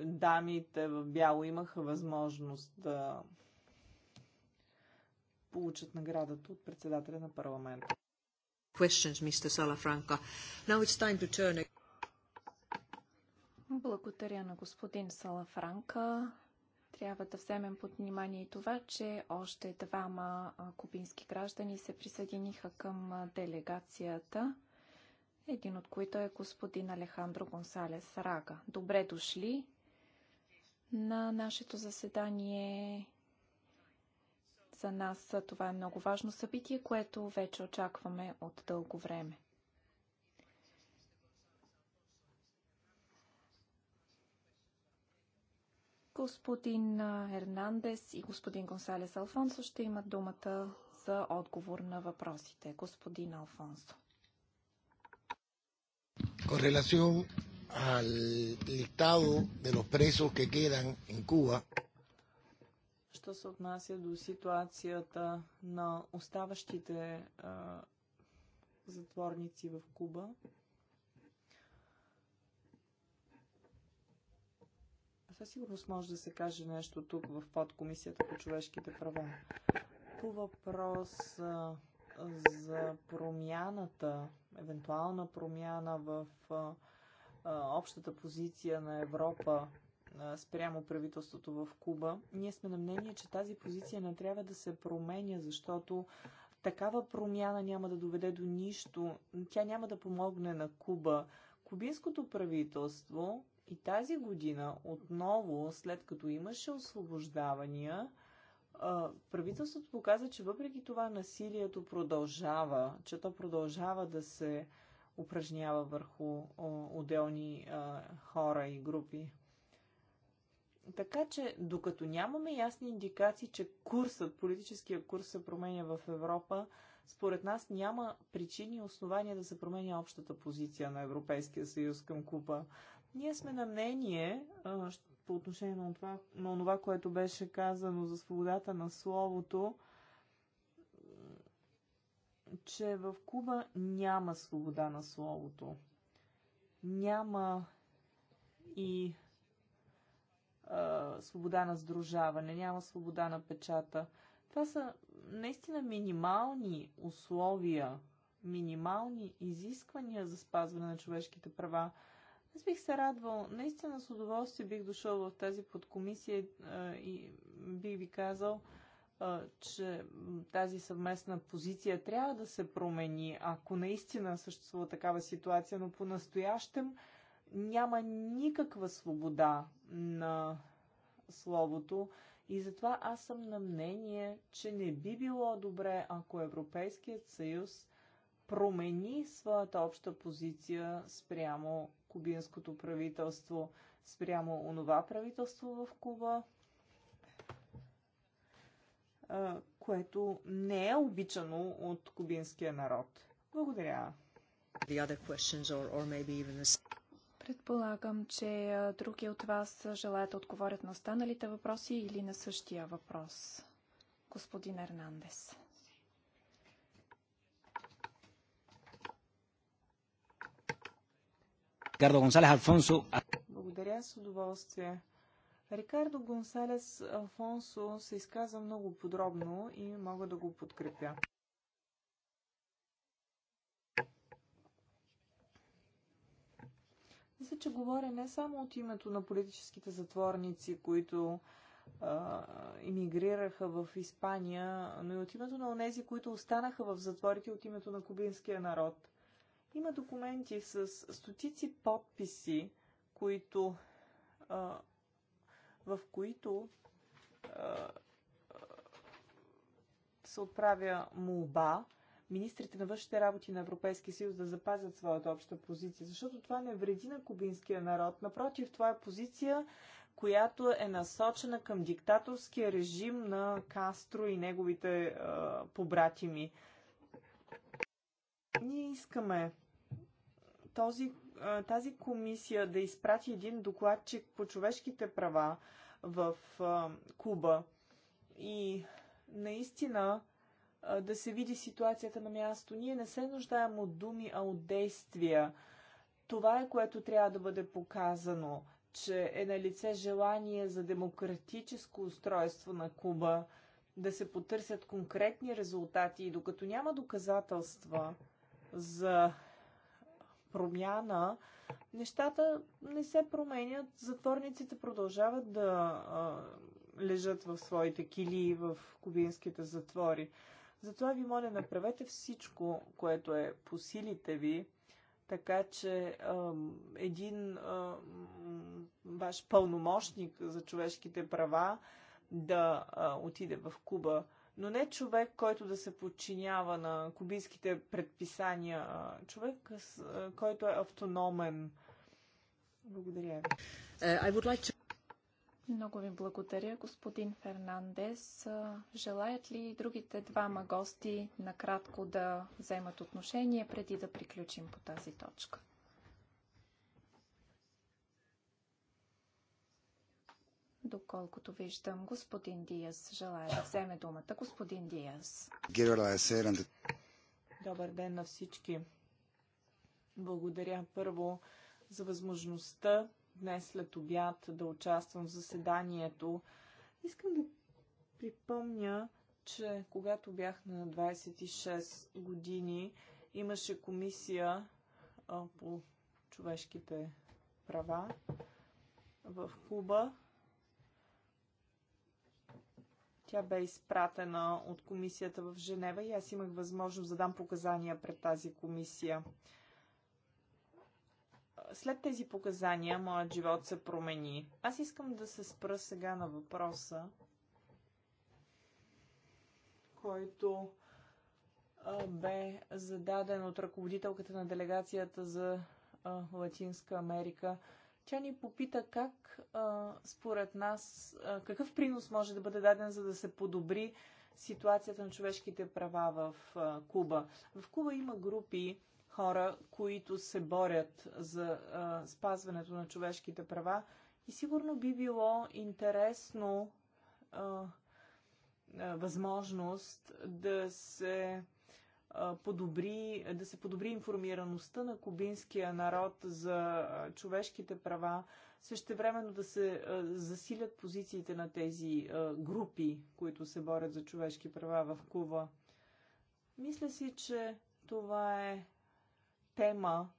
дамите в бяло имаха възможност да получат наградата от председателя на парламента. Благодаря на господин Салафранка. Трябва да вземем под внимание и това, че още двама кубински граждани се присъединиха към делегацията, един от които е господин Алехандро Гонсалес Рага. Добре дошли на нашето заседание. За нас това е много важно събитие, което вече очакваме от дълго време. Господин Ернандес и господин Гонсалес Алфонсо ще имат думата за отговор на въпросите. Господин Алфонсо. Con relación al listado de los presos que quedan en Cuba. Що се отнася до ситуацията на оставащите а, затворници в Куба, със сигурност може да се каже нещо тук в подкомисията по човешките права. По въпрос а, за промяната, евентуална промяна в а, а, общата позиция на Европа спрямо правителството в Куба, ние сме на мнение, че тази позиция не трябва да се променя, защото такава промяна няма да доведе до нищо. Тя няма да помогне на Куба. Кубинското правителство и тази година, отново, след като имаше освобождавания, правителството показа, че въпреки това насилието продължава, че то продължава да се упражнява върху отделни хора и групи. Така че, докато нямаме ясни индикации, че курсът, политическия курс се променя в Европа, според нас няма причини и основания да се променя общата позиция на Европейския съюз към Куба. Ние сме на мнение а, по отношение на това, на това, което беше казано за свободата на словото, че в Куба няма свобода на словото. Няма и а, свобода на сдружаване, няма свобода на печата. Това са наистина минимални условия, минимални изисквания за спазване на човешките права. Аз бих се радвал, наистина с удоволствие бих дошъл в тази подкомисия и бих ви казал, че тази съвместна позиция трябва да се промени, ако наистина съществува такава ситуация, но по-настоящем няма никаква свобода на словото. И затова аз съм на мнение, че не би било добре, ако Европейският съюз промени своята обща позиция спрямо кубинското правителство спрямо онова правителство в Куба, което не е обичано от кубинския народ. Благодаря. Предполагам, че други от вас желаят да отговорят на останалите въпроси или на същия въпрос. Господин Ернандес. Рикардо Гонсалес Алфонсо. Благодаря с удоволствие. Рикардо Гонсалес Алфонсо се изказа много подробно и мога да го подкрепя. Мисля, че говоря не само от името на политическите затворници, които иммигрираха в Испания, но и от името на онези, които останаха в затворите от името на кубинския народ. Има документи с стотици подписи, които, а, в които а, се отправя молба министрите на външните работи на Европейския съюз да запазят своята обща позиция, защото това не вреди на кубинския народ. Напротив, това е позиция, която е насочена към диктаторския режим на Кастро и неговите а, побратими. Ние искаме този, тази комисия да изпрати един докладчик по човешките права в Куба и наистина да се види ситуацията на място. Ние не се нуждаем от думи, а от действия. Това е което трябва да бъде показано, че е на лице желание за демократическо устройство на Куба, да се потърсят конкретни резултати и докато няма доказателства за промяна, нещата не се променят. Затворниците продължават да а, лежат в своите килии в кубинските затвори. Затова ви моля, направете всичко, което е по силите ви, така че а, един а, ваш пълномощник за човешките права да а, отиде в Куба но не човек, който да се подчинява на кубинските предписания, а човек, който е автономен. Благодаря ви. Е, Много ви благодаря, господин Фернандес. Желаят ли другите двама гости накратко да вземат отношение преди да приключим по тази точка? Доколкото виждам, господин Диас желая да вземе думата. Господин Диас. Добър ден на всички. Благодаря първо за възможността днес след обяд да участвам в заседанието. Искам да припомня, че когато бях на 26 години, имаше комисия по човешките права в Куба Тя бе изпратена от комисията в Женева и аз имах възможност да дам показания пред тази комисия. След тези показания моят живот се промени. Аз искам да се спра сега на въпроса, който бе зададен от ръководителката на делегацията за Латинска Америка – тя ни попита как а, според нас, а, какъв принос може да бъде даден, за да се подобри ситуацията на човешките права в а, Куба. В Куба има групи хора, които се борят за а, спазването на човешките права и сигурно би било интересно а, а, възможност да се подобри, да се подобри информираността на кубинския народ за човешките права, същевременно да се засилят позициите на тези групи, които се борят за човешки права в Куба. Мисля си, че това е тема,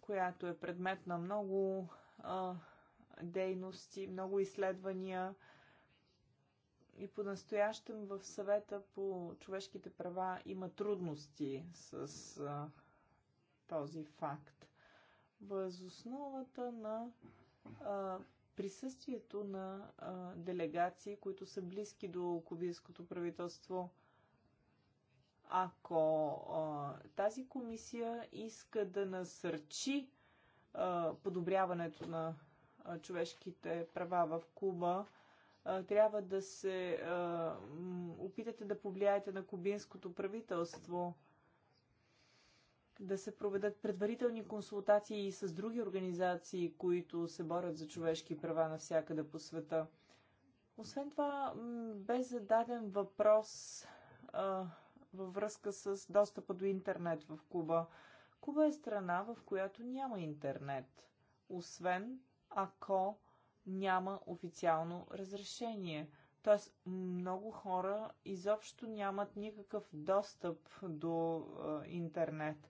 която е предмет на много дейности, много изследвания – и по-настоящем в съвета по човешките права има трудности с а, този факт. Възосновата на а, присъствието на а, делегации, които са близки до кубинското правителство, ако а, тази комисия иска да насърчи а, подобряването на а, човешките права в Куба, трябва да се а, опитате да повлияете на кубинското правителство, да се проведат предварителни консултации и с други организации, които се борят за човешки права навсякъде по света. Освен това, бе зададен въпрос а, във връзка с достъпа до интернет в Куба. Куба е страна, в която няма интернет, освен ако няма официално разрешение. Тоест, много хора изобщо нямат никакъв достъп до а, интернет.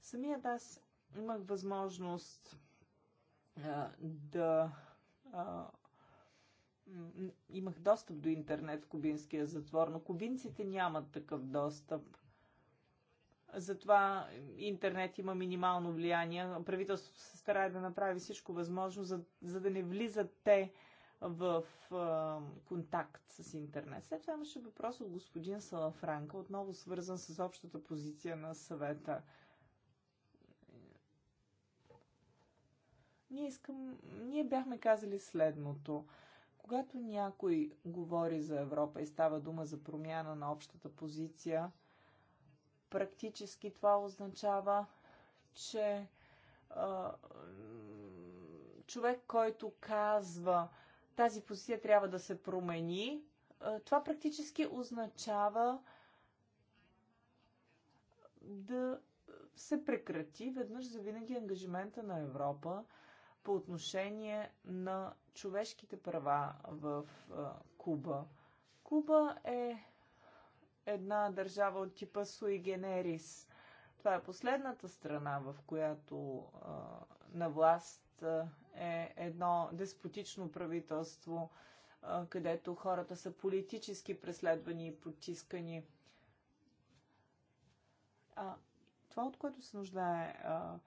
Самият аз имах възможност а, да. А, имах достъп до интернет в кубинския затвор, но кубинците нямат такъв достъп. Затова интернет има минимално влияние. Правителството се старае да направи всичко възможно, за, за да не влизат те в а, контакт с интернет. След това имаше въпрос от господин Салафранка, отново свързан с общата позиция на съвета. Ние, искам, ние бяхме казали следното. Когато някой говори за Европа и става дума за промяна на общата позиция, Практически това означава, че а, човек, който казва тази позиция трябва да се промени, а, това практически означава да се прекрати веднъж за винаги ангажимента на Европа по отношение на човешките права в а, Куба. Куба е една държава от типа Суи Генерис. Това е последната страна, в която а, на власт а, е едно деспотично правителство, а, където хората са политически преследвани и потискани. А, това, от което се нуждае а,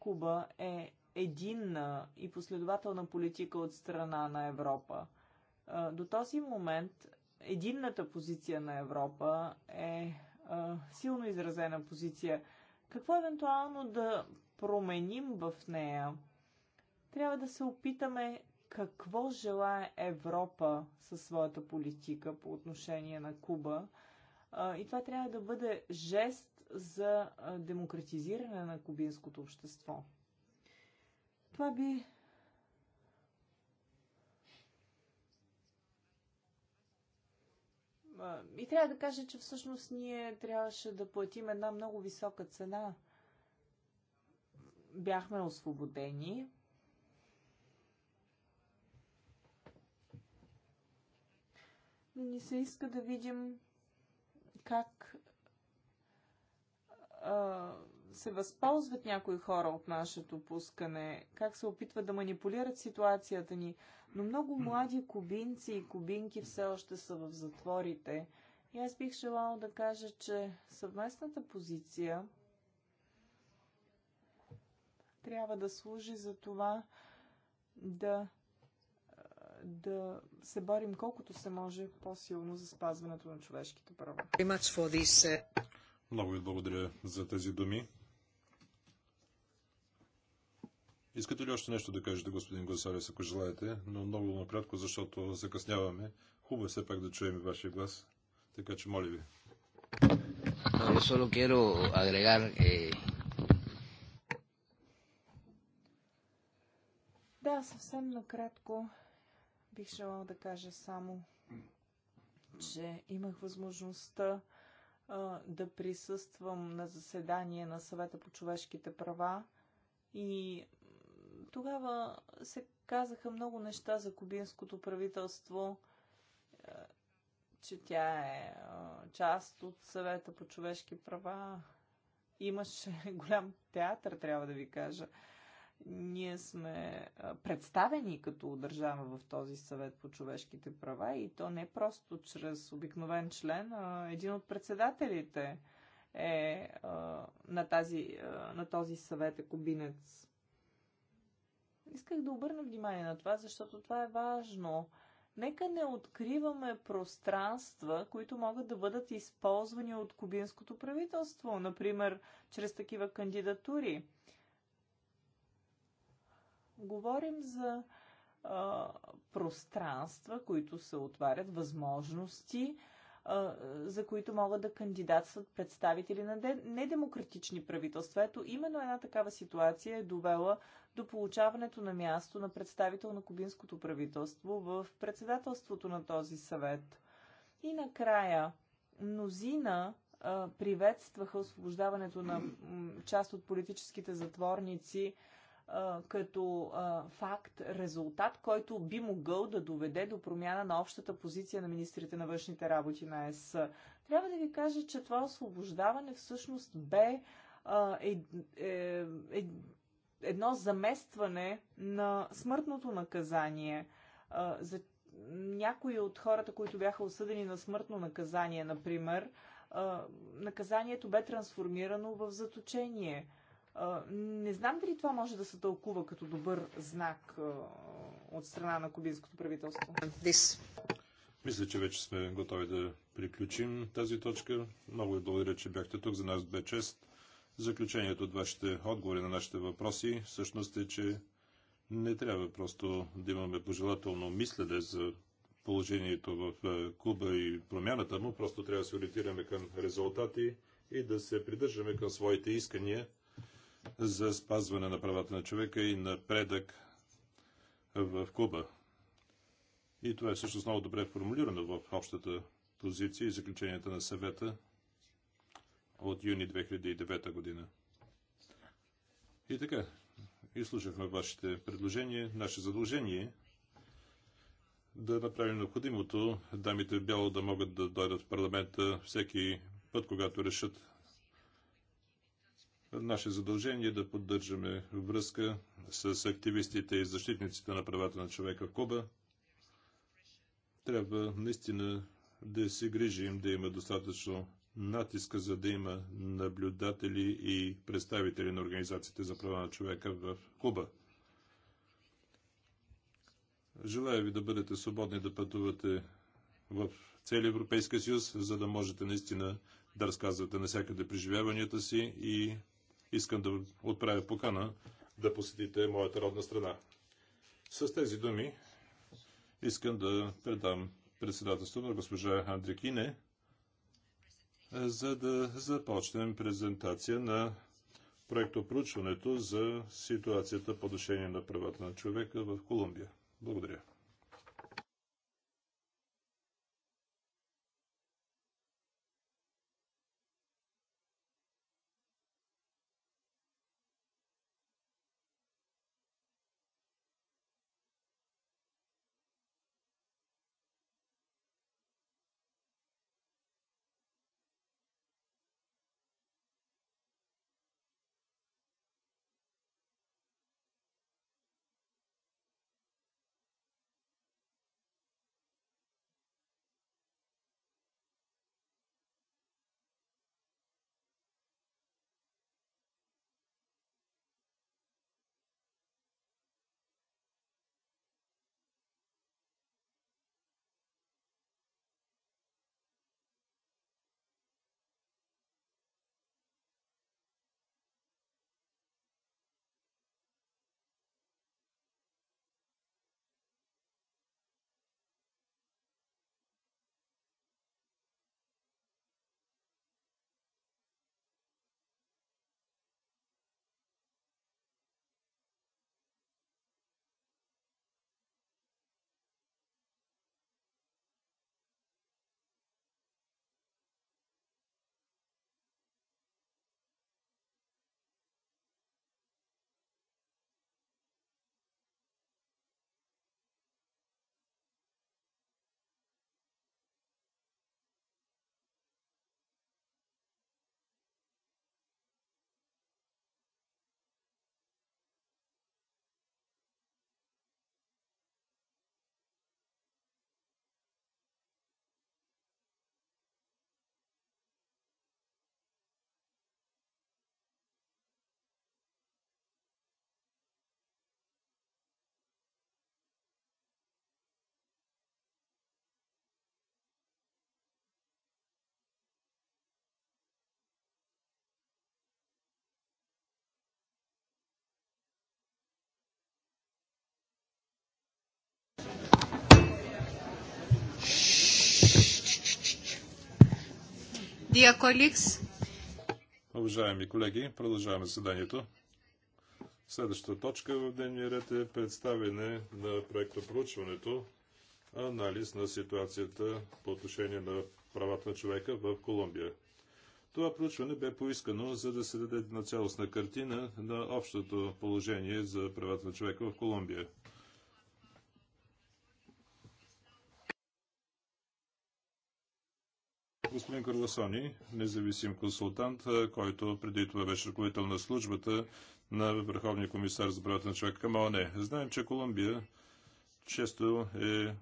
Куба, е единна и последователна политика от страна на Европа. До този момент единната позиция на Европа е а, е, силно изразена позиция. Какво евентуално да променим в нея? Трябва да се опитаме какво желая Европа със своята политика по отношение на Куба. А, и това трябва да бъде жест за демократизиране на кубинското общество. Това би И трябва да кажа, че всъщност ние трябваше да платим една много висока цена. Бяхме освободени. Но ни се иска да видим как се възползват някои хора от нашето пускане, как се опитват да манипулират ситуацията ни. Но много млади кубинци и кубинки все още са в затворите. И аз бих желала да кажа, че съвместната позиция трябва да служи за това да, да се борим колкото се може по-силно за спазването на човешките права. Uh, много ви благодаря за тези думи. Искате ли още нещо да кажете, господин Гонсалес, ако желаете, но много накратко, защото закъсняваме. Хубаво е все пак да чуем вашия глас, така че моля ви. Eh, да, съвсем накратко бих желала да кажа само, че имах възможността а, да присъствам на заседание на съвета по човешките права и тогава се казаха много неща за кубинското правителство, е, че тя е, е част от съвета по човешки права. Имаше голям театър, трябва да ви кажа. Ние сме е, представени като държава в този съвет по човешките права и то не просто чрез обикновен член, а един от председателите е на, тази, на този съвет е кубинец. Исках да обърна внимание на това, защото това е важно. Нека не откриваме пространства, които могат да бъдат използвани от кубинското правителство, например, чрез такива кандидатури. Говорим за а, пространства, които се отварят, възможности, за които могат да кандидатстват представители на недемократични правителства. Ето, именно една такава ситуация е довела до получаването на място на представител на кубинското правителство в председателството на този съвет. И накрая, мнозина приветстваха освобождаването на част от политическите затворници като факт, резултат, който би могъл да доведе до промяна на общата позиция на министрите на външните работи на ЕС. Трябва да ви кажа, че това освобождаване всъщност бе е, е, е, едно заместване на смъртното наказание. за някои от хората, които бяха осъдени на смъртно наказание, например, наказанието бе трансформирано в заточение – не знам дали това може да се тълкува като добър знак от страна на кубинското правителство. This. Мисля, че вече сме готови да приключим тази точка. Много ви благодаря, че бяхте тук. За нас бе чест. Заключението от вашите отговори на нашите въпроси всъщност е, че не трябва просто да имаме пожелателно мислене за положението в Куба и промяната му, просто трябва да се ориентираме към резултати и да се придържаме към своите искания – за спазване на правата на човека и напредък в Куба. И това е всъщност много добре формулирано в общата позиция и заключенията на съвета от юни 2009 година. И така, изслушахме вашите предложения. Наше задължение е да направим необходимото дамите в бяло да могат да дойдат в парламента всеки път, когато решат Наше задължение е да поддържаме връзка с активистите и защитниците на правата на човека в Куба. Трябва наистина да се грижим да има достатъчно натиска, за да има наблюдатели и представители на Организацията за права на човека в Куба. Желая ви да бъдете свободни да пътувате в целия Европейския съюз, за да можете наистина да разказвате навсякъде преживяванията си и искам да отправя покана да посетите моята родна страна. С тези думи искам да предам председателство на госпожа Андрекине, за да започнем презентация на проектопроучването за ситуацията по отношение на правата на човека в Колумбия. Благодаря. Dear colleagues. Уважаеми колеги, продължаваме заседанието. Следващата точка в дневния ред е представене на проекта проучването анализ на ситуацията по отношение на правата на човека в Колумбия. Това проучване бе поискано, за да се даде на цялостна картина на общото положение за правата на човека в Колумбия. господин Карласони, независим консултант, който преди това беше ръководител на службата на Върховния комисар за правата на човека към ООН. Знаем, че Колумбия често е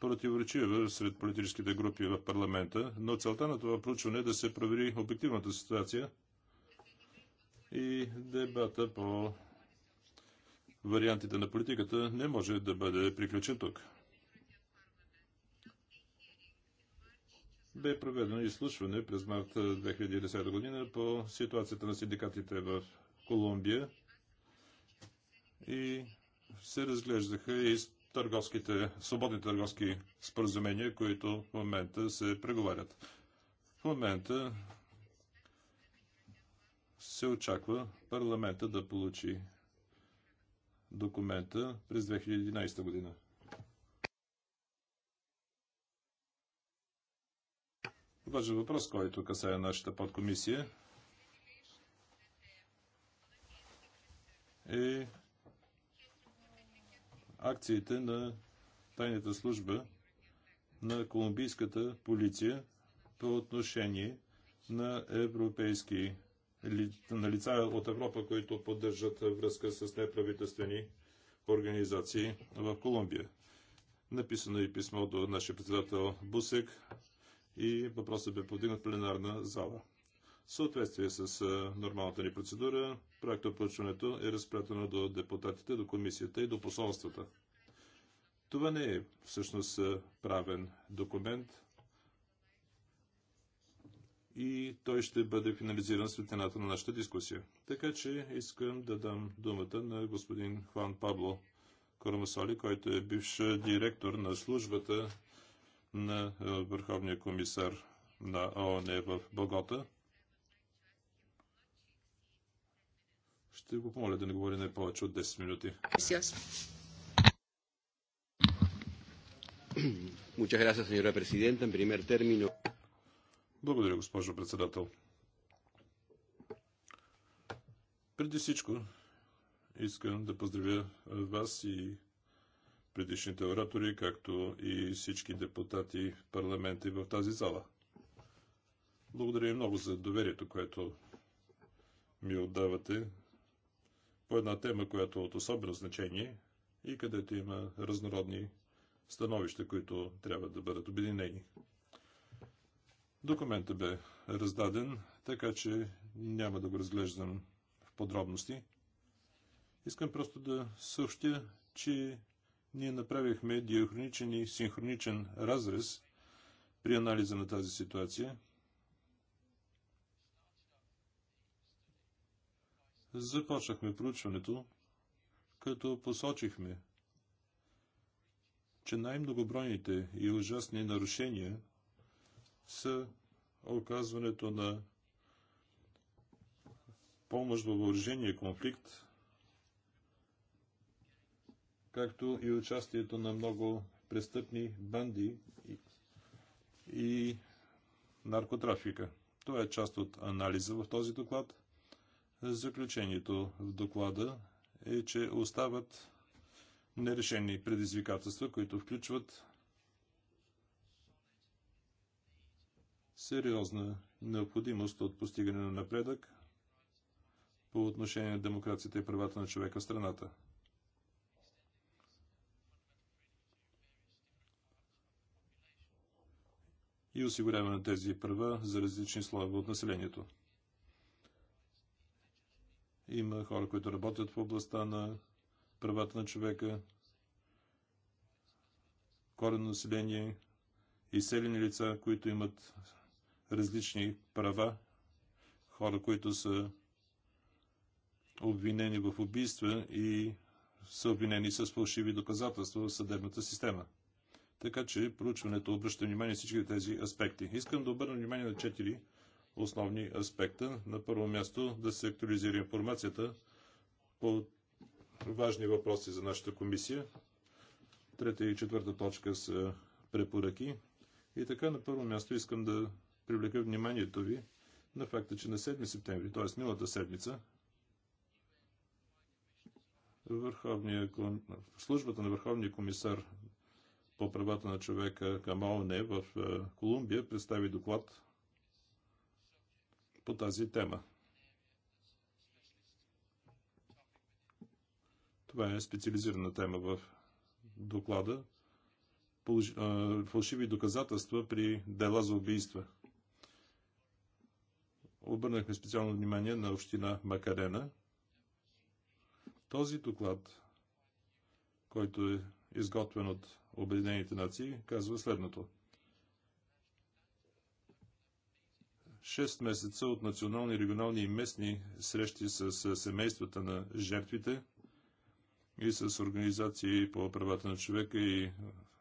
противоречива сред политическите групи в парламента, но целта на това проучване е да се провери обективната ситуация и дебата по вариантите на политиката не може да бъде приключен тук. бе проведено изслушване през март 2010 година по ситуацията на синдикатите в Колумбия и се разглеждаха и търговските, свободни търговски споразумения, които в момента се преговарят. В момента се очаква парламента да получи документа през 2011 година. важен въпрос, който касае нашата подкомисия. Е акциите на тайната служба на колумбийската полиция по отношение на европейски на лица от Европа, които поддържат връзка с неправителствени организации в Колумбия. Написано е писмо до нашия председател Бусек и въпросът бе повдигнат в пленарна зала. В съответствие с нормалната ни процедура, проектът проучването е разпратено до депутатите, до комисията и до посолствата. Това не е всъщност правен документ и той ще бъде финализиран светлината на нашата дискусия. Така че искам да дам думата на господин Хуан Пабло Кормасоли, който е бивш директор на службата на е, Върховния комисар на ООН в Богота. Ще го помоля да не говори не повече от 10 минути. Благодаря, госпожо председател. Преди всичко искам да поздравя вас и предишните оратори, както и всички депутати в парламента и в тази зала. Благодаря ви много за доверието, което ми отдавате по една тема, която е от особено значение и където има разнородни становища, които трябва да бъдат обединени. Документът бе раздаден, така че няма да го разглеждам в подробности. Искам просто да съобщя, че ние направихме диахроничен и синхроничен разрез при анализа на тази ситуация, започнахме проучването, като посочихме, че най-многобройните и ужасни нарушения са оказването на помощ във въоръжение конфликт както и участието на много престъпни банди и, и наркотрафика. Това е част от анализа в този доклад. Заключението в доклада е, че остават нерешени предизвикателства, които включват сериозна необходимост от постигане на напредък по отношение на демокрацията и правата на човека в страната. и осигуряване на тези права за различни слоеве от населението. Има хора, които работят в областта на правата на човека, коренно население, изселени лица, които имат различни права, хора, които са обвинени в убийства и са обвинени с фалшиви доказателства в съдебната система. Така че проучването обръща внимание всички тези аспекти. Искам да обърна внимание на четири основни аспекта. На първо място да се актуализира информацията по важни въпроси за нашата комисия. Трета и четвърта точка са препоръки. И така на първо място искам да привлека вниманието ви на факта, че на 7 септември, т.е. миналата седмица, Върховния, службата на Върховния комисар по правата на човека към ООН в е, Колумбия представи доклад по тази тема. Това е специализирана тема в доклада. Фалшиви доказателства при дела за убийства. Обърнахме специално внимание на община Макарена. Този доклад, който е изготвен от Обединените нации казва следното. Шест месеца от национални, регионални и местни срещи с семействата на жертвите и с организации по правата на човека и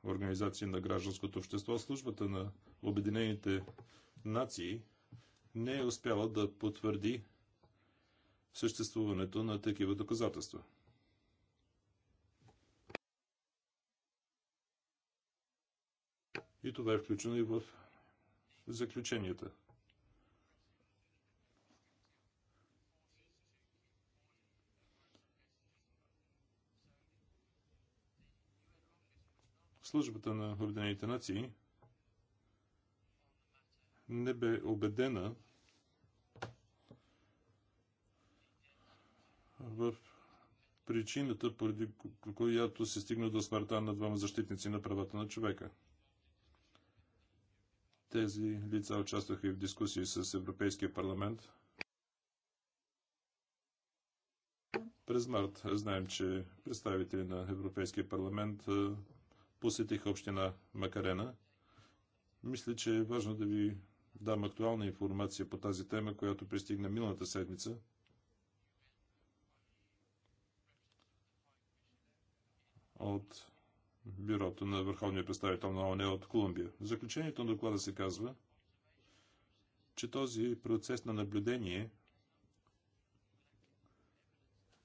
организации на гражданското общество, службата на Обединените нации не е успяла да потвърди съществуването на такива доказателства. И това е включено и в заключенията. Службата на Обединените нации не бе убедена в причината, поради която се стигна до смъртта на двама защитници на правата на човека – тези лица участваха и в дискусии с Европейския парламент. През март знаем, че представители на Европейския парламент посетиха община Макарена. Мисля, че е важно да ви дам актуална информация по тази тема, която пристигна миналата седмица. от бюрото на Върховния представител на ОНЕ от Колумбия. В заключението на доклада се казва, че този процес на наблюдение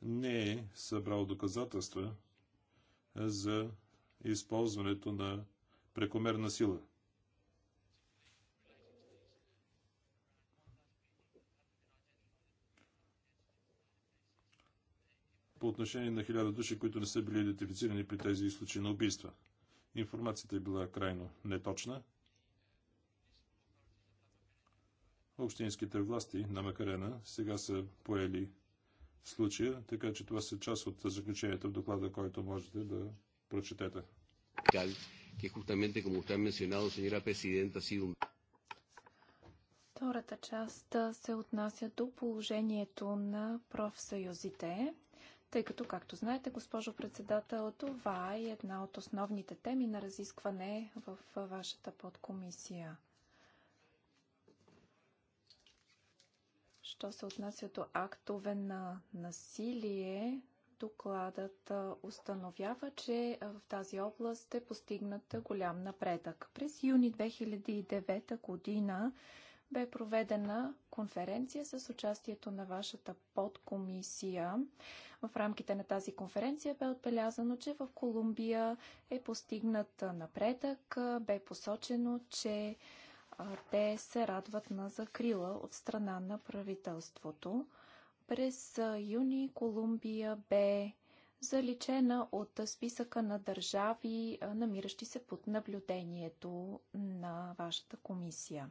не е събрал доказателства за използването на прекомерна сила – по отношение на хиляда души, които не са били идентифицирани при тези случаи на убийства. Информацията е била крайно неточна. Общинските власти на Макарена сега са поели случая, така че това са част от заключенията в доклада, който можете да прочетете. Втората част се отнася до положението на профсъюзите тъй като, както знаете, госпожо председател, това е една от основните теми на разискване в вашата подкомисия. Що се отнася до актове на насилие, докладът установява, че в тази област е постигнат голям напредък. През юни 2009 година бе проведена конференция с участието на вашата подкомисия. В рамките на тази конференция бе отбелязано, че в Колумбия е постигнат напредък. Бе посочено, че те се радват на закрила от страна на правителството. През юни Колумбия бе заличена от списъка на държави, намиращи се под наблюдението на вашата комисия.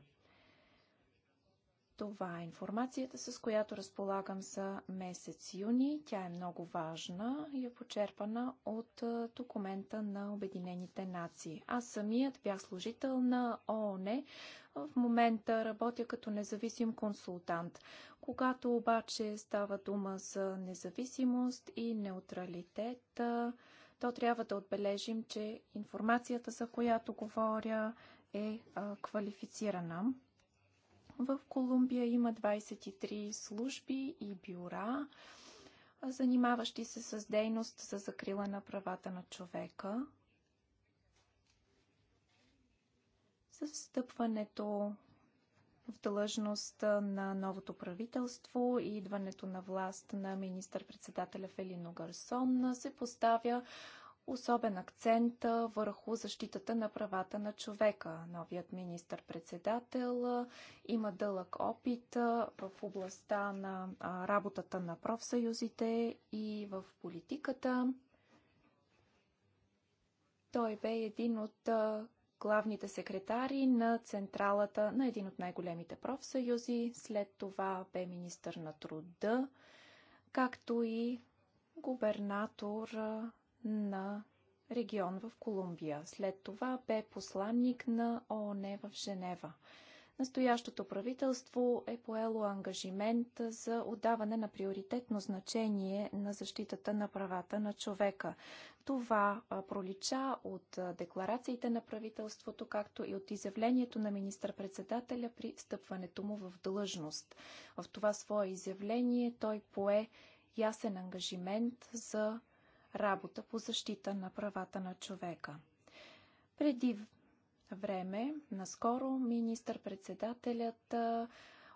Това е информацията, с която разполагам за месец юни. Тя е много важна и е почерпана от документа на Обединените нации. Аз самият бях служител на ООН. В момента работя като независим консултант. Когато обаче става дума за независимост и неутралитет, то трябва да отбележим, че информацията, за която говоря, е квалифицирана. В Колумбия има 23 служби и бюра, занимаващи се с дейност за закрила на правата на човека. С встъпването в длъжност на новото правителство и идването на власт на министър-председателя Фелино Гарсон се поставя особен акцент върху защитата на правата на човека. Новият министр-председател има дълъг опит в областта на работата на профсъюзите и в политиката. Той бе един от главните секретари на централата на един от най-големите профсъюзи. След това бе министър на труда, както и губернатор на регион в Колумбия. След това бе посланник на ООН в Женева. Настоящото правителство е поело ангажимент за отдаване на приоритетно значение на защитата на правата на човека. Това пролича от декларациите на правителството, както и от изявлението на министър-председателя при стъпването му в длъжност. В това свое изявление той пое ясен ангажимент за работа по защита на правата на човека. Преди време, наскоро, министър-председателят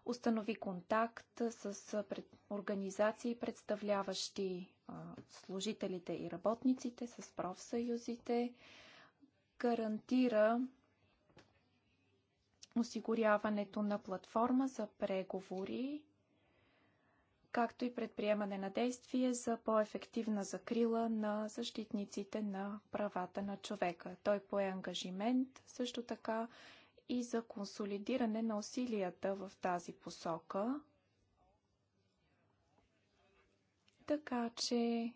установи контакт с организации, представляващи служителите и работниците, с профсъюзите, гарантира осигуряването на платформа за преговори както и предприемане на действие за по-ефективна закрила на защитниците на правата на човека. Той пое ангажимент също така и за консолидиране на усилията в тази посока, така че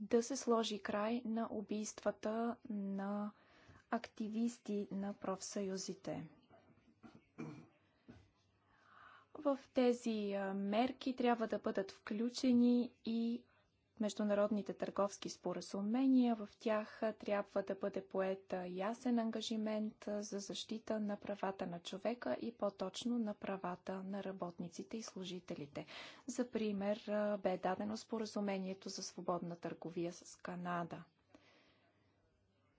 да се сложи край на убийствата на активисти на профсъюзите. В тези мерки трябва да бъдат включени и международните търговски споразумения. В тях трябва да бъде поет ясен ангажимент за защита на правата на човека и по-точно на правата на работниците и служителите. За пример бе дадено споразумението за свободна търговия с Канада.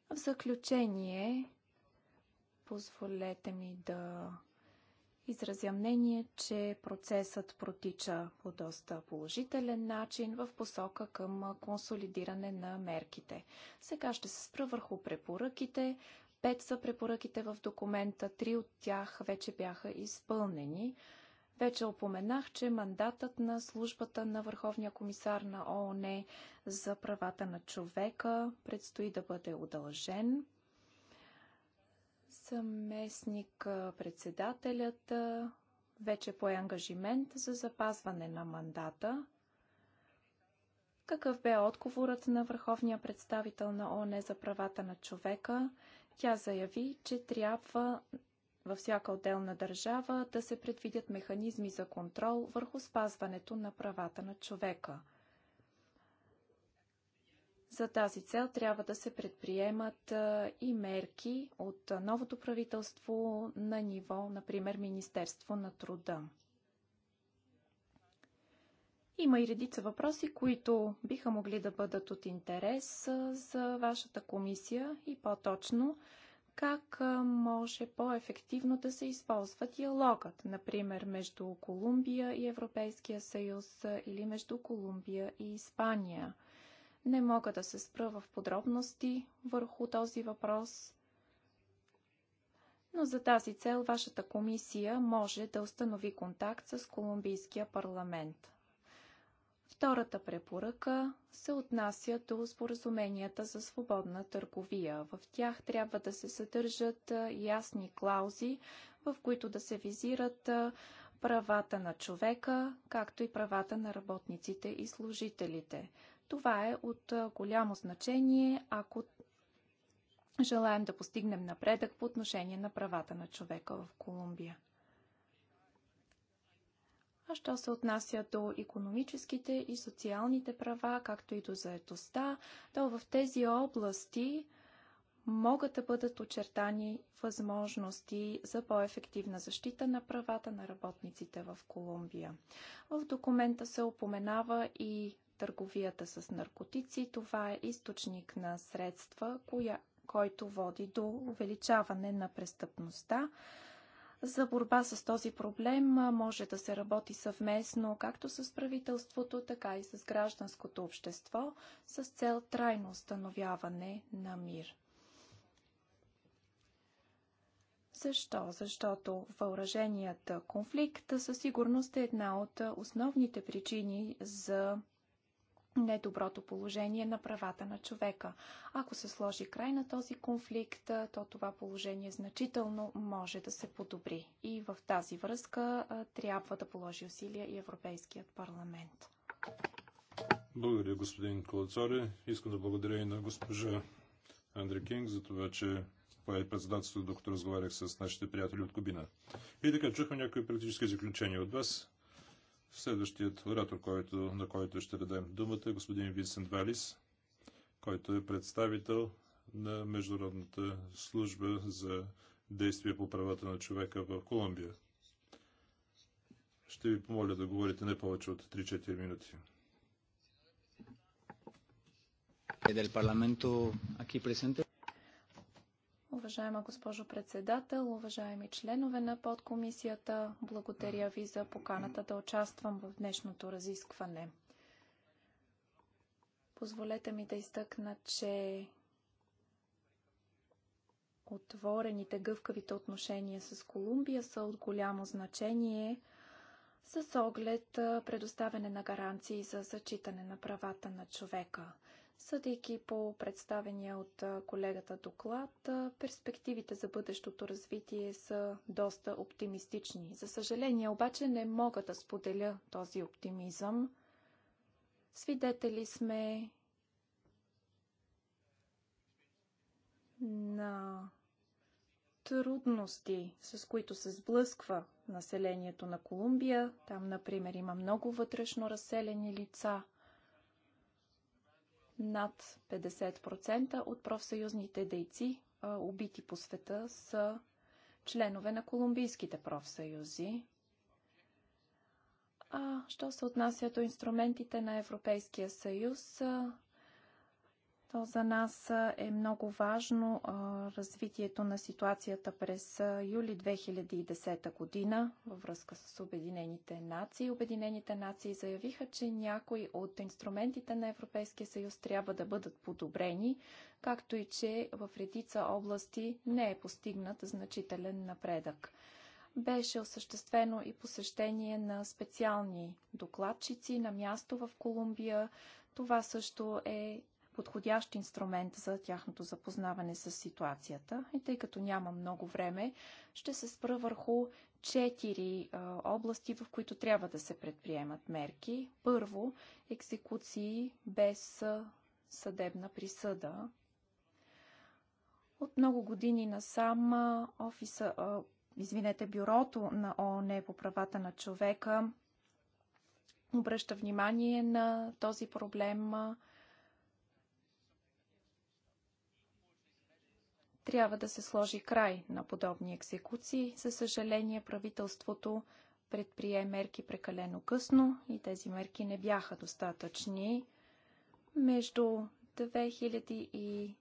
В заключение, позволете ми да изразя мнение, че процесът протича по доста положителен начин в посока към консолидиране на мерките. Сега ще се спра върху препоръките. Пет са препоръките в документа, три от тях вече бяха изпълнени. Вече опоменах, че мандатът на службата на Върховния комисар на ООН за правата на човека предстои да бъде удължен. Заместник председателят вече пое ангажимент за запазване на мандата. Какъв бе отговорът на върховния представител на ООН за правата на човека? Тя заяви, че трябва във всяка отделна държава да се предвидят механизми за контрол върху спазването на правата на човека – за тази цел трябва да се предприемат и мерки от новото правителство на ниво, например, Министерство на труда. Има и редица въпроси, които биха могли да бъдат от интерес за вашата комисия и по-точно как може по-ефективно да се използва диалогът, например между Колумбия и Европейския съюз или между Колумбия и Испания. Не мога да се спра в подробности върху този въпрос, но за тази цел вашата комисия може да установи контакт с Колумбийския парламент. Втората препоръка се отнася до споразуменията за свободна търговия. В тях трябва да се съдържат ясни клаузи, в които да се визират правата на човека, както и правата на работниците и служителите. Това е от голямо значение, ако желаем да постигнем напредък по отношение на правата на човека в Колумбия. А що се отнася до економическите и социалните права, както и до заетостта, то в тези области могат да бъдат очертани възможности за по-ефективна защита на правата на работниците в Колумбия. В документа се опоменава и Търговията с наркотици, това е източник на средства, коя, който води до увеличаване на престъпността. За борба с този проблем може да се работи съвместно както с правителството, така и с гражданското общество с цел трайно установяване на мир. Защо? Защото въоръженият конфликт със сигурност е една от основните причини за недоброто положение на правата на човека. Ако се сложи край на този конфликт, то това положение значително може да се подобри. И в тази връзка трябва да положи усилия и Европейският парламент. Благодаря, господин Колацоре. Искам да благодаря и на госпожа Андре Кинг за това, че това е председателството, докато разговарях с нашите приятели от Кубина. И така, чухме някои практически заключения от вас. Следващият оратор, който, на който ще дадем думата е господин Винсент Валис, който е представител на Международната служба за действие по правата на човека в Колумбия. Ще ви помоля да говорите не повече от 3-4 минути. Е, del Parlamento aquí presente. Уважаема госпожо председател, уважаеми членове на подкомисията, благодаря ви за поканата да участвам в днешното разискване. Позволете ми да изтъкна, че отворените гъвкавите отношения с Колумбия са от голямо значение с оглед предоставяне на гаранции за зачитане на правата на човека. Съдейки по представения от колегата доклад, перспективите за бъдещото развитие са доста оптимистични. За съжаление обаче не мога да споделя този оптимизъм. Свидетели сме на трудности, с които се сблъсква населението на Колумбия. Там, например, има много вътрешно разселени лица – над 50% от профсъюзните дейци, убити по света, са членове на колумбийските профсъюзи. А що се отнася до инструментите на Европейския съюз, то за нас е много важно развитието на ситуацията през юли 2010 година във връзка с Обединените нации. Обединените нации заявиха, че някои от инструментите на Европейския съюз трябва да бъдат подобрени, както и че в редица области не е постигнат значителен напредък беше осъществено и посещение на специални докладчици на място в Колумбия. Това също е подходящ инструмент за тяхното запознаване с ситуацията. И тъй като няма много време, ще се спра върху четири области, в които трябва да се предприемат мерки. Първо, екзекуции без съдебна присъда. От много години насам офиса, извинете, бюрото на ООН е по правата на човека обръща внимание на този проблем Трябва да се сложи край на подобни екзекуции. За съжаление, правителството предприе мерки прекалено късно и тези мерки не бяха достатъчни. Между 2000 и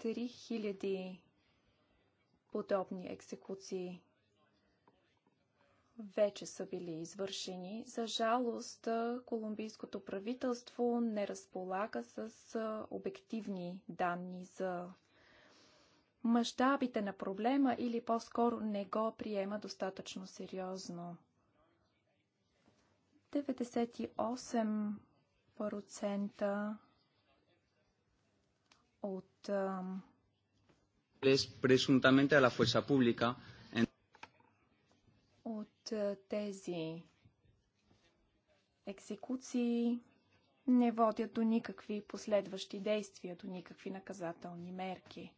3000 подобни екзекуции вече са били извършени. За жалост, колумбийското правителство не разполага с обективни данни за мащабите на проблема или по-скоро не го приема достатъчно сериозно. 98% от presuntamente a la fuerza pública en... от тези екзекуции не водят до никакви последващи действия, до никакви наказателни мерки.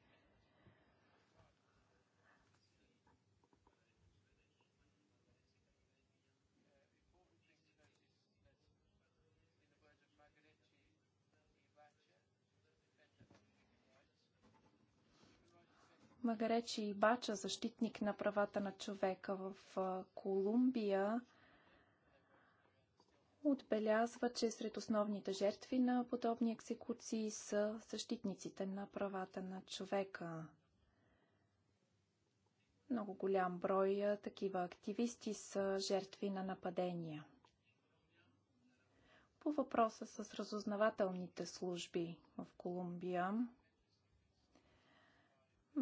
Магаречи бача защитник на правата на човека в Колумбия, отбелязва, че сред основните жертви на подобни екзекуции са защитниците на правата на човека. Много голям брой такива активисти са жертви на нападения. По въпроса с разузнавателните служби в Колумбия,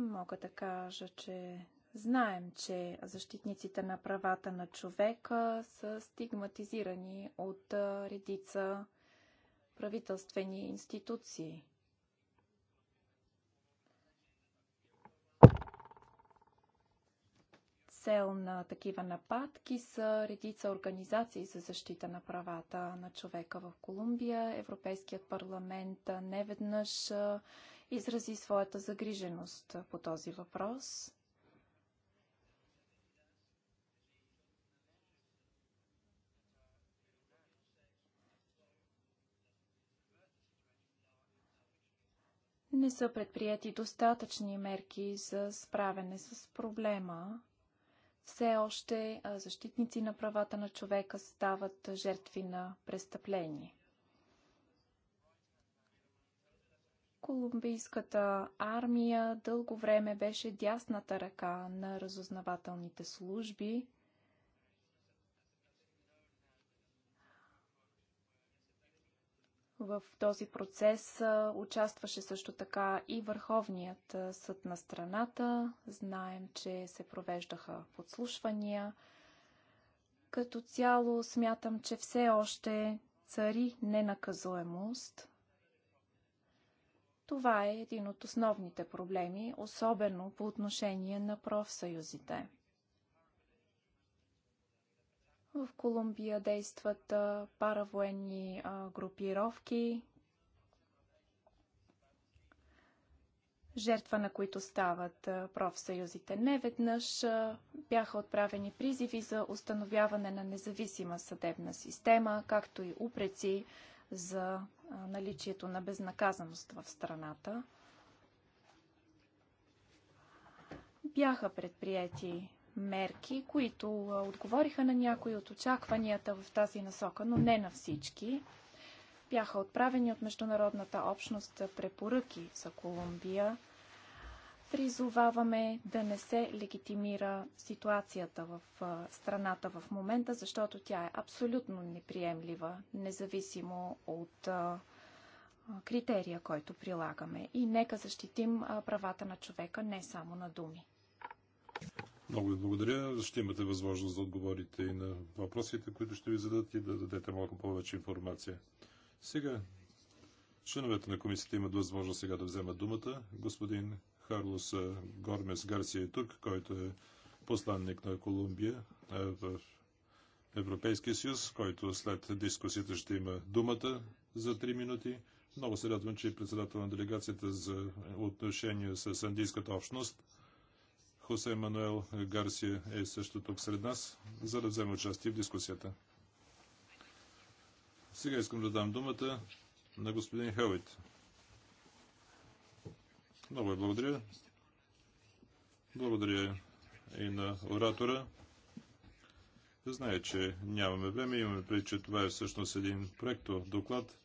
Мога да кажа, че знаем, че защитниците на правата на човека са стигматизирани от редица правителствени институции. Цел на такива нападки са редица организации за защита на правата на човека в Колумбия. Европейският парламент неведнъж изрази своята загриженост по този въпрос. не са предприяти достатъчни мерки за справяне с проблема. Все още защитници на правата на човека стават жертви на престъпление. Колумбийската армия дълго време беше дясната ръка на разузнавателните служби. В този процес участваше също така и Върховният съд на страната. Знаем, че се провеждаха подслушвания. Като цяло смятам, че все още цари ненаказуемост – това е един от основните проблеми, особено по отношение на профсъюзите. В Колумбия действат паравоенни групировки, жертва на които стават профсъюзите. Не веднъж бяха отправени призиви за установяване на независима съдебна система, както и упреци за наличието на безнаказаност в страната. Бяха предприяти мерки, които отговориха на някои от очакванията в тази насока, но не на всички. Бяха отправени от международната общност препоръки за Колумбия – Призоваваме да не се легитимира ситуацията в страната в момента, защото тя е абсолютно неприемлива, независимо от критерия, който прилагаме. И нека защитим правата на човека не само на думи. Много ви благодаря. Ще имате възможност да отговорите и на въпросите, които ще ви зададат и да дадете малко повече информация. Сега, членовете на комисията имат възможност сега да вземат думата. Господин Карлос Гормес Гарсия е тук, който е посланник на Колумбия в Европейския съюз, който след дискусията ще има думата за 3 минути. Много се радвам, че е председател на делегацията за отношения с андийската общност. Хосе Мануел Гарсия е също тук сред нас, за да вземе участие в дискусията. Сега искам да дам думата на господин Хелвит. Много ви благодаря. Благодаря и на оратора. Знае, че нямаме време. Имаме преди, че това е всъщност един проекто доклад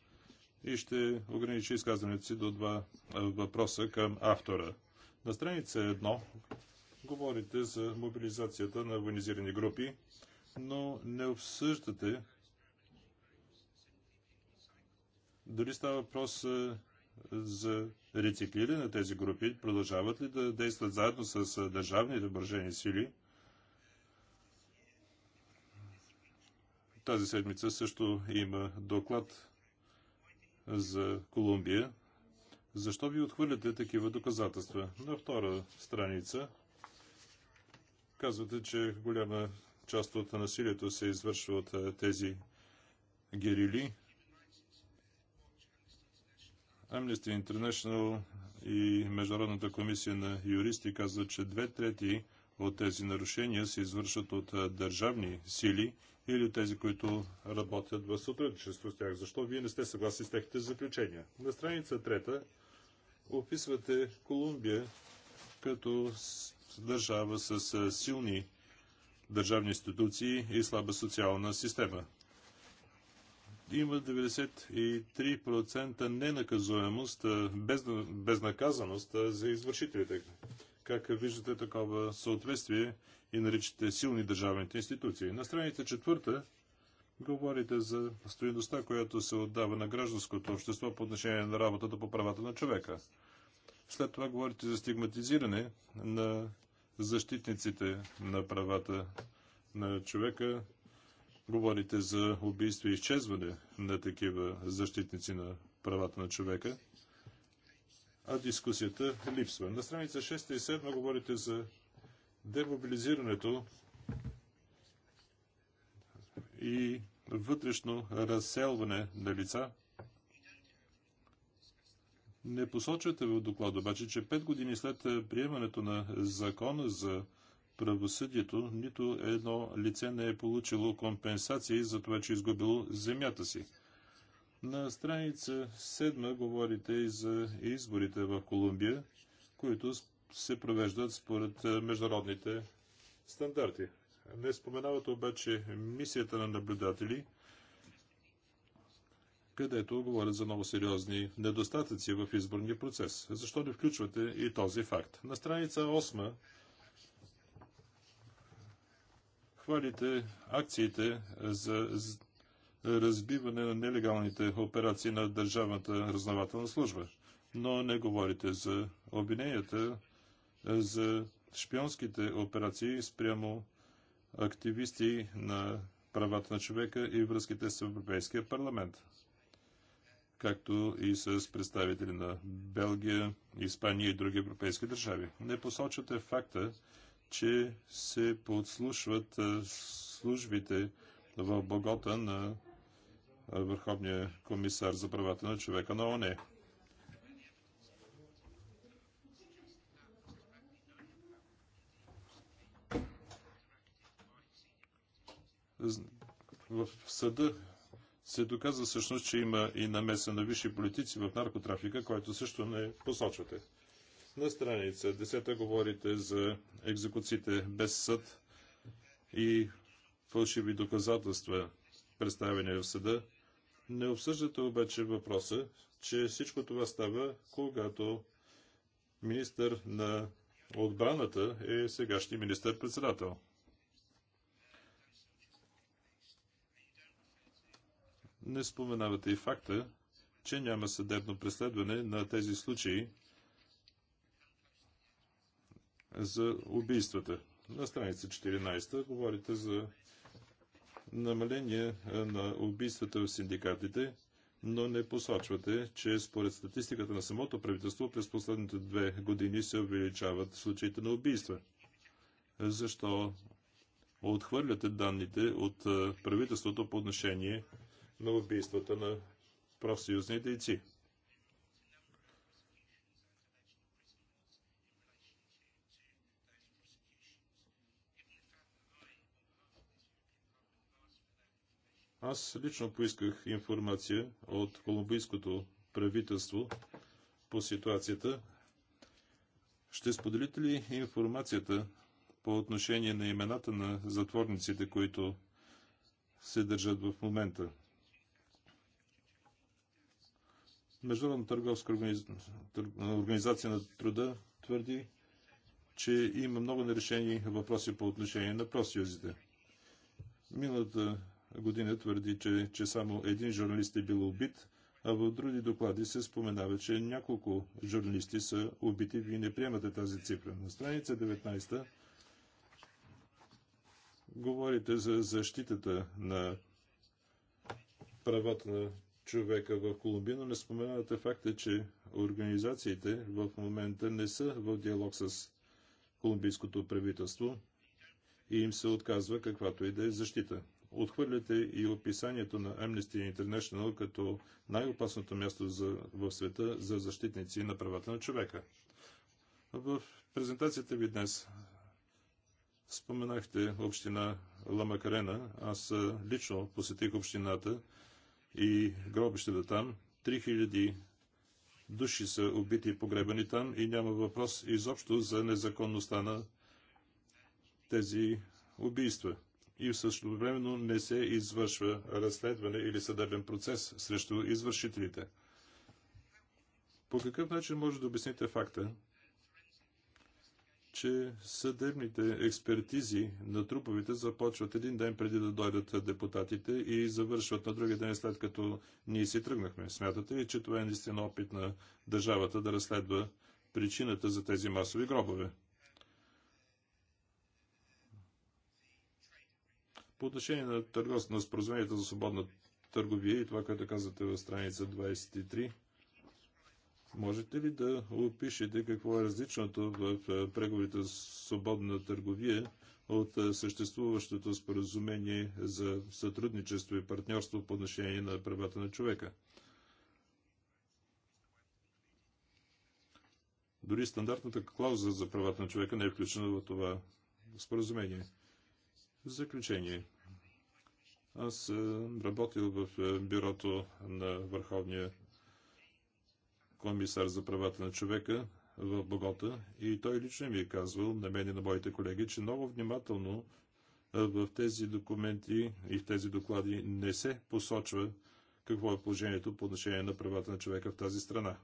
и ще ограничи изказването си до два въпроса към автора. На страница едно говорите за мобилизацията на военизирани групи, но не обсъждате дали става въпрос за рециклиране на тези групи? Продължават ли да действат заедно с държавните въоръжени сили? Тази седмица също има доклад за Колумбия. Защо ви отхвърляте такива доказателства? На втора страница казвате, че голяма част от насилието се извършва от тези герили, Amnesty International и Международната комисия на юристи казват, че две трети от тези нарушения се извършват от държавни сили или от тези, които работят в сътрудничество с тях. Защо вие не сте съгласни с техните заключения? На страница трета описвате Колумбия като държава с силни държавни институции и слаба социална система има 93% ненаказуемост, без, безнаказаност за извършителите. Как виждате такова съответствие и наричате силни държавните институции? На страница четвърта говорите за стоиността, която се отдава на гражданското общество по отношение на работата по правата на човека. След това говорите за стигматизиране на защитниците на правата на човека, Говорите за убийство и изчезване на такива защитници на правата на човека, а дискусията липсва. На страница 6 и 7 говорите за демобилизирането и вътрешно разселване на лица. Не посочвате в доклад обаче, че 5 години след приемането на закона за правосъдието, нито едно лице не е получило компенсации за това, че е изгубило земята си. На страница 7 говорите и за изборите в Колумбия, които се провеждат според е, международните стандарти. Не споменават обаче мисията на наблюдатели, където говорят за много сериозни недостатъци в изборния процес. Защо не включвате и този факт? На страница 8 хвалите акциите за разбиване на нелегалните операции на Държавната разнователна служба, но не говорите за обвиненията за шпионските операции спрямо активисти на правата на човека и връзките с Европейския парламент, както и с представители на Белгия, Испания и други европейски държави. Не посочвате факта, че се подслушват службите в Богота на Върховния комисар за правата на човека на ОНЕ. В съда се доказва всъщност, че има и намеса на висши политици в наркотрафика, който също не посочвате. На страница 10 говорите за екзекуциите без съд и фалшиви доказателства, представени в съда. Не обсъждате обаче въпроса, че всичко това става, когато министър на отбраната е сегашния министър-председател. Не споменавате и факта, че няма съдебно преследване на тези случаи, за убийствата. На страница 14 говорите за намаление на убийствата в синдикатите, но не посочвате, че според статистиката на самото правителство през последните две години се увеличават случаите на убийства. Защо отхвърляте данните от правителството по отношение на убийствата на профсъюзни дейци? Аз лично поисках информация от колумбийското правителство по ситуацията. Ще споделите ли информацията по отношение на имената на затворниците, които се държат в момента? Международна търговска организация на труда твърди, че има много нерешени въпроси по отношение на профсъюзите. Миналата година твърди, че, че само един журналист е бил убит, а в други доклади се споменава, че няколко журналисти са убити. Вие не приемате тази цифра. На страница 19 говорите за защитата на правата на човека в Колумбия, но не споменавате факта, че организациите в момента не са в диалог с колумбийското правителство и им се отказва каквато и да е защита отхвърляте и описанието на Amnesty International като най-опасното място за, в света за защитници на правата на човека. В презентацията ви днес споменахте община Ламакарена. Аз лично посетих общината и гробището там. 3000 души са убити и погребани там и няма въпрос изобщо за незаконността на тези убийства и също времено не се извършва разследване или съдебен процес срещу извършителите. По какъв начин може да обясните факта, че съдебните експертизи на труповете започват един ден преди да дойдат депутатите и завършват на другия ден след като ние си тръгнахме. Смятате ли, че това е наистина опит на държавата да разследва причината за тези масови гробове? По отношение на търговство на споразумението за свободна търговия и това, което казвате в страница 23, можете ли да опишете какво е различното в преговорите за свободна търговия от съществуващото споразумение за сътрудничество и партньорство по отношение на правата на човека? Дори стандартната клауза за правата на човека не е включена в това споразумение. В заключение, аз работил в е, бюрото на Върховния комисар за правата на човека в Богота и той лично ми е казвал, на мен и на моите колеги, че много внимателно е, в тези документи и в тези доклади не се посочва какво е положението по отношение на правата на човека в тази страна.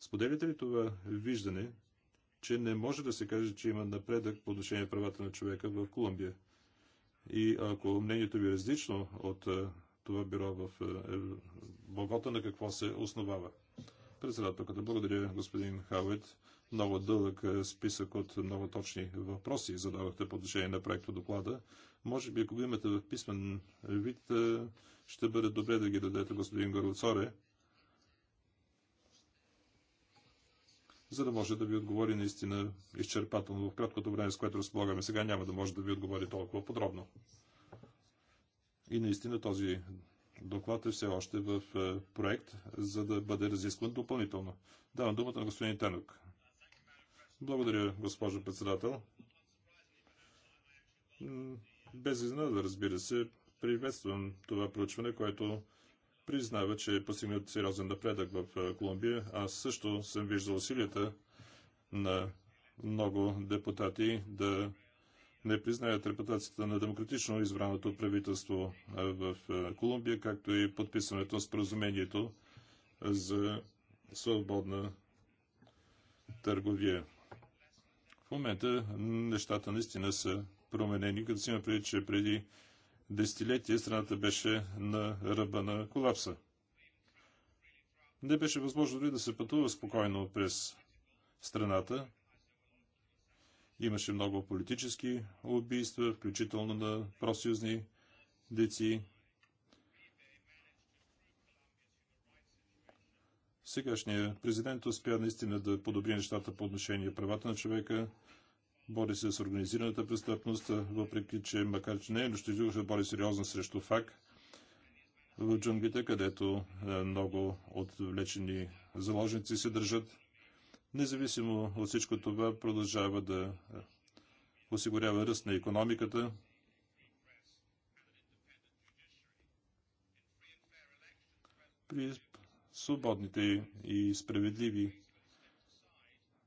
Споделяте ли това виждане, че не може да се каже, че има напредък по отношение на правата на човека в Колумбия. И ако мнението ви е различно от е, това бюро в е, е, Богота, на какво се основава? Председателката, благодаря господин Хаует. Много дълъг списък от много точни въпроси задавахте по отношение на проекта доклада. Може би, ако го имате в писмен вид, ще бъде добре да ги дадете господин Горлцоре, за да може да ви отговори наистина изчерпателно в краткото време, с което разполагаме сега, няма да може да ви отговори толкова подробно. И наистина този доклад е все още в е, проект, за да бъде разискван допълнително. Давам думата на господин Танук. Благодаря, госпожо председател. Без изненада, разбира се, приветствам това проучване, което признава, че е постигнат сериозен напредък в Колумбия. Аз също съм виждал усилията на много депутати да не признаят репутацията на демократично избраното правителство в Колумбия, както и подписването на споразумението за свободна търговия. В момента нещата наистина са променени, като си има преди, че преди десетилетие страната беше на ръба на колапса. Не беше възможно дори да се пътува спокойно през страната. Имаше много политически убийства, включително на просъюзни деци. Сегашният президент успя наистина да подобри нещата по отношение правата на човека, бори се с организираната престъпност, въпреки че, макар че не е нощежил, се бори сериозно срещу ФАК в джунглите, където е, много отвлечени заложници се държат. Независимо от всичко това, продължава да е, осигурява ръст на економиката, при свободните и справедливи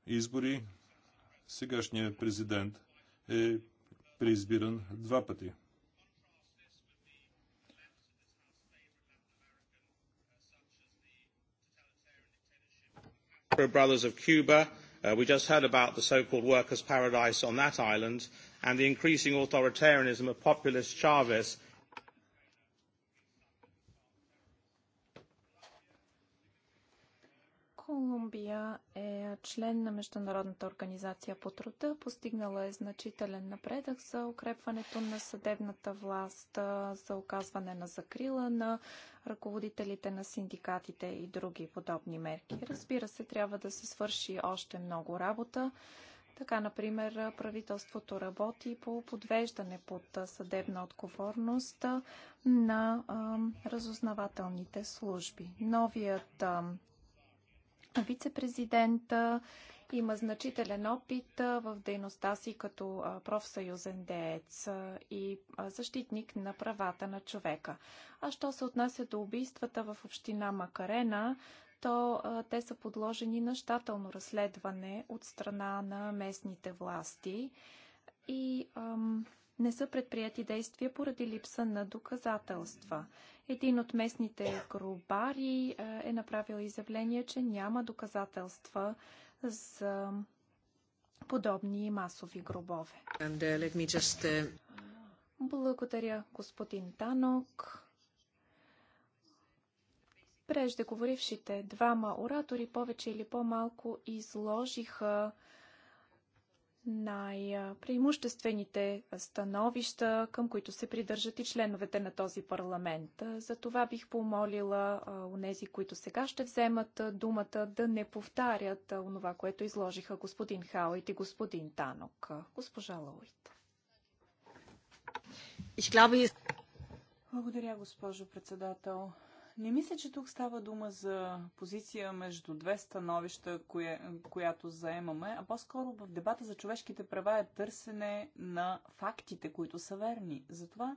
избори сегашният президент е преизбиран два пъти. Brothers of Cuba, uh, we just heard about the so-called workers' paradise on that island, and the increasing authoritarianism of populist Chavez Colombia. е член на Международната организация по труда. Постигнала е значителен напредък за укрепването на съдебната власт, за оказване на закрила на ръководителите на синдикатите и други подобни мерки. Разбира се, трябва да се свърши още много работа. Така, например, правителството работи по подвеждане под съдебна отговорност на а, разузнавателните служби. Новият а, Вицепрезидента има значителен опит в дейността си като профсъюзен деец и защитник на правата на човека. А що се отнася до убийствата в община Макарена, то те са подложени на щателно разследване от страна на местните власти и ам, не са предприяти действия поради липса на доказателства. Един от местните грубари е, е направил изявление, че няма доказателства за подобни масови гробове. And, uh, just... Uh, Благодаря, господин Танок. Преждеговорившите двама оратори повече или по-малко изложиха най-преимуществените становища, към които се придържат и членовете на този парламент. За това бих помолила у нези, които сега ще вземат думата, да не повтарят онова, което изложиха господин Хауит и господин Танок. Госпожа Лоуит. Благодаря, госпожо председател не мисля, че тук става дума за позиция между две становища, кое, която заемаме, а по-скоро в дебата за човешките права е търсене на фактите, които са верни. Затова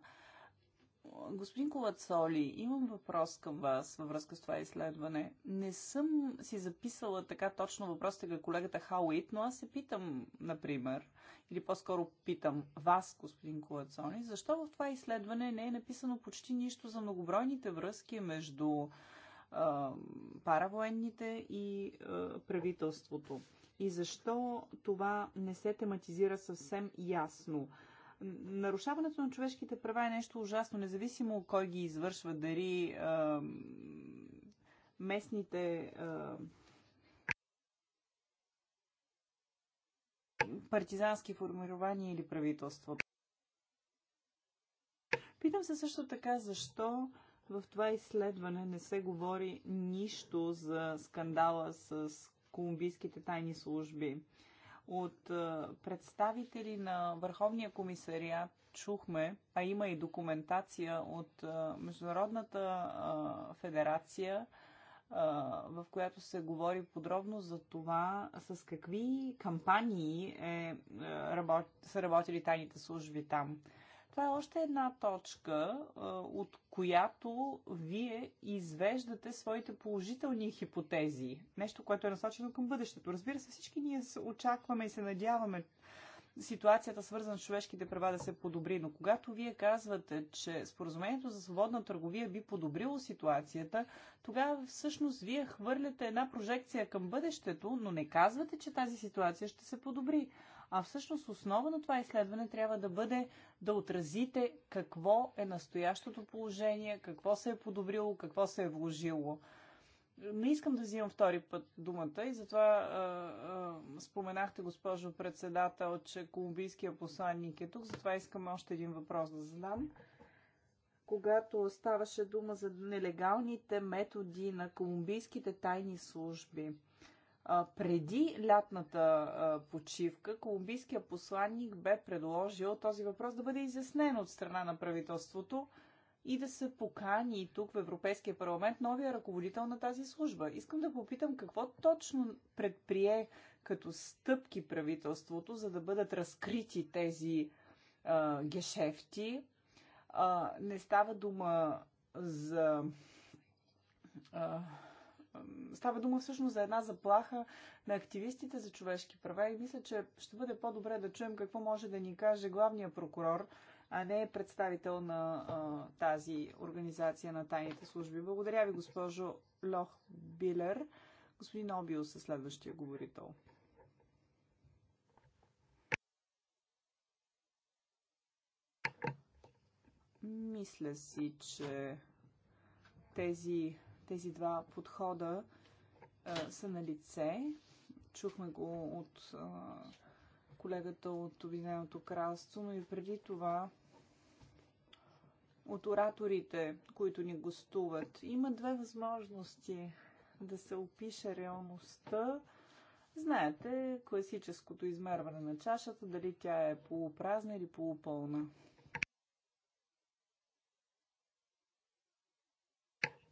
Господин Ковацоли, имам въпрос към вас във връзка с това изследване. Не съм си записала така точно въпросите към колегата Хауит, но аз се питам, например, или по-скоро питам вас, господин Ковацоли, защо в това изследване не е написано почти нищо за многобройните връзки между а, паравоенните и а, правителството? И защо това не се тематизира съвсем ясно? нарушаването на човешките права е нещо ужасно, независимо кой ги извършва, дали а, местните а, партизански формирования или правителството. Питам се също така защо в това изследване не се говори нищо за скандала с колумбийските тайни служби. От е, представители на Върховния комисариат чухме, а има и документация от е, Международната е, федерация, в която се говори подробно за това с какви кампании е, работ, са работили тайните служби там. Това е още една точка, от която вие извеждате своите положителни хипотези. Нещо, което е насочено към бъдещето. Разбира се, всички ние очакваме и се надяваме ситуацията, свързана с човешките права, да се подобри. Но когато вие казвате, че споразумението за свободна търговия би подобрило ситуацията, тогава всъщност вие хвърляте една прожекция към бъдещето, но не казвате, че тази ситуация ще се подобри. А всъщност основа на това изследване трябва да бъде да отразите какво е настоящото положение, какво се е подобрило, какво се е вложило. Не искам да взимам втори път думата и затова а, а, споменахте, госпожо председател, че колумбийския посланник е тук, затова искам още един въпрос да задам когато ставаше дума за нелегалните методи на колумбийските тайни служби преди лятната почивка колумбийския посланник бе предложил този въпрос да бъде изяснен от страна на правителството и да се покани тук в Европейския парламент новия ръководител на тази служба. Искам да попитам какво точно предприе като стъпки правителството, за да бъдат разкрити тези а, гешефти. А, не става дума за а, става дума всъщност за една заплаха на активистите за човешки права и мисля, че ще бъде по-добре да чуем какво може да ни каже главния прокурор, а не представител на а, тази организация на тайните служби. Благодаря ви, госпожо Лох Билер. Господин Обиус е следващия говорител. Мисля си, че тези тези два подхода а, са на лице. Чухме го от а, колегата от Обединеното кралство, но и преди това от ораторите, които ни гостуват. Има две възможности да се опише реалността. Знаете, класическото измерване на чашата, дали тя е полупразна или полупълна.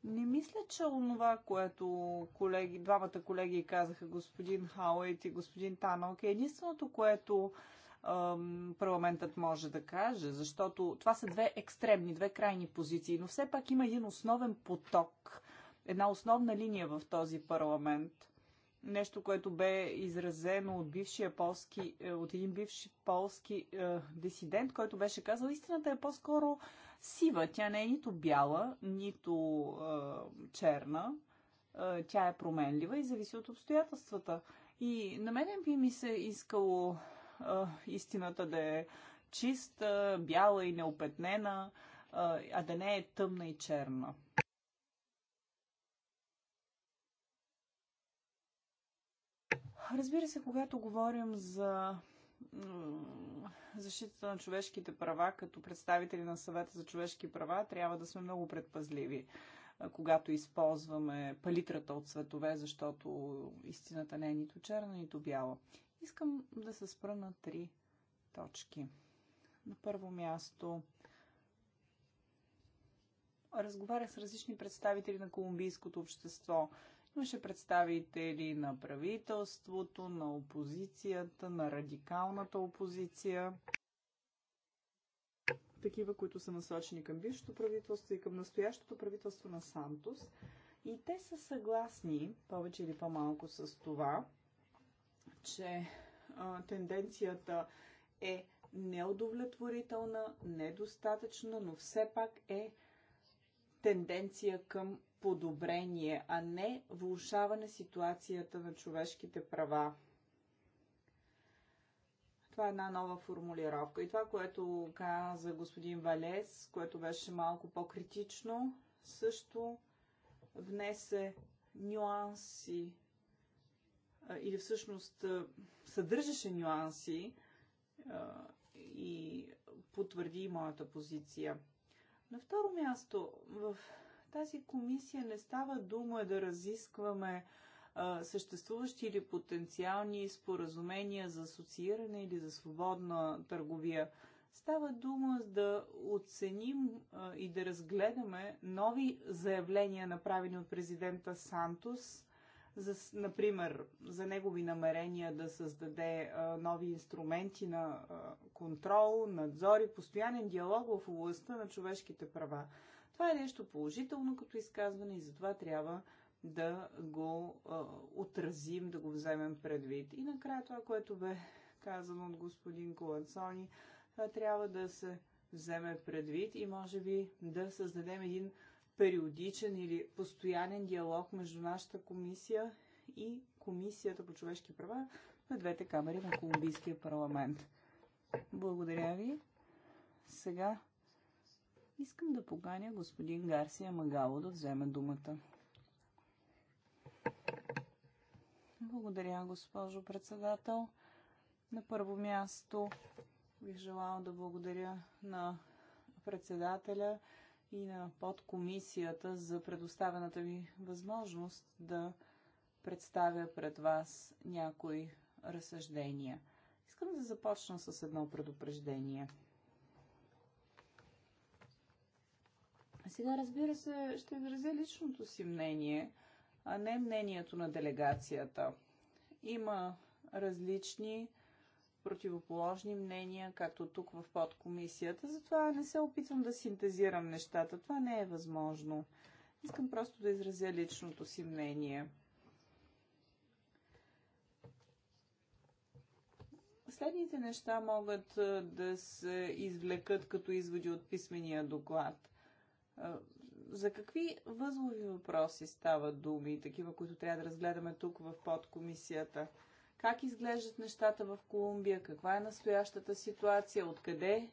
Не мисля, че онова, което колеги, двамата колеги казаха, господин Хауейт и господин Танок, е единственото, което ем, парламентът може да каже, защото това са две екстремни, две крайни позиции, но все пак има един основен поток, една основна линия в този парламент. Нещо, което бе изразено от бившия полски, е, от един бивши полски е, дисидент, който беше казал, истината е по-скоро сива. Тя не е нито бяла, нито е, черна. Е, тя е променлива и зависи от обстоятелствата. И на мен би ми се искало е, истината да е чиста, бяла и неопетнена, е, а да не е тъмна и черна. Разбира се, когато говорим за защитата на човешките права, като представители на съвета за човешки права, трябва да сме много предпазливи, когато използваме палитрата от светове, защото истината не е нито черна, нито бяла. Искам да се спра на три точки. На първо място, разговарях с различни представители на колумбийското общество – Имаше представители на правителството, на опозицията, на радикалната опозиция. Такива, които са насочени към бившето правителство и към настоящото правителство на Сантос. И те са съгласни, повече или по-малко, с това, че а, тенденцията е неудовлетворителна, недостатъчна, но все пак е тенденция към подобрение, а не влушаване ситуацията на човешките права. Това е една нова формулировка. И това, което каза господин Валес, което беше малко по-критично, също внесе нюанси или всъщност съдържаше нюанси и потвърди моята позиция. На второ място, в тази комисия не става дума да разискваме а, съществуващи или потенциални споразумения за асоцииране или за свободна търговия. Става дума да оценим а, и да разгледаме нови заявления, направени от президента Сантос, за, например, за негови намерения да създаде а, нови инструменти на а, контрол, надзор и постоянен диалог в областта на човешките права. Това е нещо положително като изказване и затова трябва да го а, отразим, да го вземем предвид. И накрая това, което бе казано от господин Колансони, трябва да се вземе предвид и може би да създадем един периодичен или постоянен диалог между нашата комисия и Комисията по човешки права на двете камери на Колумбийския парламент. Благодаря ви. Сега Искам да поганя господин Гарсия Магало да вземе думата. Благодаря, госпожо председател. На първо място бих желала да благодаря на председателя и на подкомисията за предоставената ми възможност да представя пред вас някои разсъждения. Искам да започна с едно предупреждение – Сега, разбира се, ще изразя личното си мнение, а не мнението на делегацията. Има различни противоположни мнения, както тук в подкомисията. Затова не се опитвам да синтезирам нещата. Това не е възможно. Искам просто да изразя личното си мнение. Следните неща могат да се извлекат като изводи от писмения доклад. За какви възлови въпроси става думи, такива, които трябва да разгледаме тук в подкомисията? Как изглеждат нещата в Колумбия? Каква е настоящата ситуация? Откъде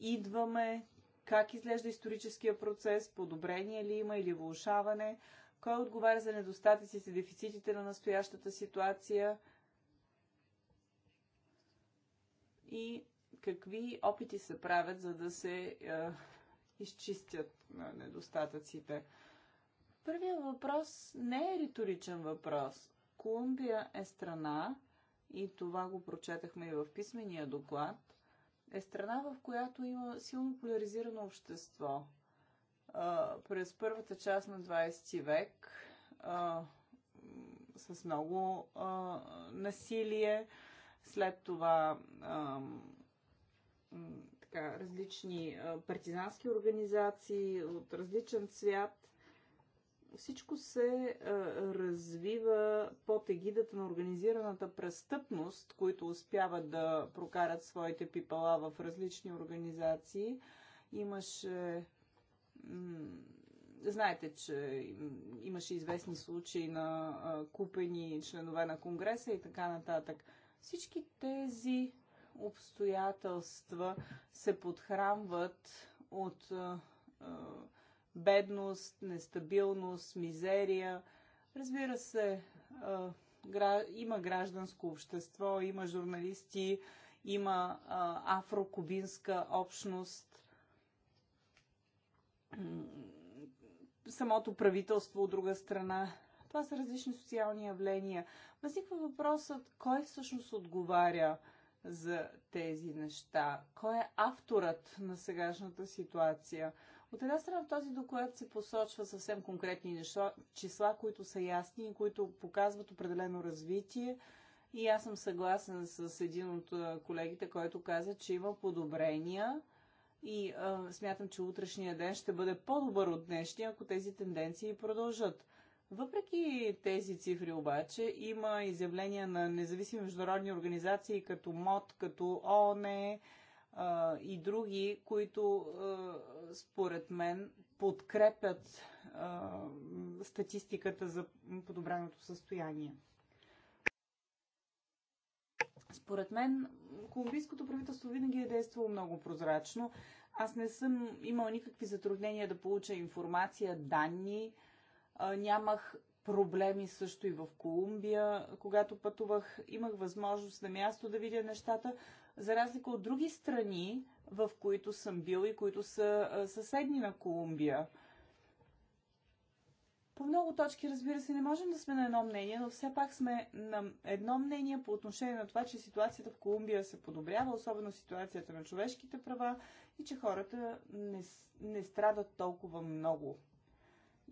идваме? Как изглежда историческия процес? Подобрение ли има или влушаване? Кой отговаря за недостатъците и дефицитите на настоящата ситуация? И какви опити се правят, за да се изчистят недостатъците. Първият въпрос не е риторичен въпрос. Колумбия е страна, и това го прочетахме и в писмения доклад, е страна, в която има силно поляризирано общество. А, през първата част на 20 век а, с много а, насилие, след това така, различни партизански организации от различен цвят. Всичко се развива под егидата на организираната престъпност, които успяват да прокарат своите пипала в различни организации. Имаше знаете, че имаше известни случаи на купени членове на Конгреса и така нататък. Всички тези обстоятелства се подхранват от а, бедност, нестабилност, мизерия. Разбира се, а, гра... има гражданско общество, има журналисти, има афрокубинска общност. Самото правителство от друга страна това са различни социални явления. Възниква въпросът, кой всъщност отговаря? за тези неща? Кой е авторът на сегашната ситуация? От една страна в този доклад се посочва съвсем конкретни неща, числа, които са ясни и които показват определено развитие. И аз съм съгласен с един от колегите, който каза, че има подобрения и а, смятам, че утрешния ден ще бъде по-добър от днешния, ако тези тенденции продължат. Въпреки тези цифри обаче има изявления на независими международни организации като МОД, като ООН а, и други, които а, според мен подкрепят а, статистиката за подобреното състояние. Според мен, колумбийското правителство винаги е действало много прозрачно. Аз не съм имал никакви затруднения да получа информация, данни, нямах проблеми също и в Колумбия, когато пътувах. Имах възможност на място да видя нещата, за разлика от други страни, в които съм бил и които са съседни на Колумбия. По много точки, разбира се, не можем да сме на едно мнение, но все пак сме на едно мнение по отношение на това, че ситуацията в Колумбия се подобрява, особено ситуацията на човешките права и че хората не, не страдат толкова много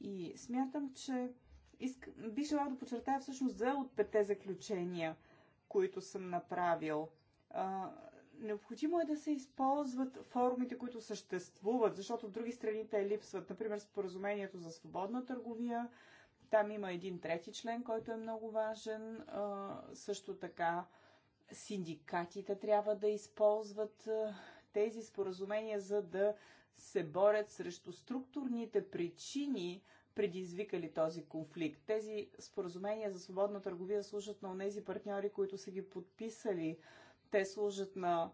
и смятам, че иск... би желал да подчертая всъщност за от пете заключения, които съм направил. А, необходимо е да се използват форумите, които съществуват, защото в други страни те липсват. Например, споразумението за свободна търговия. Там има един трети член, който е много важен. А, също така синдикатите трябва да използват тези споразумения, за да се борят срещу структурните причини, предизвикали този конфликт. Тези споразумения за свободна търговия служат на тези партньори, които са ги подписали. Те служат на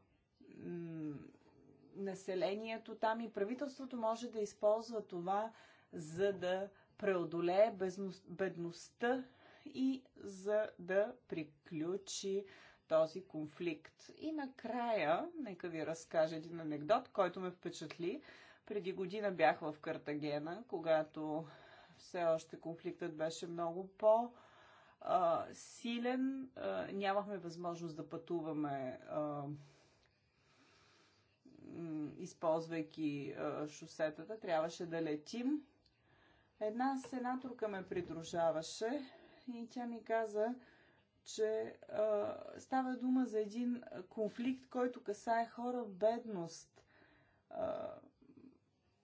населението там и правителството може да използва това, за да преодолее бедността и за да приключи този конфликт. И накрая, нека ви разкажа един анекдот, който ме впечатли. Преди година бях в Картагена, когато все още конфликтът беше много по- силен, нямахме възможност да пътуваме използвайки шосетата, трябваше да летим. Една сенаторка ме придружаваше и тя ми каза, че а, става дума за един конфликт, който касае хора в бедност, а,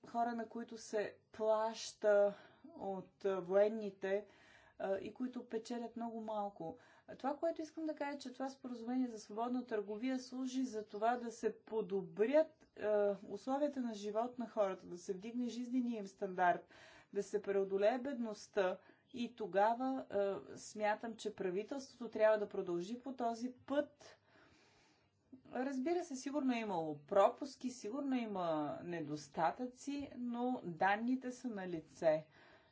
хора, на които се плаща от а, военните а, и които печелят много малко. А това, което искам да кажа, е, че това споразумение за свободна търговия служи за това да се подобрят а, условията на живот на хората, да се вдигне жизнения им стандарт, да се преодолее бедността и тогава е, смятам, че правителството трябва да продължи по този път. Разбира се, сигурно е имало пропуски, сигурно има недостатъци, но данните са на лице.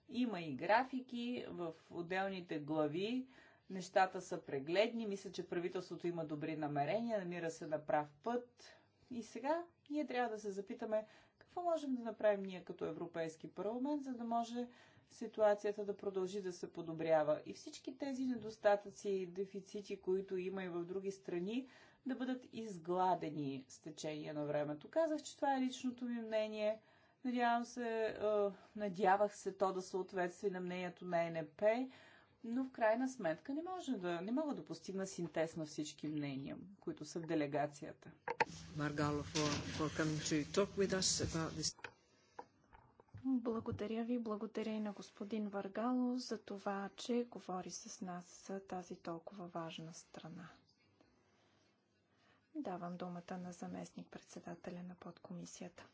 Има и графики в отделните глави, нещата са прегледни, мисля, че правителството има добри намерения, намира се на прав път. И сега ние трябва да се запитаме какво можем да направим ние като Европейски парламент, за да може ситуацията да продължи да се подобрява и всички тези недостатъци и дефицити, които има и в други страни, да бъдат изгладени с течение на времето. Казах, че това е личното ми мнение. Надявам се, надявах се то да съответства на мнението на НП, но в крайна сметка не, може да, не мога да постигна синтез на всички мнения, които са в делегацията. for, for благодаря ви, благодаря и на господин Варгало за това, че говори с нас за тази толкова важна страна. Давам думата на заместник председателя на подкомисията.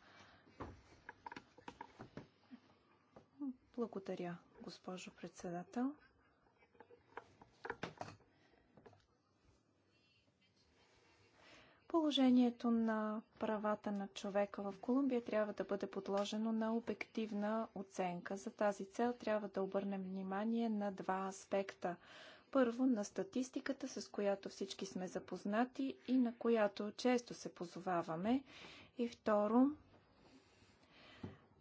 Благодаря, госпожо председател. Положението на правата на човека в Колумбия трябва да бъде подложено на обективна оценка. За тази цел трябва да обърнем внимание на два аспекта. Първо, на статистиката, с която всички сме запознати и на която често се позоваваме. И второ,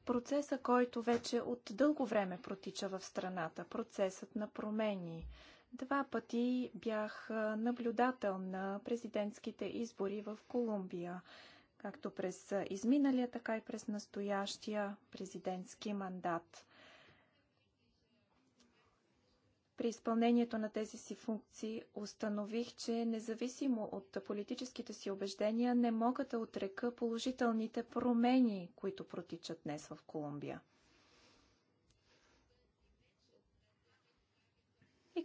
процеса, който вече от дълго време протича в страната, процесът на промени – Два пъти бях наблюдател на президентските избори в Колумбия, както през изминалия, така и през настоящия президентски мандат. При изпълнението на тези си функции установих, че независимо от политическите си убеждения не мога да отрека положителните промени, които протичат днес в Колумбия.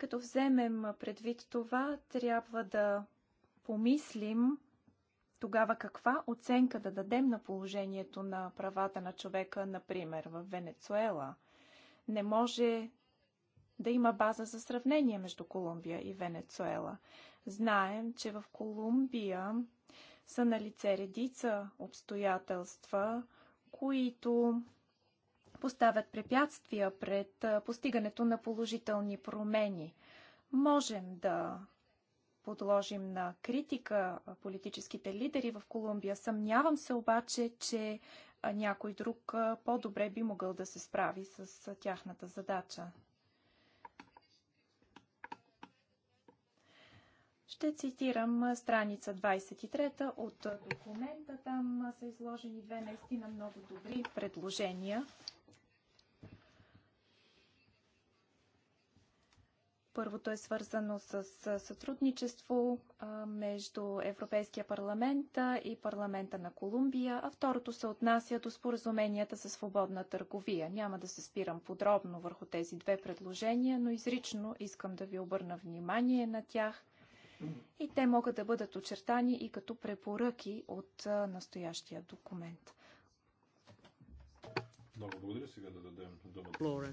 като вземем предвид това, трябва да помислим тогава каква оценка да дадем на положението на правата на човека, например, в Венецуела. Не може да има база за сравнение между Колумбия и Венецуела. Знаем, че в Колумбия са на лице редица обстоятелства, които поставят препятствия пред постигането на положителни промени. Можем да подложим на критика политическите лидери в Колумбия. Съмнявам се обаче, че някой друг по-добре би могъл да се справи с тяхната задача. Ще цитирам страница 23 от документа. Там са изложени две наистина много добри предложения. Първото е свързано с сътрудничество между Европейския парламент и парламента на Колумбия, а второто се отнася до споразуменията за свободна търговия. Няма да се спирам подробно върху тези две предложения, но изрично искам да ви обърна внимание на тях и те могат да бъдат очертани и като препоръки от настоящия документ. Много благодаря. Сега да дадем думата.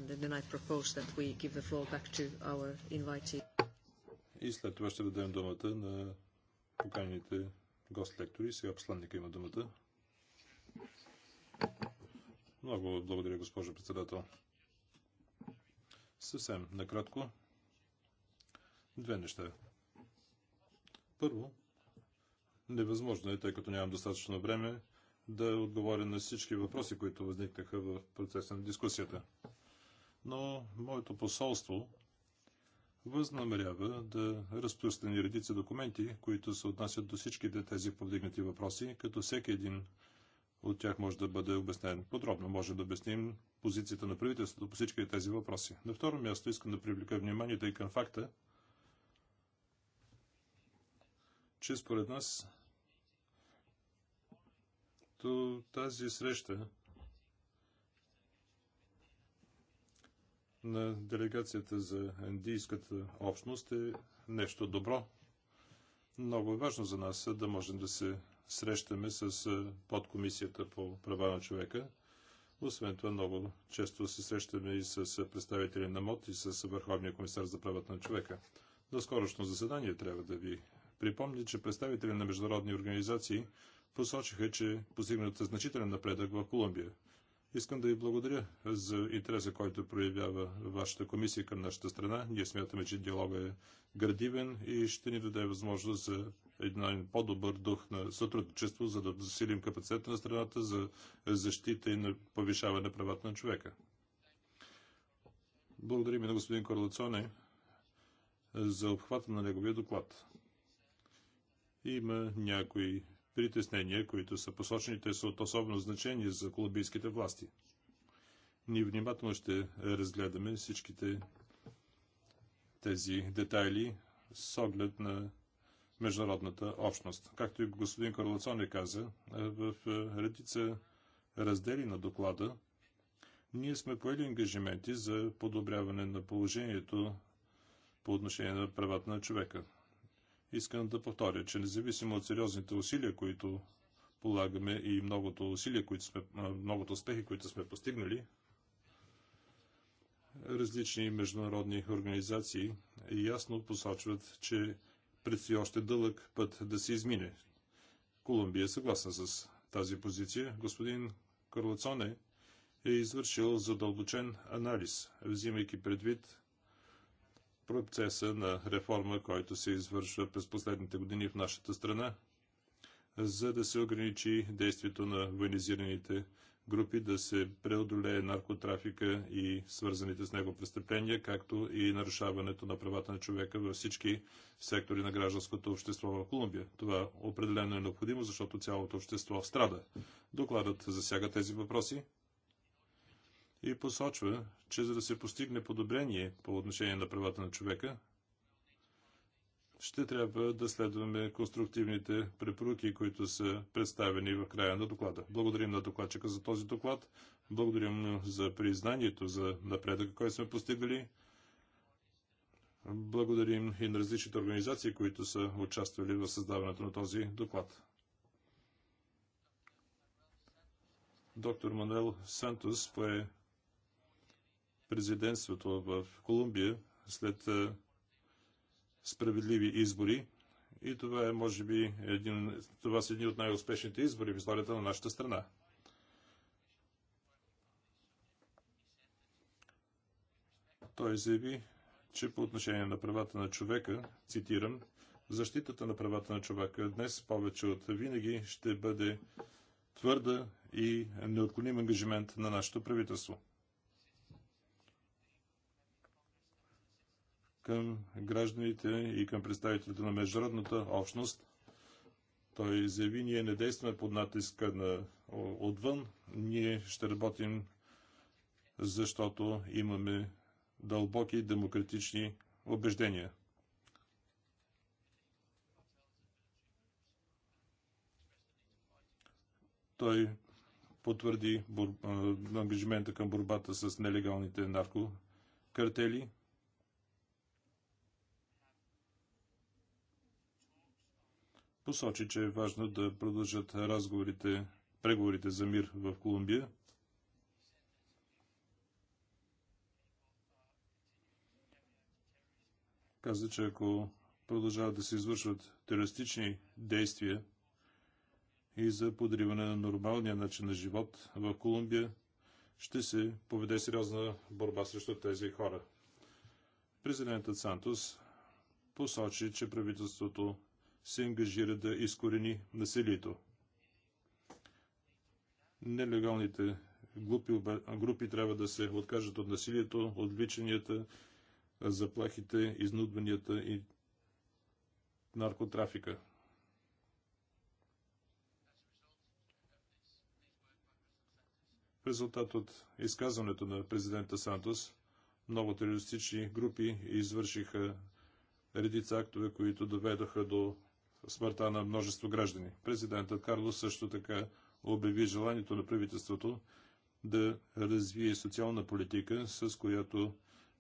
И след това ще дадем думата на поканените гост-лектори. Сега посланника има думата. Много благодаря, госпожо председател. Съвсем накратко. Две неща. Първо, невъзможно е, тъй като нямам достатъчно време, да отговоря на всички въпроси, които възникнаха в процеса на дискусията. Но моето посолство възнамерява да разпространи редица документи, които се отнасят до всичките тези повдигнати въпроси, като всеки един от тях може да бъде обяснен подробно. Може да обясним позицията на правителството по всички тези въпроси. На второ място искам да привлека вниманието и към факта, че според нас като тази среща на делегацията за индийската общност е нещо добро. Много е важно за нас да можем да се срещаме с подкомисията по права на човека. Освен това, много често се срещаме и с представители на МОД и с Върховния комисар за правата на човека. На скорошно заседание трябва да ви припомня, че представители на международни организации – посочиха, че постигнат значителен напредък в Колумбия. Искам да ви благодаря за интереса, който проявява вашата комисия към нашата страна. Ние смятаме, че диалогът е градивен и ще ни даде възможност за един по-добър дух на сътрудничество, за да засилим капацитета на страната за защита и на повишаване правата на човека. Благодарим и на господин Корлацоне за обхвата на неговия доклад. Има някои Притеснения, които са посочените, са от особено значение за колумбийските власти. Ние внимателно ще разгледаме всичките тези детайли с оглед на международната общност. Както и господин Карлацоне каза, в редица раздели на доклада ние сме поели ангажименти за подобряване на положението по отношение на правата на човека. Искам да повторя, че независимо от сериозните усилия, които полагаме и многото усилия, които сме, многото успехи, които сме постигнали, различни международни организации ясно посочват, че предстои още дълъг път да се измине. Колумбия е съгласна с тази позиция. Господин Карлацоне е извършил задълбочен анализ, взимайки предвид процеса на реформа, който се извършва през последните години в нашата страна, за да се ограничи действието на военизираните групи, да се преодолее наркотрафика и свързаните с него престъпления, както и нарушаването на правата на човека във всички сектори на гражданското общество в Колумбия. Това определено е необходимо, защото цялото общество страда. Докладът засяга тези въпроси и посочва, че за да се постигне подобрение по отношение на правата на човека, ще трябва да следваме конструктивните препоръки, които са представени в края на доклада. Благодарим на докладчика за този доклад. Благодарим за признанието за напредъка, който сме постигнали. Благодарим и на различните организации, които са участвали в създаването на този доклад. Доктор Манел Сантос пое президентството в Колумбия след е, справедливи избори. И това е, може би, един, това са едни от най-успешните избори в историята на нашата страна. Той заяви, че по отношение на правата на човека, цитирам, защитата на правата на човека днес повече от винаги ще бъде твърда и неотклоним ангажимент на нашето правителство. към гражданите и към представителите на международната общност. Той заяви, ние не действаме под натиска на отвън, ние ще работим, защото имаме дълбоки демократични убеждения. Той потвърди ангажимента към борбата с нелегалните наркокартели посочи, че е важно да продължат разговорите, преговорите за мир в Колумбия. Каза, че ако продължават да се извършват терористични действия и за подриване на нормалния начин на живот в Колумбия, ще се поведе сериозна борба срещу тези хора. Президентът Сантос посочи, че правителството се ангажира да изкорени насилието. Нелегалните групи, групи трябва да се откажат от насилието, отвличанията, заплахите, изнудванията и наркотрафика. В резултат от изказването на президента Сантос, много терористични групи извършиха редица актове, които доведоха до смъртта на множество граждани. Президентът Карлос също така обяви желанието на правителството да развие социална политика, с която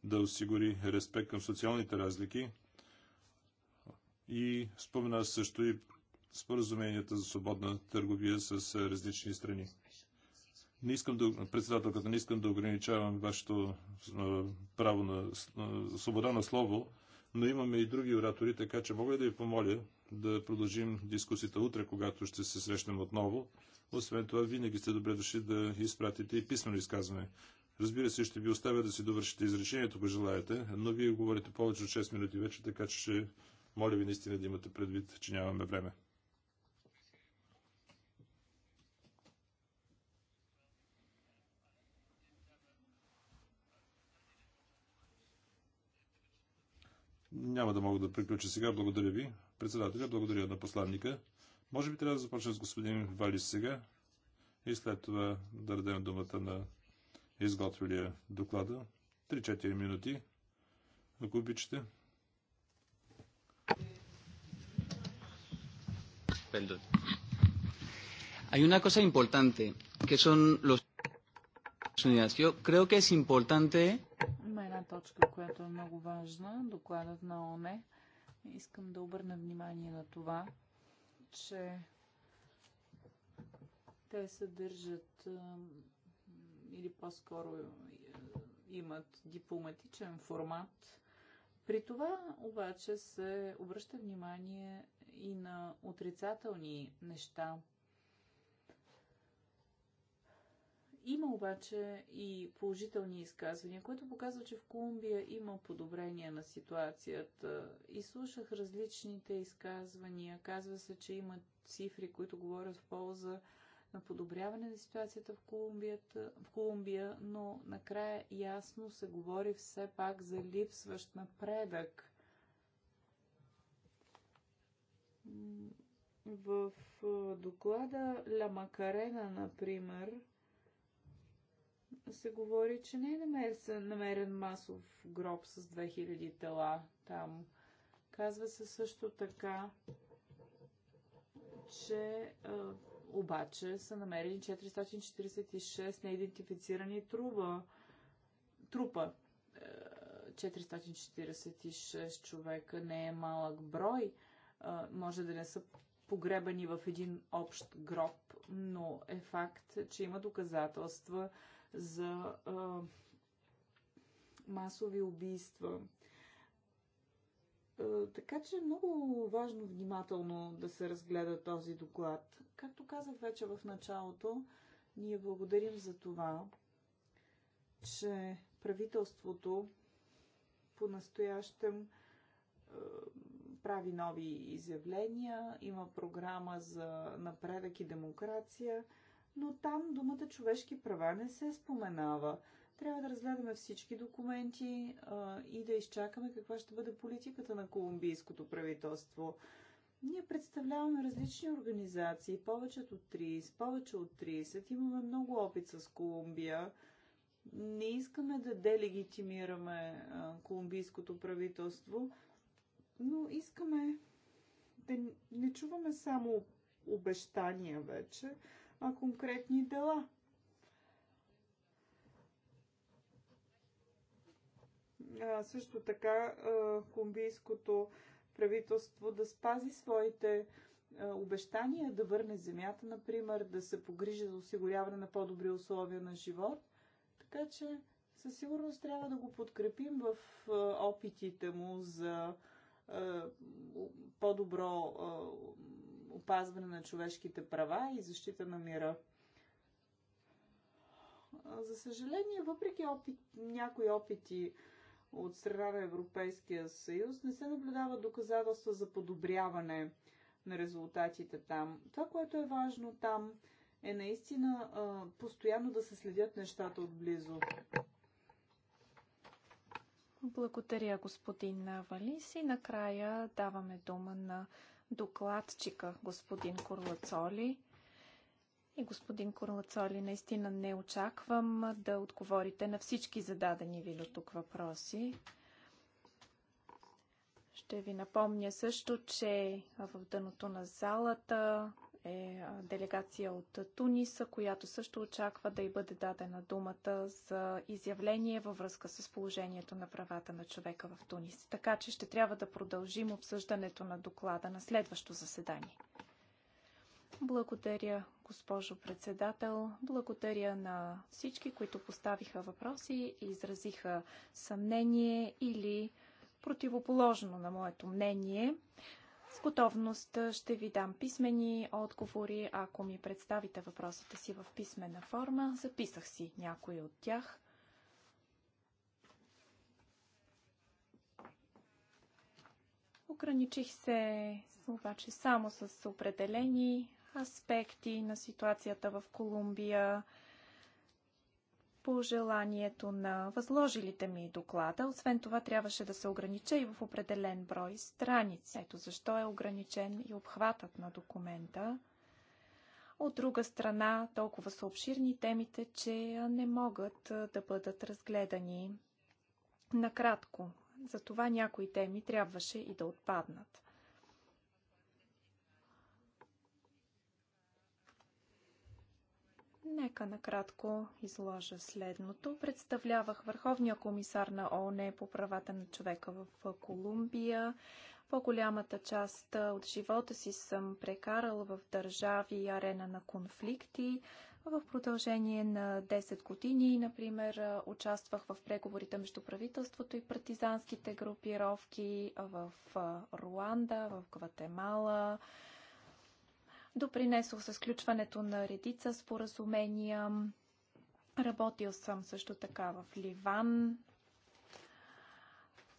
да осигури респект към социалните разлики и спомена също и споразуменията за свободна търговия с различни страни. Не искам да, председателката, не искам да ограничавам вашето право на, на свобода на слово, но имаме и други оратори, така че мога да ви помоля да продължим дискусията утре, когато ще се срещнем отново. Освен това, винаги сте добре дошли да изпратите и писмено изказване. Разбира се, ще ви оставя да си довършите изречението, ако желаете, но вие говорите повече от 6 минути вече, така че ще моля ви наистина да имате предвид, че нямаме време. Няма да мога да приключа сега. Благодаря ви, председателя. Благодаря на посланника. Може би трябва да започна с господин Валис сега и след това да дадем думата на изготвилия доклада. 3-4 минути, ако обичате. Hay una cosa importante, que son los Yo creo que es importante точка, която е много важна, докладът на ОНЕ. Искам да обърна внимание на това, че те съдържат или по-скоро е, имат дипломатичен формат. При това обаче се обръща внимание и на отрицателни неща – Има обаче и положителни изказвания, което показва, че в Колумбия има подобрение на ситуацията. И слушах различните изказвания. Казва се, че има цифри, които говорят в полза на подобряване на ситуацията в, в Колумбия, но накрая ясно се говори все пак за липсващ напредък. В доклада Ла Макарена, например, се говори, че не е намерен, намерен масов гроб с 2000 тела там. Казва се също така, че а, обаче са намерени 446 неидентифицирани труба, трупа. 446 е, човека не е малък брой. А, може да не са погребани в един общ гроб, но е факт, че има доказателства, за а, масови убийства. А, така че е много важно внимателно да се разгледа този доклад. Както казах вече в началото, ние благодарим за това, че правителството по-настоящем прави нови изявления, има програма за напредък и демокрация – но там думата човешки права не се споменава. Трябва да разгледаме всички документи а, и да изчакаме каква ще бъде политиката на колумбийското правителство. Ние представляваме различни организации, повечето от 30, повече от 30. Имаме много опит с Колумбия. Не искаме да делегитимираме а, колумбийското правителство, но искаме да не чуваме само обещания вече, конкретни дела. А, също така колумбийското правителство да спази своите обещания да върне земята, например, да се погрижи за осигуряване на по-добри условия на живот. Така че със сигурност трябва да го подкрепим в опитите му за по-добро опазване на човешките права и защита на мира. За съжаление, въпреки опит, някои опити от страна на Европейския съюз, не се наблюдава доказателства за подобряване на резултатите там. Това, което е важно там, е наистина а, постоянно да се следят нещата отблизо. Благодаря, господин Валис. И накрая даваме дума на докладчика господин Корлацоли. И господин Корлацоли, наистина не очаквам да отговорите на всички зададени ви до тук въпроси. Ще ви напомня също, че в дъното на залата е делегация от Туниса, която също очаква да й бъде дадена думата за изявление във връзка с положението на правата на човека в Тунис. Така че ще трябва да продължим обсъждането на доклада на следващо заседание. Благодаря, госпожо председател. Благодаря на всички, които поставиха въпроси и изразиха съмнение или противоположно на моето мнение. С готовност ще ви дам писмени отговори, ако ми представите въпросите си в писмена форма. Записах си някои от тях. Ограничих се обаче само с определени аспекти на ситуацията в Колумбия, по желанието на възложилите ми доклада. Освен това, трябваше да се огранича и в определен брой страници. Ето защо е ограничен и обхватът на документа. От друга страна, толкова са обширни темите, че не могат да бъдат разгледани накратко. Затова някои теми трябваше и да отпаднат. Нека накратко изложа следното. Представлявах Върховния комисар на ООН по правата на човека в Колумбия. По-голямата част от живота си съм прекарал в държави и арена на конфликти. В продължение на 10 години, например, участвах в преговорите между правителството и партизанските групировки в Руанда, в Гватемала, Допринесох с включването на редица споразумения. Работил съм също така в Ливан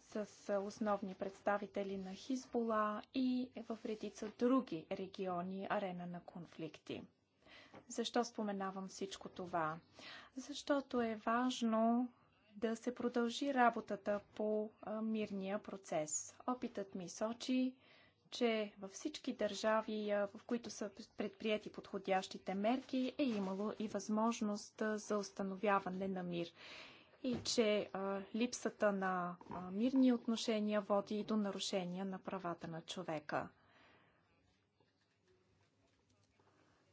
с основни представители на Хизбола и в редица други региони арена на конфликти. Защо споменавам всичко това? Защото е важно да се продължи работата по мирния процес. Опитът ми сочи, че във всички държави, в които са предприяти подходящите мерки, е имало и възможност за установяване на мир. И че а, липсата на а, мирни отношения води и до нарушения на правата на човека.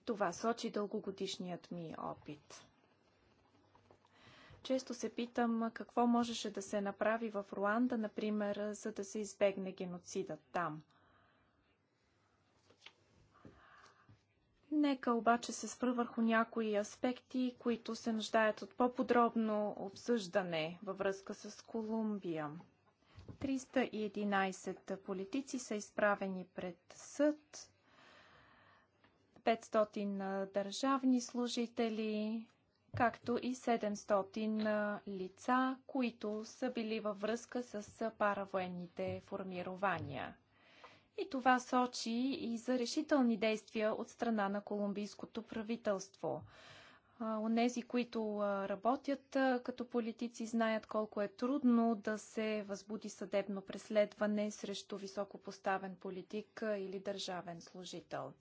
Това сочи дългогодишният ми опит. Често се питам какво можеше да се направи в Руанда, например, за да се избегне геноцидът там – Нека обаче се спра върху някои аспекти, които се нуждаят от по-подробно обсъждане във връзка с Колумбия. 311 политици са изправени пред съд, 500 държавни служители, както и 700 лица, които са били във връзка с паравоенните формирования. И това сочи и за решителни действия от страна на колумбийското правителство. Онези, които работят като политици, знаят колко е трудно да се възбуди съдебно преследване срещу високопоставен политик или държавен служител.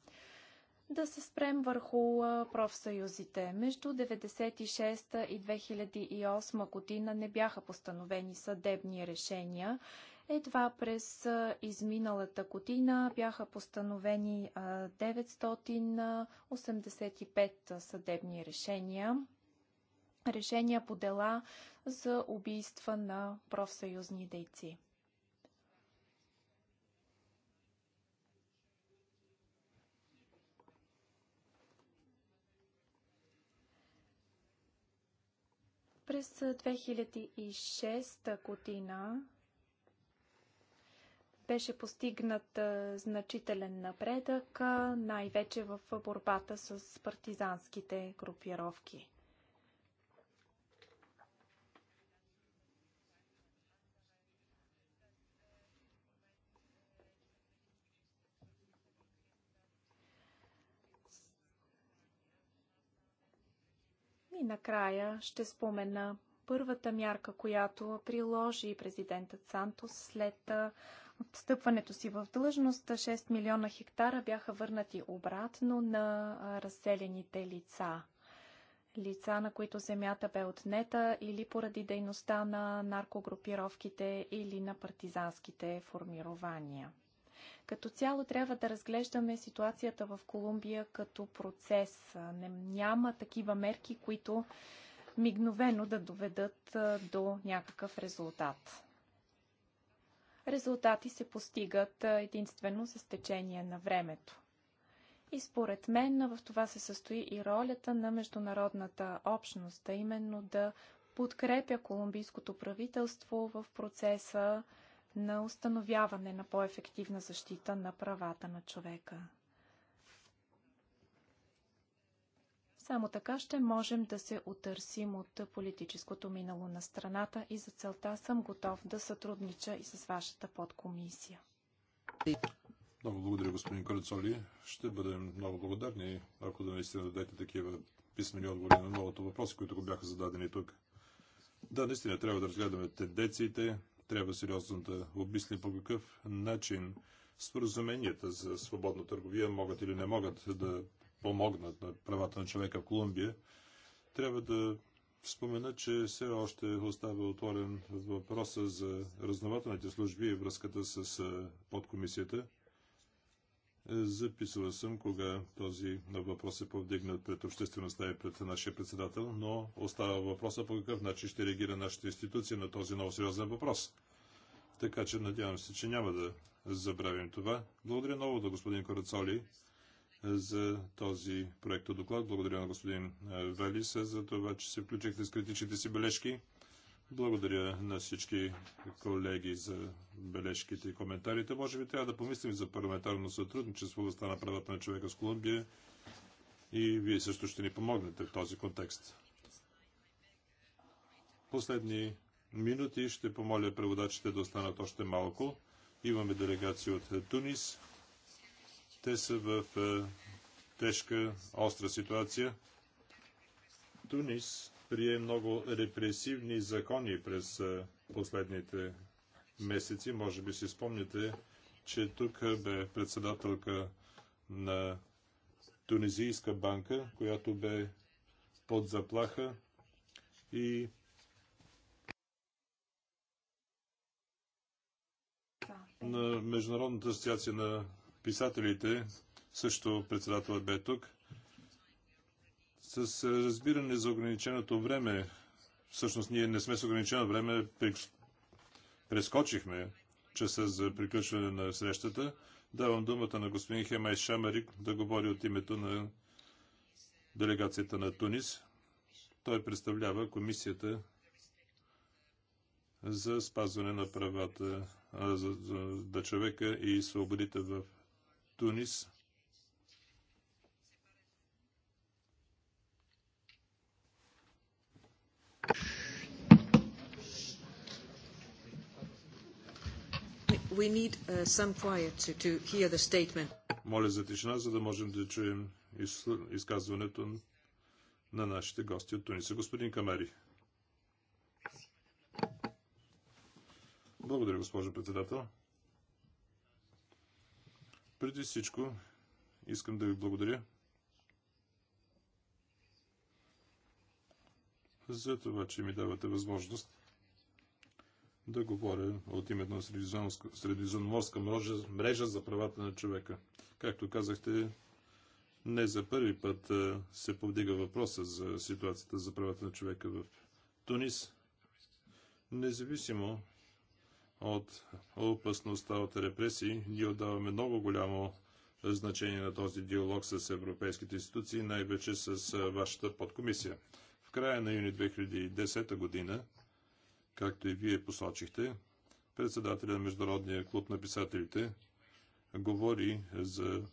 Да се спрем върху профсъюзите. Между 1996 и 2008 година не бяха постановени съдебни решения едва през изминалата година бяха постановени 985 съдебни решения. Решения по дела за убийства на профсъюзни дейци. През 2006 година беше постигнат значителен напредък, най-вече в борбата с партизанските групировки. И накрая ще спомена първата мярка, която приложи президентът Сантос след от стъпването си в длъжност 6 милиона хектара бяха върнати обратно на разселените лица. Лица, на които земята бе отнета или поради дейността на наркогрупировките или на партизанските формирования. Като цяло трябва да разглеждаме ситуацията в Колумбия като процес. Не, няма такива мерки, които мигновено да доведат до някакъв резултат резултати се постигат единствено с течение на времето. И според мен в това се състои и ролята на международната общност, а именно да подкрепя колумбийското правителство в процеса на установяване на по-ефективна защита на правата на човека. Само така ще можем да се отърсим от политическото минало на страната и за целта съм готов да сътруднича и с вашата подкомисия. Много благодаря, господин Калицоли. Ще бъдем много благодарни, ако да наистина дадете такива писмени отговори на новото въпроси, които го бяха зададени тук. Да, наистина трябва да разгледаме тенденциите, трябва сериозно да обмислим по какъв начин споразуменията за свободна търговия могат или не могат да помогнат на правата на човека в Колумбия, трябва да спомена, че все още остава отворен въпроса за разнователните служби и връзката с подкомисията. Записала съм кога този въпрос е повдигнат пред обществеността и пред нашия председател, но остава въпроса по какъв начин ще реагира нашата институция на този много сериозен въпрос. Така че надявам се, че няма да забравим това. Благодаря много да господин Корацоли за този проект доклад. Благодаря на господин Велиса за това, че се включихте с критичните си бележки. Благодаря на всички колеги за бележките и коментарите. Може би трябва да помислим за парламентарно сътрудничество в областта на правата на човека с Колумбия и вие също ще ни помогнете в този контекст. Последни минути ще помоля преводачите да останат още малко. Имаме делегация от Тунис, те са в е, тежка, остра ситуация. Тунис прие много репресивни закони през е, последните месеци. Може би си спомняте, че тук е, бе председателка на Тунизийска банка, която бе под заплаха и на Международната асоциация на писателите, също председателът бе тук, с е, разбиране за ограниченото време, всъщност ние не сме с ограничено време, прескочихме часа за приключване на срещата. Давам думата на господин Хемай Шамарик да говори от името на делегацията на Тунис. Той представлява комисията за спазване на правата за човека и свободите в Тунис. We Need, uh, to, hear the statement. Моля за тишина, за да можем да чуем из, изказването на нашите гости от Туниса. Господин Камери. Благодаря, госпожо председател. Преди всичко, искам да ви благодаря за това, че ми давате възможност да говоря от името на Средизонморска мрежа за правата на човека. Както казахте, не за първи път се повдига въпроса за ситуацията за правата на човека в Тунис. Независимо от опасността от репресии, ние отдаваме много голямо значение на този диалог с европейските институции, най-вече с вашата подкомисия. В края на юни 2010 година, както и вие посочихте, председателя на Международния клуб на писателите говори за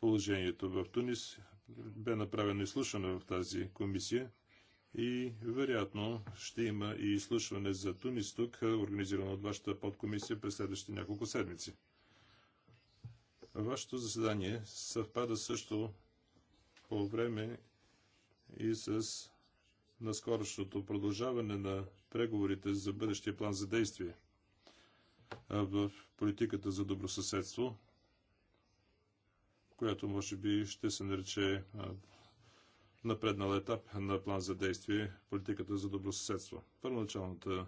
положението в Тунис. Бе направено изслушване в тази комисия – и вероятно ще има и изслушване за Тунис тук, организирано от вашата подкомисия през следващите няколко седмици. Вашето заседание съвпада също по време и с наскорошното продължаване на преговорите за бъдещия план за действие в политиката за добросъседство, която може би ще се нарече напреднал етап на план за действие политиката за добросъседство. Първоначалната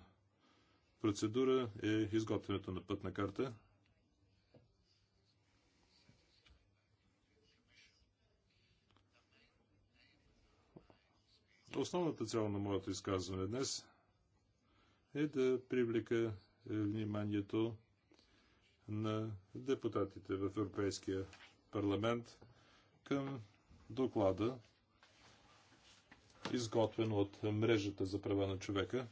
процедура е изготвянето на пътна карта. Основната цел на моето изказване днес е да привлека вниманието на депутатите в Европейския парламент към доклада изготвен от мрежата за права на човека.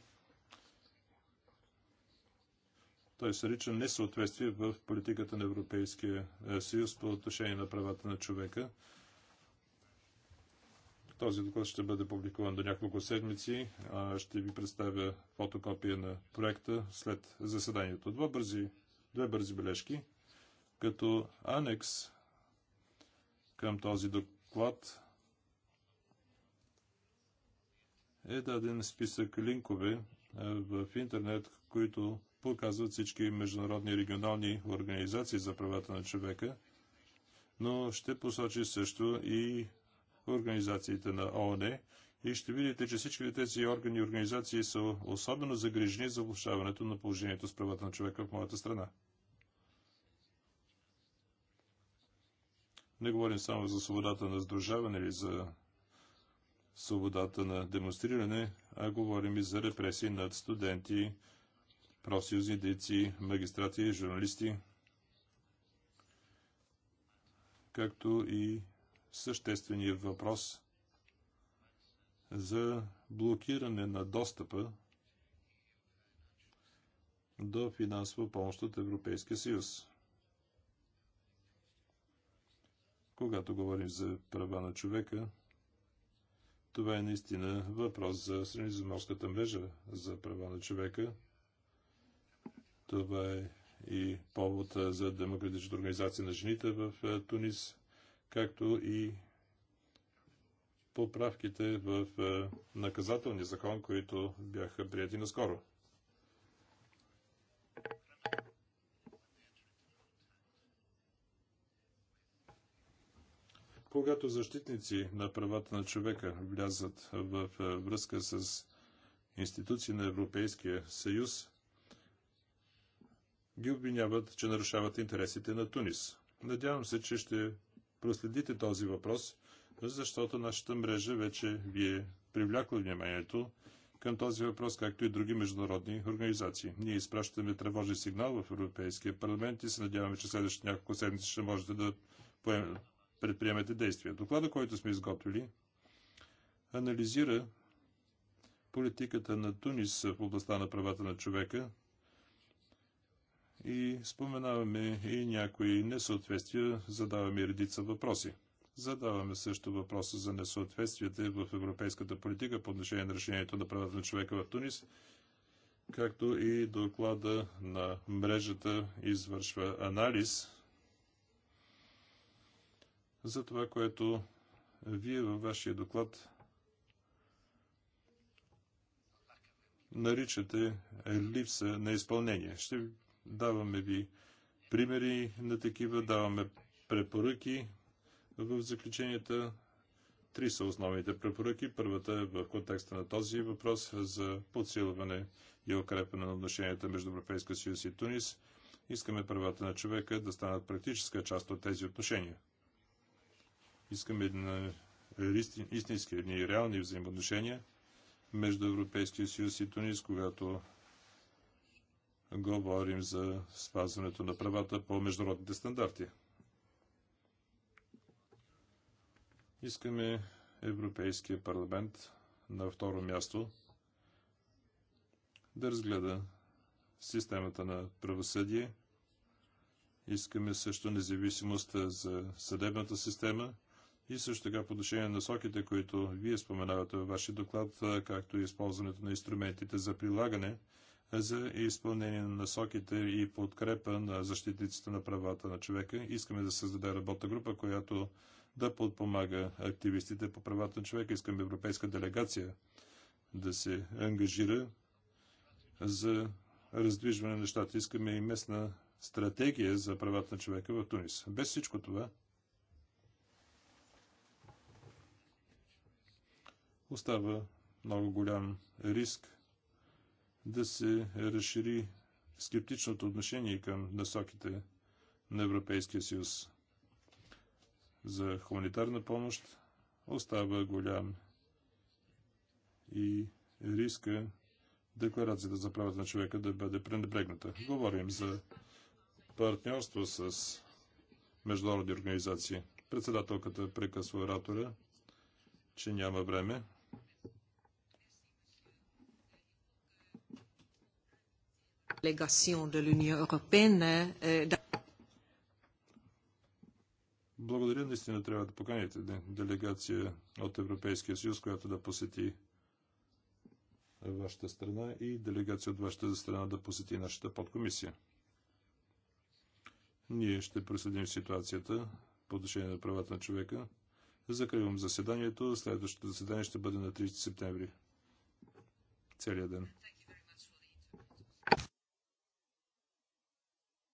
Той се рича несъответствие в политиката на Европейския е, съюз по отношение на правата на човека. Този доклад ще бъде публикуван до няколко седмици. Ще ви представя фотокопия на проекта след заседанието. Два бързи, две бързи бележки. Като анекс към този доклад е даден списък линкове е, в интернет, които показват всички международни и регионални организации за правата на човека, но ще посочи също и организациите на ООН и ще видите, че всички тези органи и организации са особено загрижени за влушаването на положението с правата на човека в моята страна. Не говорим само за свободата на сдружаване или за свободата на демонстриране, а говорим и за репресии над студенти, профсъюзни дейци, магистрати, журналисти, както и съществения въпрос за блокиране на достъпа до финансова помощ от Европейския съюз. Когато говорим за права на човека, това е наистина въпрос за средиземноморската мрежа за права на човека. Това е и повод за демократичната организация на жените в Тунис, както и поправките в наказателния закон, които бяха прияти наскоро. Когато защитници на правата на човека влязат в е, връзка с институции на Европейския съюз, ги обвиняват, че нарушават интересите на Тунис. Надявам се, че ще проследите този въпрос, защото нашата мрежа вече ви е привлякла вниманието към този въпрос, както и други международни организации. Ние изпращаме тревожен сигнал в Европейския парламент и се надяваме, че следващите няколко седмици ще можете да поемете предприемете действия. Доклада, който сме изготвили, анализира политиката на Тунис в областта на правата на човека и споменаваме и някои несъответствия, задаваме и редица въпроси. Задаваме също въпроса за несъответствията в европейската политика по отношение на решението на правата на човека в Тунис, както и доклада на мрежата извършва анализ за това, което вие във вашия доклад наричате липса на изпълнение. Ще даваме ви примери на такива, даваме препоръки в заключенията. Три са основните препоръки. Първата е в контекста на този въпрос за подсилване и укрепване на отношенията между Европейска съюз и Тунис. Искаме правата на човека да станат практическа част от тези отношения. Искаме на истински, едни реални взаимоотношения между Европейския съюз и Тунис, когато говорим за спазването на правата по международните стандарти. Искаме Европейския парламент на второ място да разгледа системата на правосъдие. Искаме също независимост за съдебната система – и също така по отношение на насоките, които вие споменавате във вашия доклад, както и използването на инструментите за прилагане, за изпълнение на насоките и подкрепа на защитниците на правата на човека. Искаме да създаде работна група, която да подпомага активистите по правата на човека. Искаме европейска делегация да се ангажира за раздвижване на нещата. Искаме и местна стратегия за правата на човека в Тунис. Без всичко това, остава много голям риск да се разшири скептичното отношение към насоките на Европейския съюз. За хуманитарна помощ остава голям и риска декларацията за правата на човека да бъде пренебрегната. Говорим за партньорство с международни организации. Председателката прекъсва оратора, че няма време. délégation de euh, Благодаря, наистина трябва да поканите делегация от Европейския съюз, която да посети вашата страна и делегация от вашата страна да посети нашата подкомисия. Ние ще проследим ситуацията по отношение на правата на човека. Закривам заседанието. Следващото заседание ще бъде на 30 септември. Целият ден.